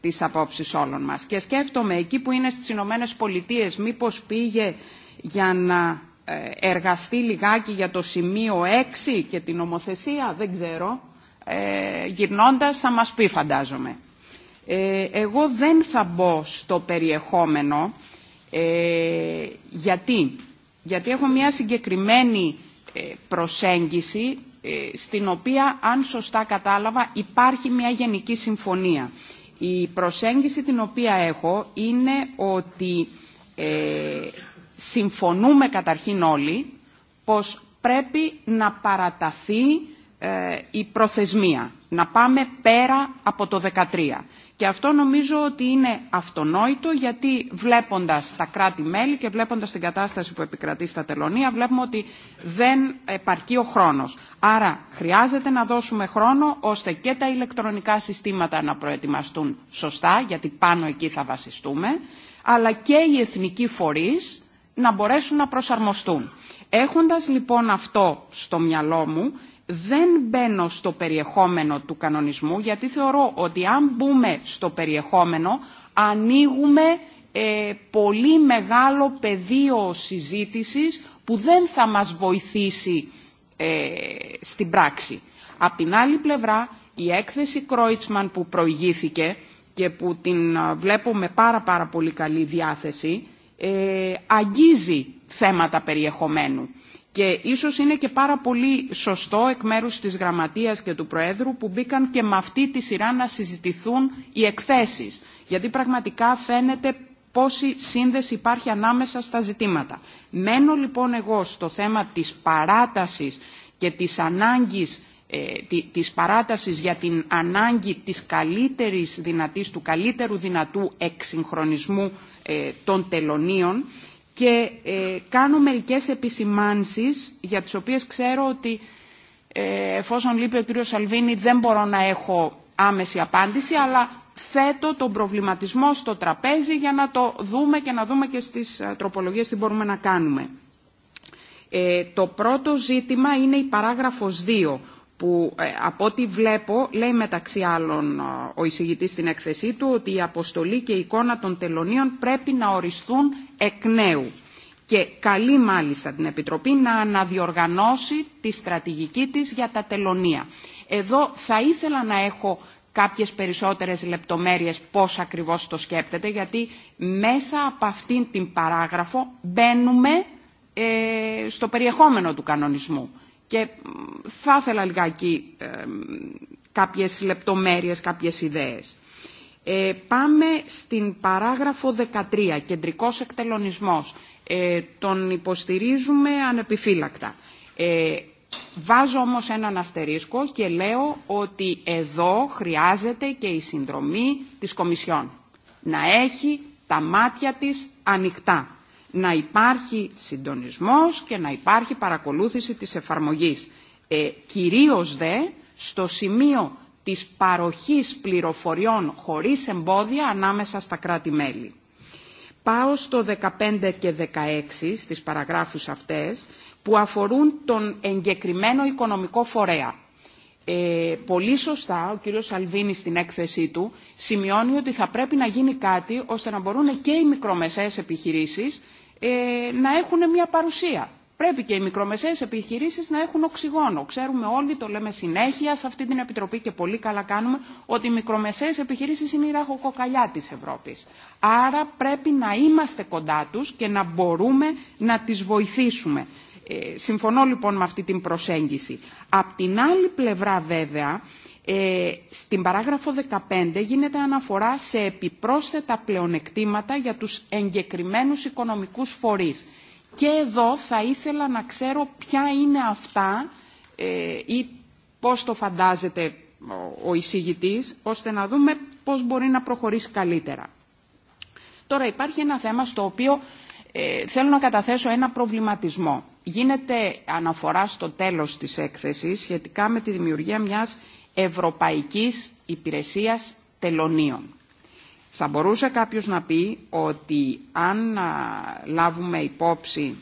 τις απόψεις όλων μας. Και σκέφτομαι, εκεί που είναι στις Ηνωμένε Πολιτείε, μήπως πήγε για να ε, εργαστεί λιγάκι για το σημείο 6 και την ομοθεσία, δεν ξέρω. Ε, γυρνώντας θα μας πει, φαντάζομαι. Ε, εγώ δεν θα μπω στο περιεχόμενο, ε, γιατί. Γιατί έχω μια συγκεκριμένη προσέγγιση ε, στην οποία, αν σωστά κατάλαβα, υπάρχει μια γενική συμφωνία. Η προσέγγιση την οποία έχω είναι ότι ε, συμφωνούμε καταρχήν όλοι πως πρέπει να παραταθεί ε, η προθεσμία, να πάμε πέρα από το 2013. Και αυτό νομίζω ότι είναι αυτονόητο γιατί βλέποντας τα κράτη-μέλη και βλέποντας την κατάσταση που επικρατεί στα τελωνία βλέπουμε ότι δεν επαρκεί ο χρόνος. Άρα χρειάζεται να δώσουμε χρόνο ώστε και τα ηλεκτρονικά συστήματα να προετοιμαστούν σωστά γιατί πάνω εκεί θα βασιστούμε αλλά και οι εθνικοί φορείς να μπορέσουν να προσαρμοστούν. Έχοντας λοιπόν αυτό στο μυαλό μου δεν μπαίνω στο περιεχόμενο του κανονισμού γιατί θεωρώ ότι αν μπούμε στο περιεχόμενο ανοίγουμε ε, πολύ μεγάλο πεδίο συζήτησης που δεν θα μας βοηθήσει ε, στην πράξη. Απ' την άλλη πλευρά η έκθεση Κρόιτσμαν που προηγήθηκε και που την ε, βλέπω με πάρα πάρα πολύ καλή διάθεση αγγίζει θέματα περιεχομένου. Και ίσως είναι και πάρα πολύ σωστό εκ μέρους της Γραμματείας και του Προέδρου που μπήκαν και με αυτή τη σειρά να συζητηθούν οι εκθέσεις. Γιατί πραγματικά φαίνεται πόση σύνδεση υπάρχει ανάμεσα στα ζητήματα. Μένω λοιπόν εγώ στο θέμα της παράτασης και της ανάγκης ε, της παράτασης για την ανάγκη της καλύτερης δυνατής, του καλύτερου δυνατού εξυγχρονισμού ε, των τελωνίων και ε, κάνω μερικές επισημάνσεις για τις οποίες ξέρω ότι ε, εφόσον λείπει ο κύριος Σαλβίνη δεν μπορώ να έχω άμεση απάντηση αλλά θέτω τον προβληματισμό στο τραπέζι για να το δούμε και να δούμε και στις ε, τροπολογίες τι μπορούμε να κάνουμε. το πρώτο ζήτημα είναι η παράγραφος 2 που ε, από ό,τι βλέπω λέει μεταξύ άλλων ε, ο εισηγητής στην έκθεσή του ότι η αποστολή και η εικόνα των τελωνίων πρέπει να οριστούν εκ νέου και καλεί μάλιστα την Επιτροπή να αναδιοργανώσει τη στρατηγική της για τα τελωνία. Εδώ θα ήθελα να έχω κάποιες περισσότερες λεπτομέρειες πώς ακριβώς το σκέπτεται, γιατί μέσα από αυτήν την παράγραφο μπαίνουμε ε, στο περιεχόμενο του κανονισμού και θα ήθελα λιγάκι ε, κάποιες λεπτομέρειες, κάποιες ιδέες. Ε, πάμε στην παράγραφο 13, κεντρικός εκτελονισμός. Ε, τον υποστηρίζουμε ανεπιφύλακτα. Ε, βάζω όμως έναν αστερίσκο και λέω ότι εδώ χρειάζεται και η συνδρομή της Κομισιόν. Να έχει τα μάτια της ανοιχτά να υπάρχει συντονισμός και να υπάρχει παρακολούθηση της εφαρμογής. Ε, κυρίως δε στο σημείο της παροχής πληροφοριών χωρίς εμπόδια ανάμεσα στα κράτη-μέλη. Πάω στο 15 και 16 στις παραγράφους αυτές που αφορούν τον εγκεκριμένο οικονομικό φορέα. Ε, πολύ σωστά ο κύριος Αλβίνη στην έκθεσή του σημειώνει ότι θα πρέπει να γίνει κάτι ώστε να μπορούν και οι μικρομεσαίες επιχειρήσεις ε, να έχουν μια παρουσία. Πρέπει και οι μικρομεσαίες επιχειρήσεις να έχουν οξυγόνο. Ξέρουμε όλοι, το λέμε συνέχεια σε αυτή την Επιτροπή και πολύ καλά κάνουμε, ότι οι μικρομεσαίες επιχειρήσεις είναι η ραχοκοκαλιά της Ευρώπης. Άρα πρέπει να είμαστε κοντά τους και να μπορούμε να τις βοηθήσουμε. Ε, συμφωνώ λοιπόν με αυτή την προσέγγιση. Απ' την άλλη πλευρά βέβαια, ε, στην παράγραφο 15 γίνεται αναφορά σε επιπρόσθετα πλεονεκτήματα για τους εγκεκριμένους οικονομικούς φορείς. Και εδώ θα ήθελα να ξέρω ποια είναι αυτά ε, ή πώς το φαντάζεται ο εισηγητής, ώστε να δούμε πώς μπορεί να προχωρήσει καλύτερα. Τώρα υπάρχει ένα θέμα στο οποίο ε, θέλω να καταθέσω ένα προβληματισμό. Γίνεται αναφορά στο τέλος της έκθεσης σχετικά με τη δημιουργία μιας Ευρωπαϊκής Υπηρεσίας Τελωνίων. Θα μπορούσε κάποιος να πει ότι αν λάβουμε υπόψη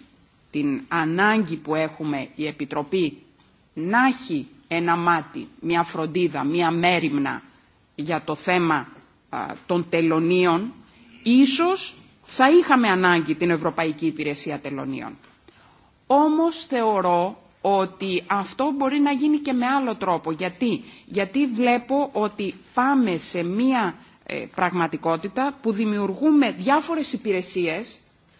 την ανάγκη που έχουμε η Επιτροπή να έχει ένα μάτι, μια φροντίδα, μια μέρημνα για το θέμα των τελωνίων, ίσως θα είχαμε ανάγκη την Ευρωπαϊκή Υπηρεσία Τελωνίων. Όμως θεωρώ ότι αυτό μπορεί να γίνει και με άλλο τρόπο. Γιατί, Γιατί βλέπω ότι πάμε σε μία ε, πραγματικότητα που δημιουργούμε διάφορες υπηρεσίες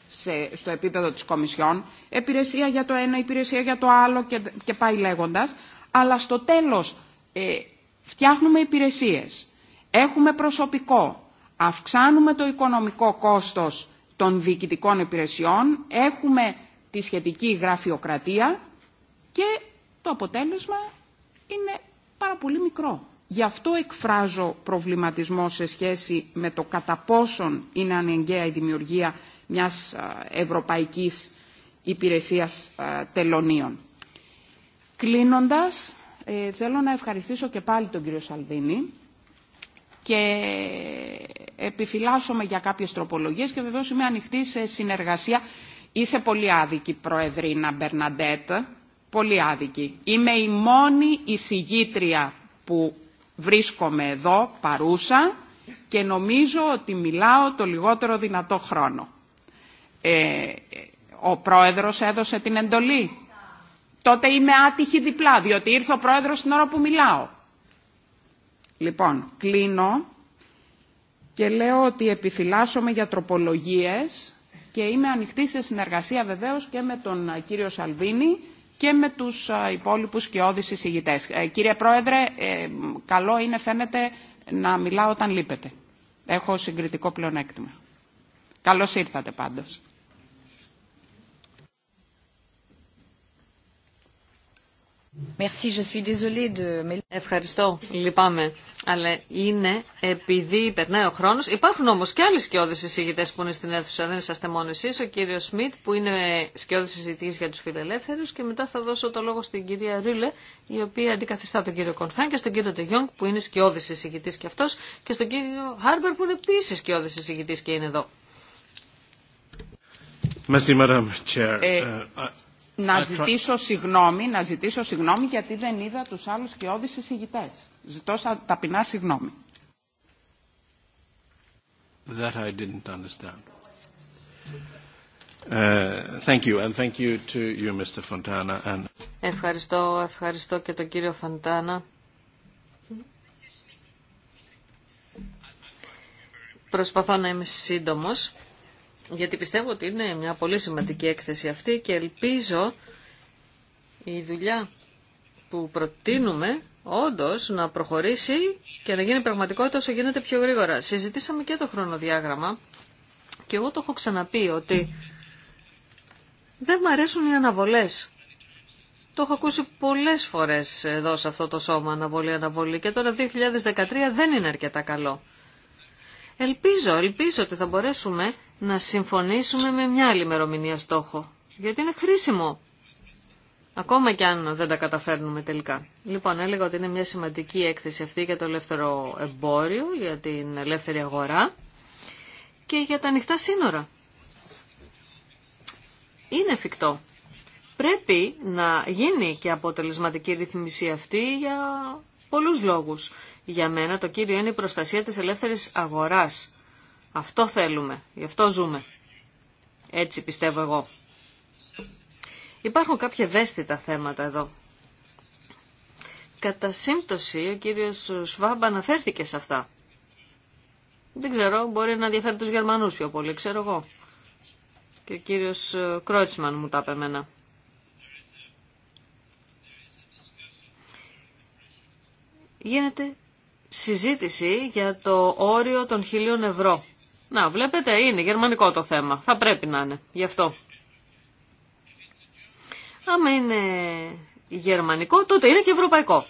σε, στο επίπεδο της Κομισιόν, υπηρεσία για το ένα, υπηρεσία για το άλλο και, και πάει λέγοντας, αλλά στο τέλος ε, φτιάχνουμε υπηρεσίες, έχουμε προσωπικό, αυξάνουμε το οικονομικό κόστος των διοικητικών υπηρεσιών, έχουμε τη σχετική γραφειοκρατία και το αποτέλεσμα είναι πάρα πολύ μικρό. Γι' αυτό εκφράζω προβληματισμό σε σχέση με το κατά πόσον είναι ανεγκαία η δημιουργία μιας ευρωπαϊκής υπηρεσίας τελωνίων. Κλείνοντας, ε, θέλω να ευχαριστήσω και πάλι τον κύριο Σαλδίνη και επιφυλάσσομαι για κάποιες τροπολογίες και βεβαίως είμαι ανοιχτή σε συνεργασία. Είσαι πολύ άδικη, Προεδρίνα Μπερναντέτ, πολύ άδικη. Είμαι η μόνη εισηγήτρια που βρίσκομαι εδώ παρούσα και νομίζω ότι μιλάω το λιγότερο δυνατό χρόνο. Ε, ο πρόεδρος έδωσε την εντολή. Τότε είμαι άτυχη διπλά, διότι ήρθε ο πρόεδρος την ώρα που μιλάω. Λοιπόν, κλείνω και λέω ότι επιφυλάσσομαι για τροπολογίες και είμαι ανοιχτή σε συνεργασία βεβαίως και με τον κύριο Σαλβίνη και με τους υπόλοιπους και όδης Ε, Κύριε Πρόεδρε, ε, καλό είναι φαίνεται να μιλάω όταν λείπετε. Έχω συγκριτικό πλεονέκτημα. Καλώς ήρθατε πάντως. Ευχαριστώ, λυπάμαι. Αλλά είναι επειδή περνάει ο χρόνος. Υπάρχουν όμως και άλλοι σκιώδες εισηγητές που είναι στην αίθουσα. Δεν είσαστε μόνο εσείς. Ο κύριος Σμιτ που είναι σκιώδη εισηγητής για τους φιλελεύθερους και μετά θα δώσω το λόγο στην κυρία Ρούλε η οποία αντικαθιστά τον κύριο Κονφάν και στον κύριο Τεγιόνγκ, που είναι σκιώδης εισηγητής και αυτός και στον κύριο Χάρμπερ που είναι επίσης σκιώδης εισηγητής και είναι εδώ. Ε, ε να ζητήσω συγγνώμη, να ζητήσω συγγνώμη γιατί δεν είδα τους άλλους και όδης εισηγητές. Ζητώ ταπεινά συγγνώμη. That I didn't understand. Ε, thank you and thank you to you, Mr. Fontana. And... Ευχαριστώ, ευχαριστώ και τον κύριο Φαντάνα. Προσπαθώ να είμαι σύντομος γιατί πιστεύω ότι είναι μια πολύ σημαντική έκθεση αυτή και ελπίζω η δουλειά που προτείνουμε όντως να προχωρήσει και να γίνει πραγματικότητα όσο γίνεται πιο γρήγορα. Συζητήσαμε και το χρονοδιάγραμμα και εγώ το έχω ξαναπεί ότι δεν μου αρέσουν οι αναβολές. Το έχω ακούσει πολλές φορές εδώ σε αυτό το σώμα αναβολή-αναβολή και τώρα 2013 δεν είναι αρκετά καλό. Ελπίζω, ελπίζω ότι θα μπορέσουμε να συμφωνήσουμε με μια άλλη ημερομηνία στόχο, γιατί είναι χρήσιμο. Ακόμα και αν δεν τα καταφέρνουμε τελικά. Λοιπόν, έλεγα ότι είναι μια σημαντική έκθεση αυτή για το ελεύθερο εμπόριο, για την ελεύθερη αγορά και για τα ανοιχτά σύνορα. Είναι εφικτό. Πρέπει να γίνει και αποτελεσματική ρυθμισή αυτή για πολλούς λόγους. Για μένα το κύριο είναι η προστασία της ελεύθερης αγοράς. Αυτό θέλουμε, γι' αυτό ζούμε. Έτσι πιστεύω εγώ. Υπάρχουν κάποια ευαίσθητα θέματα εδώ. Κατά σύμπτωση, ο κύριος Σβάμπ αναφέρθηκε σε αυτά. Δεν ξέρω, μπορεί να ενδιαφέρει τους Γερμανούς πιο πολύ, ξέρω εγώ. Και ο κύριος ε, Κρότσμαν μου τα είπε εμένα. Γίνεται συζήτηση για το όριο των χιλίων ευρώ. Να, βλέπετε, είναι γερμανικό το θέμα. Θα πρέπει να είναι. Γι' αυτό. Άμα είναι γερμανικό, τότε είναι και ευρωπαϊκό.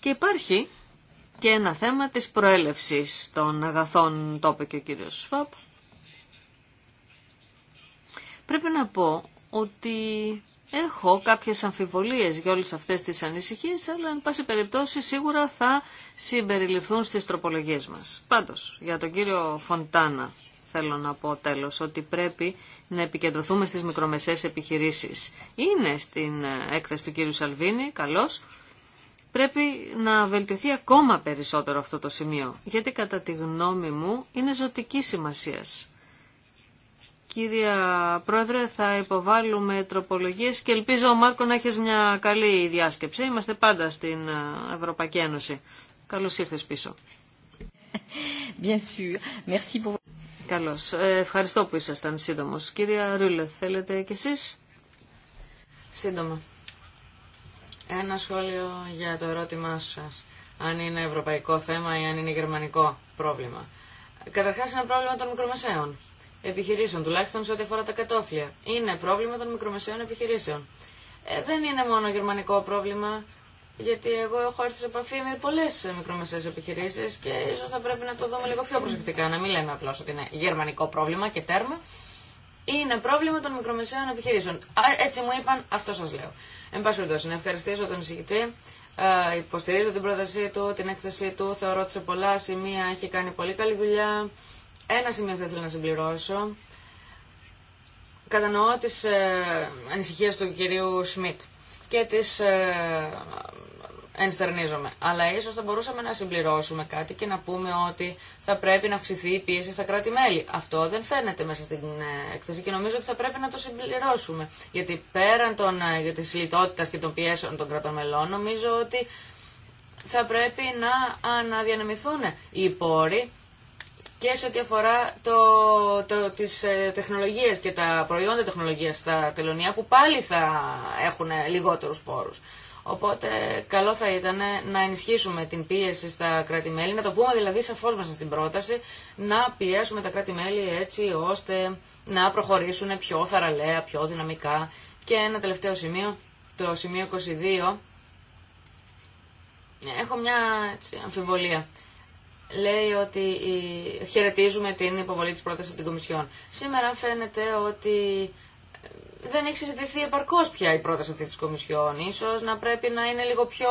Και υπάρχει και ένα θέμα της προέλευσης των αγαθών, το είπε και ο κύριος Σφαπ. Πρέπει να πω ότι Έχω κάποιες αμφιβολίες για όλες αυτές τις ανησυχίες, αλλά εν πάση περιπτώσει σίγουρα θα συμπεριληφθούν στις τροπολογίες μας. Πάντως, για τον κύριο Φοντάνα θέλω να πω τέλος ότι πρέπει να επικεντρωθούμε στις μικρομεσαίες επιχειρήσεις. Είναι στην ε, έκθεση του κύριου Σαλβίνη, καλώς. Πρέπει να βελτιωθεί ακόμα περισσότερο αυτό το σημείο, γιατί κατά τη γνώμη μου είναι ζωτική σημασίας κύρια Πρόεδρε, θα υποβάλουμε τροπολογίες και ελπίζω ο Μάρκο να έχεις μια καλή διάσκεψη. Είμαστε πάντα στην Ευρωπαϊκή Ένωση. Καλώς ήρθες πίσω. Bien sûr. Merci pour... Καλώς. Ε, ευχαριστώ που ήσασταν σύντομος. Κυρία Ρούλε, θέλετε κι εσείς. Σύντομα. Ένα σχόλιο για το ερώτημά σας. Αν είναι ευρωπαϊκό θέμα ή αν είναι γερμανικό πρόβλημα. Καταρχάς είναι πρόβλημα των μικρομεσαίων επιχειρήσεων, τουλάχιστον σε ό,τι αφορά τα κατόφλια. Είναι πρόβλημα των μικρομεσαίων επιχειρήσεων. Ε, δεν είναι μόνο γερμανικό πρόβλημα, γιατί εγώ έχω έρθει σε επαφή με πολλέ μικρομεσαίε επιχειρήσει και ίσω θα πρέπει να το δούμε λίγο πιο προσεκτικά. Να μην λέμε απλώ ότι είναι γερμανικό πρόβλημα και τέρμα. Είναι πρόβλημα των μικρομεσαίων επιχειρήσεων. Έτσι μου είπαν, αυτό σα λέω. Εν πάση περιπτώσει, να ευχαριστήσω τον εισηγητή. Ε, υποστηρίζω την πρότασή του, την έκθεσή του. Θεωρώ ότι σε πολλά σημεία έχει κάνει πολύ καλή δουλειά. Ένα σημείο θα ήθελα να συμπληρώσω. Κατανοώ τις ε, ανησυχίες του κυρίου Σμιτ και τις ε, ενστερνίζομαι. Αλλά ίσως θα μπορούσαμε να συμπληρώσουμε κάτι και να πούμε ότι θα πρέπει να αυξηθεί η πίεση στα κράτη-μέλη. Αυτό δεν φαίνεται μέσα στην ε, έκθεση και νομίζω ότι θα πρέπει να το συμπληρώσουμε. Γιατί πέραν των, για τη λιτότητα και των πιέσεων των κρατών μελών, νομίζω ότι θα πρέπει να αναδιανεμηθούν οι πόροι και σε ό,τι αφορά το, το, τις ε, τεχνολογίες και τα προϊόντα τεχνολογίας στα τελωνία που πάλι θα έχουν λιγότερους πόρους. Οπότε καλό θα ήταν να ενισχύσουμε την πίεση στα κράτη-μέλη, να το πούμε δηλαδή σαφώς μέσα στην πρόταση, να πιέσουμε τα κράτη-μέλη έτσι ώστε να προχωρήσουν πιο θαραλέα, πιο δυναμικά. Και ένα τελευταίο σημείο, το σημείο 22, έχω μια έτσι, αμφιβολία λέει ότι ε, χαιρετίζουμε την υποβολή της πρότασης από την Κομισιόν. Σήμερα φαίνεται ότι ε, δεν έχει συζητηθεί επαρκώ πια η πρόταση αυτή τη Κομισιόν. σω να πρέπει να είναι λίγο πιο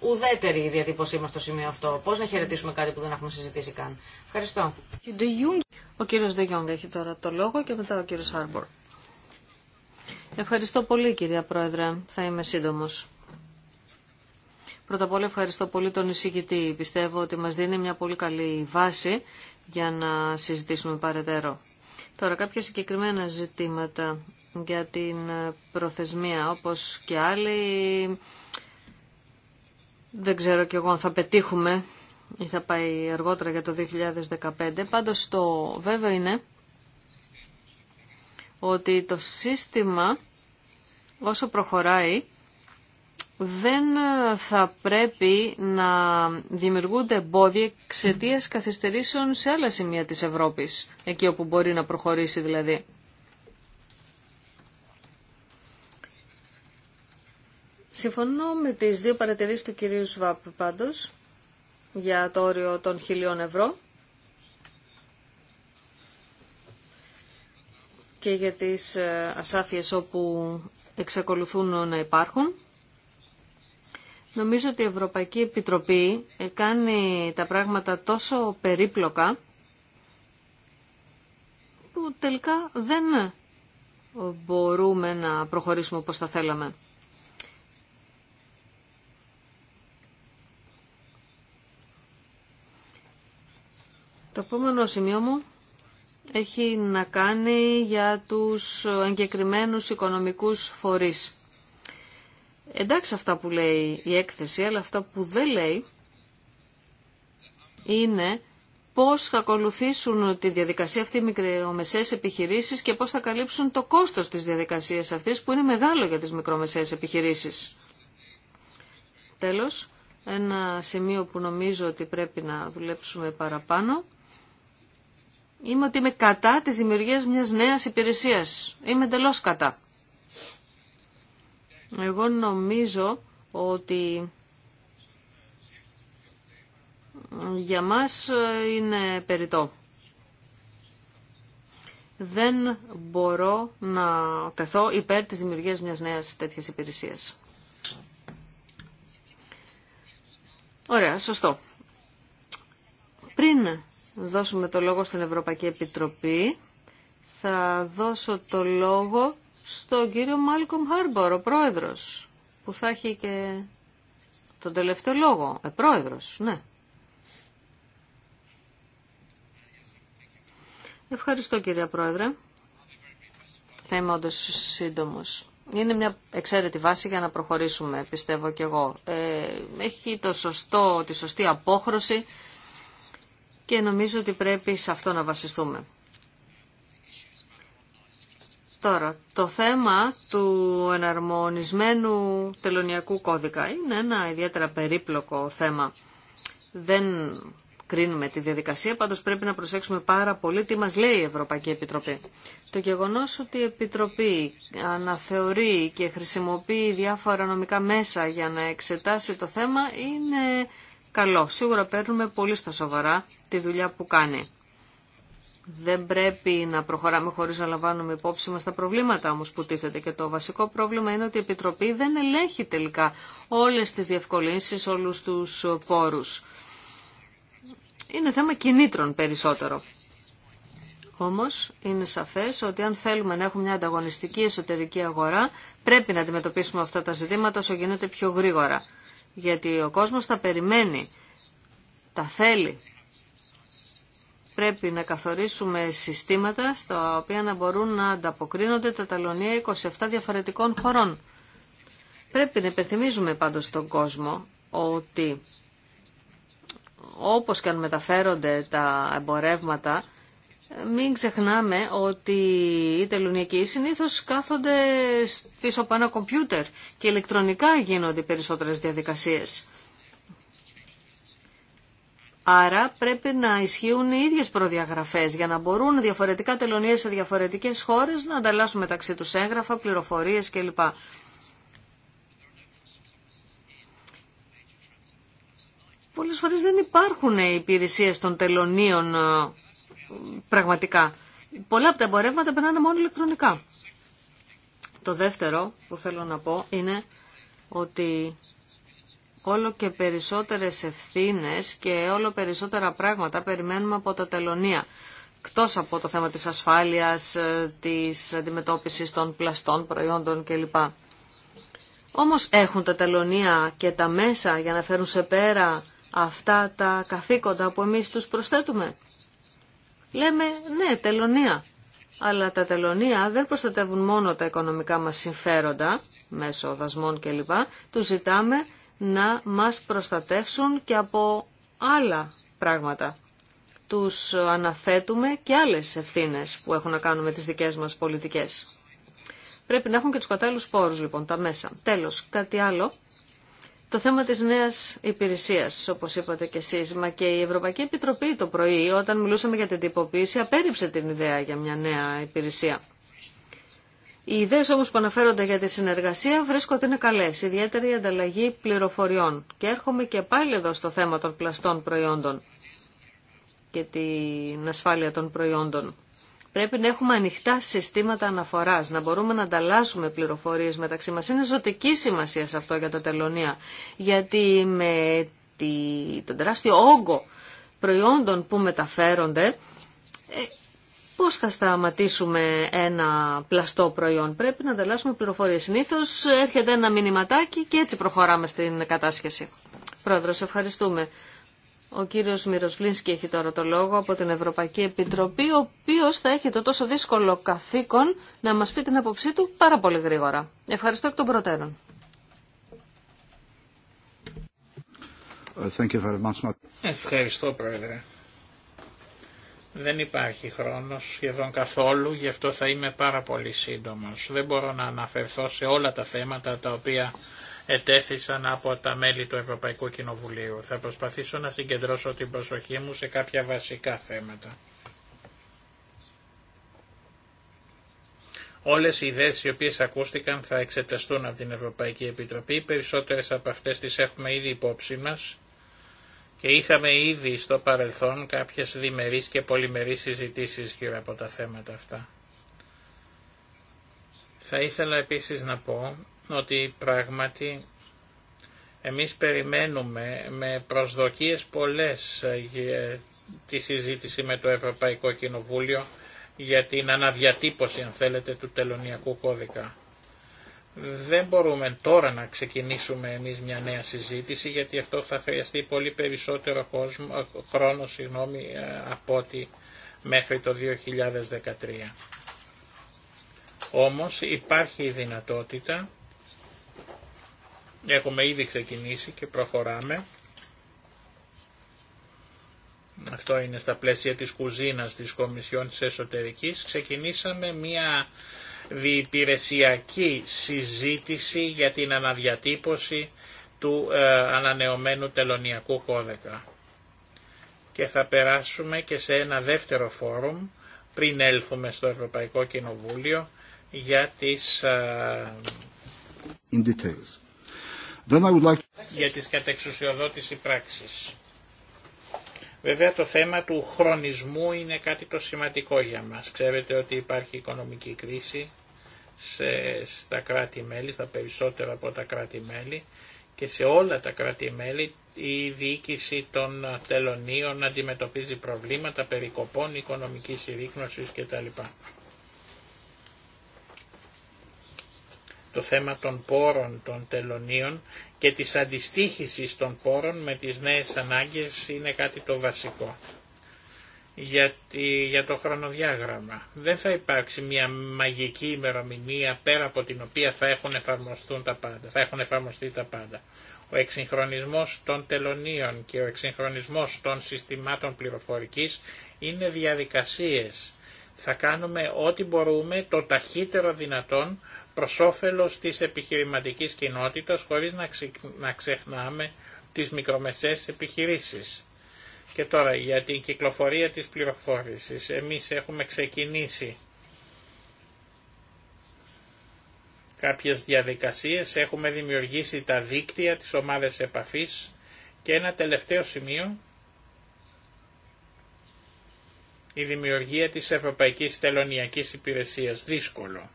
ουδέτερη η διατύπωσή μα στο σημείο αυτό. Πώ να χαιρετήσουμε κάτι που δεν έχουμε συζητήσει καν. Ευχαριστώ. Ο κύριο Δεγιόγκ έχει τώρα το λόγο και μετά ο κύριο Άρμπορ. Ευχαριστώ πολύ κυρία Πρόεδρε. Θα είμαι σύντομος. Πρώτα απ' όλα ευχαριστώ πολύ τον εισηγητή. Πιστεύω ότι μας δίνει μια πολύ καλή βάση για να συζητήσουμε παρετέρω. Τώρα κάποια συγκεκριμένα ζητήματα για την προθεσμία όπως και άλλοι. Δεν ξέρω κι εγώ αν θα πετύχουμε ή θα πάει αργότερα για το 2015. Πάντως το βέβαιο είναι ότι το σύστημα όσο προχωράει δεν ε, θα πρέπει να δημιουργούνται εμπόδια εξαιτία καθυστερήσεων σε άλλα σημεία της Ευρώπης, εκεί όπου μπορεί να προχωρήσει δηλαδή. Συμφωνώ με τις δύο παρατηρήσεις του κυρίου Σβάπ πάντως για το όριο των χιλίων ευρώ και για τις ε, ασάφειες όπου εξακολουθούν να υπάρχουν. Νομίζω ότι η Ευρωπαϊκή Επιτροπή κάνει τα πράγματα τόσο περίπλοκα που τελικά δεν μπορούμε να προχωρήσουμε όπως θα θέλαμε. Το επόμενο σημείο μου έχει να κάνει για τους εγκεκριμένους οικονομικούς φορείς. Εντάξει αυτά που λέει η έκθεση, αλλά αυτά που δεν λέει είναι πώς θα ακολουθήσουν τη διαδικασία αυτή οι μικρομεσαίες επιχειρήσεις και πώς θα καλύψουν το κόστος της διαδικασίας αυτής που είναι μεγάλο για τις μικρομεσαίες επιχειρήσεις. Τέλος, ένα σημείο που νομίζω ότι πρέπει να δουλέψουμε παραπάνω είμαι ότι είμαι κατά της δημιουργίας μιας νέας υπηρεσίας. Είμαι εντελώ κατά. Εγώ νομίζω ότι για μας ε, είναι περιττό. Δεν μπορώ να τεθώ υπέρ της δημιουργίας μιας νέας τέτοιας υπηρεσίας. Ωραία, σωστό. Πριν δώσουμε το λόγο στην Ευρωπαϊκή Επιτροπή, θα δώσω το λόγο στον κύριο Μάλκομ Χάρμπορ, ο πρόεδρος, που θα έχει και τον τελευταίο λόγο. Ε, πρόεδρος, ναι. Ευχαριστώ κυρία Πρόεδρε. Θα είμαι όντως σύντομος. Είναι μια εξαίρετη βάση για να προχωρήσουμε, πιστεύω κι εγώ. Ε, έχει το σωστό, τη σωστή απόχρωση και νομίζω ότι πρέπει σε αυτό να βασιστούμε. Τώρα, το θέμα του εναρμονισμένου τελωνιακού κώδικα είναι ένα ιδιαίτερα περίπλοκο θέμα. Δεν κρίνουμε τη διαδικασία, πάντως πρέπει να προσέξουμε πάρα πολύ τι μας λέει η Ευρωπαϊκή Επιτροπή. Το γεγονός ότι η Επιτροπή αναθεωρεί και χρησιμοποιεί διάφορα νομικά μέσα για να εξετάσει το θέμα είναι καλό. Σίγουρα παίρνουμε πολύ στα σοβαρά τη δουλειά που κάνει. Δεν πρέπει να προχωράμε χωρίς να λαμβάνουμε υπόψη μας τα προβλήματα όμω που τίθεται και το βασικό πρόβλημα είναι ότι η Επιτροπή δεν ελέγχει τελικά όλες τις διευκολύνσεις, όλους τους πόρους. Είναι θέμα κινήτρων περισσότερο. Όμως είναι σαφές ότι αν θέλουμε να έχουμε μια ανταγωνιστική εσωτερική αγορά πρέπει να αντιμετωπίσουμε αυτά τα ζητήματα όσο γίνεται πιο γρήγορα. Γιατί ο κόσμο τα περιμένει, τα θέλει πρέπει να καθορίσουμε συστήματα στα οποία να μπορούν να ανταποκρίνονται τα ταλωνία 27 διαφορετικών χωρών. Πρέπει να υπενθυμίζουμε πάντως στον κόσμο ότι όπως και αν μεταφέρονται τα εμπορεύματα, μην ξεχνάμε ότι οι τελωνιακοί συνήθως κάθονται πίσω από ένα κομπιούτερ και ηλεκτρονικά γίνονται περισσότερες διαδικασίες. Άρα πρέπει να ισχύουν οι ίδιες προδιαγραφές για να μπορούν διαφορετικά τελωνίες σε διαφορετικές χώρες να ανταλλάσσουν μεταξύ τους έγγραφα, πληροφορίες κλπ. Πολλές φορές δεν υπάρχουν οι υπηρεσίες των τελωνίων ε, πραγματικά. Πολλά από τα εμπορεύματα περνάνε μόνο ηλεκτρονικά. Το δεύτερο που θέλω να πω είναι ότι όλο και περισσότερες ευθύνες και όλο περισσότερα πράγματα περιμένουμε από τα τελωνία. Εκτός από το θέμα της ασφάλειας, ε, της αντιμετώπισης των πλαστών προϊόντων κλπ. Όμως έχουν τα τελωνία και τα μέσα για να φέρουν σε πέρα αυτά τα καθήκοντα που εμείς τους προσθέτουμε. Λέμε ναι τελωνία, αλλά τα τελωνία δεν προστατεύουν μόνο τα οικονομικά μας συμφέροντα, μέσω δασμών κλπ. Τους ζητάμε να μας προστατεύσουν και από άλλα πράγματα. Τους αναθέτουμε και άλλες ευθύνες που έχουν να κάνουν με τις δικές μας πολιτικές. Πρέπει να έχουν και τους κατάλληλους πόρους λοιπόν, τα μέσα. Τέλος, κάτι άλλο. Το θέμα της νέας υπηρεσίας, όπως είπατε και εσείς, μα και η Ευρωπαϊκή Επιτροπή το πρωί, όταν μιλούσαμε για την τυποποίηση, απέριψε την ιδέα για μια νέα υπηρεσία. Οι ιδέε όμως που αναφέρονται για τη συνεργασία βρίσκω ότι είναι καλές, ιδιαίτερη η ανταλλαγή πληροφοριών. Και έρχομαι και πάλι εδώ στο θέμα των πλαστών προϊόντων και την ασφάλεια των προϊόντων. Πρέπει να έχουμε ανοιχτά συστήματα αναφορά, να μπορούμε να ανταλλάσσουμε πληροφορίε μεταξύ μα. Είναι ζωτική σημασία σε αυτό για τα τελωνία. Γιατί με τον τεράστιο όγκο προϊόντων που μεταφέρονται, ε, Πώς θα σταματήσουμε ένα πλαστό προϊόν. Πρέπει να ανταλλάσσουμε πληροφορίες. Συνήθως έρχεται ένα μηνυματάκι και έτσι προχωράμε στην κατάσχεση. Πρόεδρος, ευχαριστούμε. Ο κύριος Μυροσβλίνσκι έχει τώρα το λόγο από την Ευρωπαϊκή Επιτροπή, ο οποίος θα έχει το τόσο δύσκολο καθήκον να μας πει την άποψή του πάρα πολύ γρήγορα. Ευχαριστώ εκ των προτέρων. Ευχαριστώ, Πρόεδρε. Δεν υπάρχει χρόνος σχεδόν καθόλου, γι' αυτό θα είμαι πάρα πολύ σύντομος. Δεν μπορώ να αναφερθώ σε όλα τα θέματα τα οποία ετέθησαν από τα μέλη του Ευρωπαϊκού Κοινοβουλίου. Θα προσπαθήσω να συγκεντρώσω την προσοχή μου σε κάποια βασικά θέματα. Όλες οι ιδέες οι οποίες ακούστηκαν θα εξεταστούν από την Ευρωπαϊκή Επιτροπή. Περισσότερες από αυτές τις έχουμε ήδη υπόψη μας και είχαμε ήδη στο παρελθόν κάποιες διμερείς και πολυμερείς συζητήσεις γύρω από τα θέματα αυτά. Θα ήθελα επίσης να πω ότι πράγματι εμείς περιμένουμε με προσδοκίες πολλές ε, τη συζήτηση με το Ευρωπαϊκό Κοινοβούλιο για την αναδιατύπωση, αν θέλετε, του τελωνιακού κώδικα δεν μπορούμε τώρα να ξεκινήσουμε εμείς μια νέα συζήτηση γιατί αυτό θα χρειαστεί πολύ περισσότερο κόσμο, χρόνο συγγνώμη, ε, από ότι μέχρι το 2013. Όμως υπάρχει η δυνατότητα, έχουμε ήδη ξεκινήσει και προχωράμε, αυτό είναι στα πλαίσια της κουζίνας της Κομισιόν της Εσωτερικής, ξεκινήσαμε μια διυπηρεσιακή συζήτηση για την αναδιατύπωση του ε, ανανεωμένου τελωνιακού κώδικα. Και θα περάσουμε και σε ένα δεύτερο φόρουμ πριν έλθουμε στο Ευρωπαϊκό Κοινοβούλιο για τις, ε, In για τις Βέβαια το θέμα του χρονισμού είναι κάτι το σημαντικό για μας. Ξέρετε ότι υπάρχει οικονομική κρίση σε, στα κράτη-μέλη, στα περισσότερα από τα κράτη-μέλη και σε όλα τα κράτη-μέλη η διοίκηση των τελωνίων αντιμετωπίζει προβλήματα περικοπών, οικονομικής συρρήκνωσης κτλ. το θέμα των πόρων των τελωνίων και της αντιστήχησης των πόρων με τις νέες ανάγκες είναι κάτι το βασικό. Για, για το χρονοδιάγραμμα. Δεν θα υπάρξει μια μαγική ημερομηνία πέρα από την οποία θα έχουν, εφαρμοστούν τα πάντα, θα έχουν εφαρμοστεί τα πάντα. Ο εξυγχρονισμός των τελωνίων και ο εξυγχρονισμός των συστημάτων πληροφορικής είναι διαδικασίες. Θα κάνουμε ό,τι μπορούμε το ταχύτερο δυνατόν προς όφελος της επιχειρηματικής κοινότητας χωρίς να ξεχνάμε τις μικρομεσαίες επιχειρήσεις. Και τώρα για την κυκλοφορία της πληροφόρησης. Εμείς έχουμε ξεκινήσει κάποιες διαδικασίες, έχουμε δημιουργήσει τα δίκτυα, της ομάδες επαφής και ένα τελευταίο σημείο, η δημιουργία της Ευρωπαϊκής Τελωνιακής Υπηρεσίας. Δύσκολο.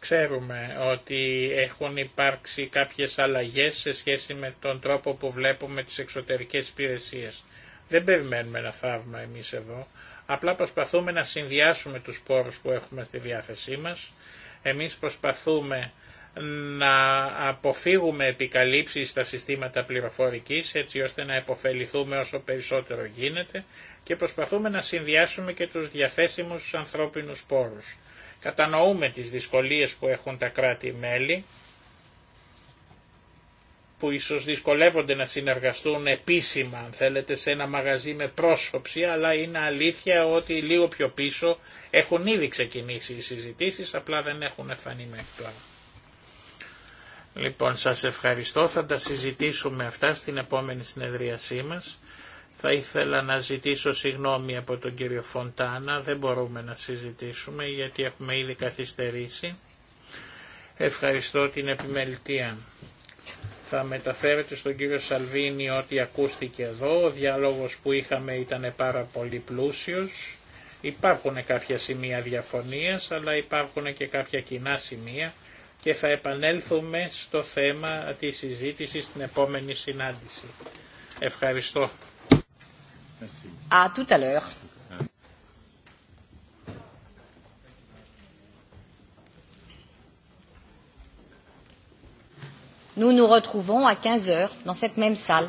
Ξέρουμε ότι έχουν υπάρξει κάποιες αλλαγές σε σχέση με τον τρόπο που βλέπουμε τις εξωτερικές υπηρεσίε. Δεν περιμένουμε ένα θαύμα εμείς εδώ, απλά προσπαθούμε να συνδυάσουμε τους πόρους που έχουμε στη διάθεσή μας. Εμείς προσπαθούμε να αποφύγουμε επικαλύψεις στα συστήματα πληροφορικής έτσι ώστε να επωφεληθούμε όσο περισσότερο γίνεται και προσπαθούμε να συνδυάσουμε και τους διαθέσιμους ανθρώπινους πόρους. Κατανοούμε τις δυσκολίες που έχουν τα κράτη-μέλη, που ίσως δυσκολεύονται να συνεργαστούν επίσημα, αν θέλετε, σε ένα μαγαζί με πρόσωψη, αλλά είναι αλήθεια ότι λίγο πιο πίσω έχουν ήδη ξεκινήσει οι συζητήσεις, απλά δεν έχουν φανεί μέχρι τώρα. Λοιπόν, σας ευχαριστώ. Θα τα συζητήσουμε αυτά στην επόμενη συνεδρίασή μας. Θα ήθελα να ζητήσω συγγνώμη από τον κύριο Φοντάνα, δεν μπορούμε να συζητήσουμε γιατί έχουμε ήδη καθυστερήσει. Ευχαριστώ την επιμελητία. Θα μεταφέρετε στον κύριο Σαλβίνη ότι ακούστηκε εδώ. Ο διάλογος που είχαμε ήταν πάρα πολύ πλούσιος. Υπάρχουν κάποια σημεία διαφωνίας, αλλά υπάρχουν και κάποια κοινά σημεία και θα επανέλθουμε στο θέμα της συζήτησης στην επόμενη συνάντηση. Ευχαριστώ. À tout à l'heure. Nous nous retrouvons à 15 heures dans cette même salle.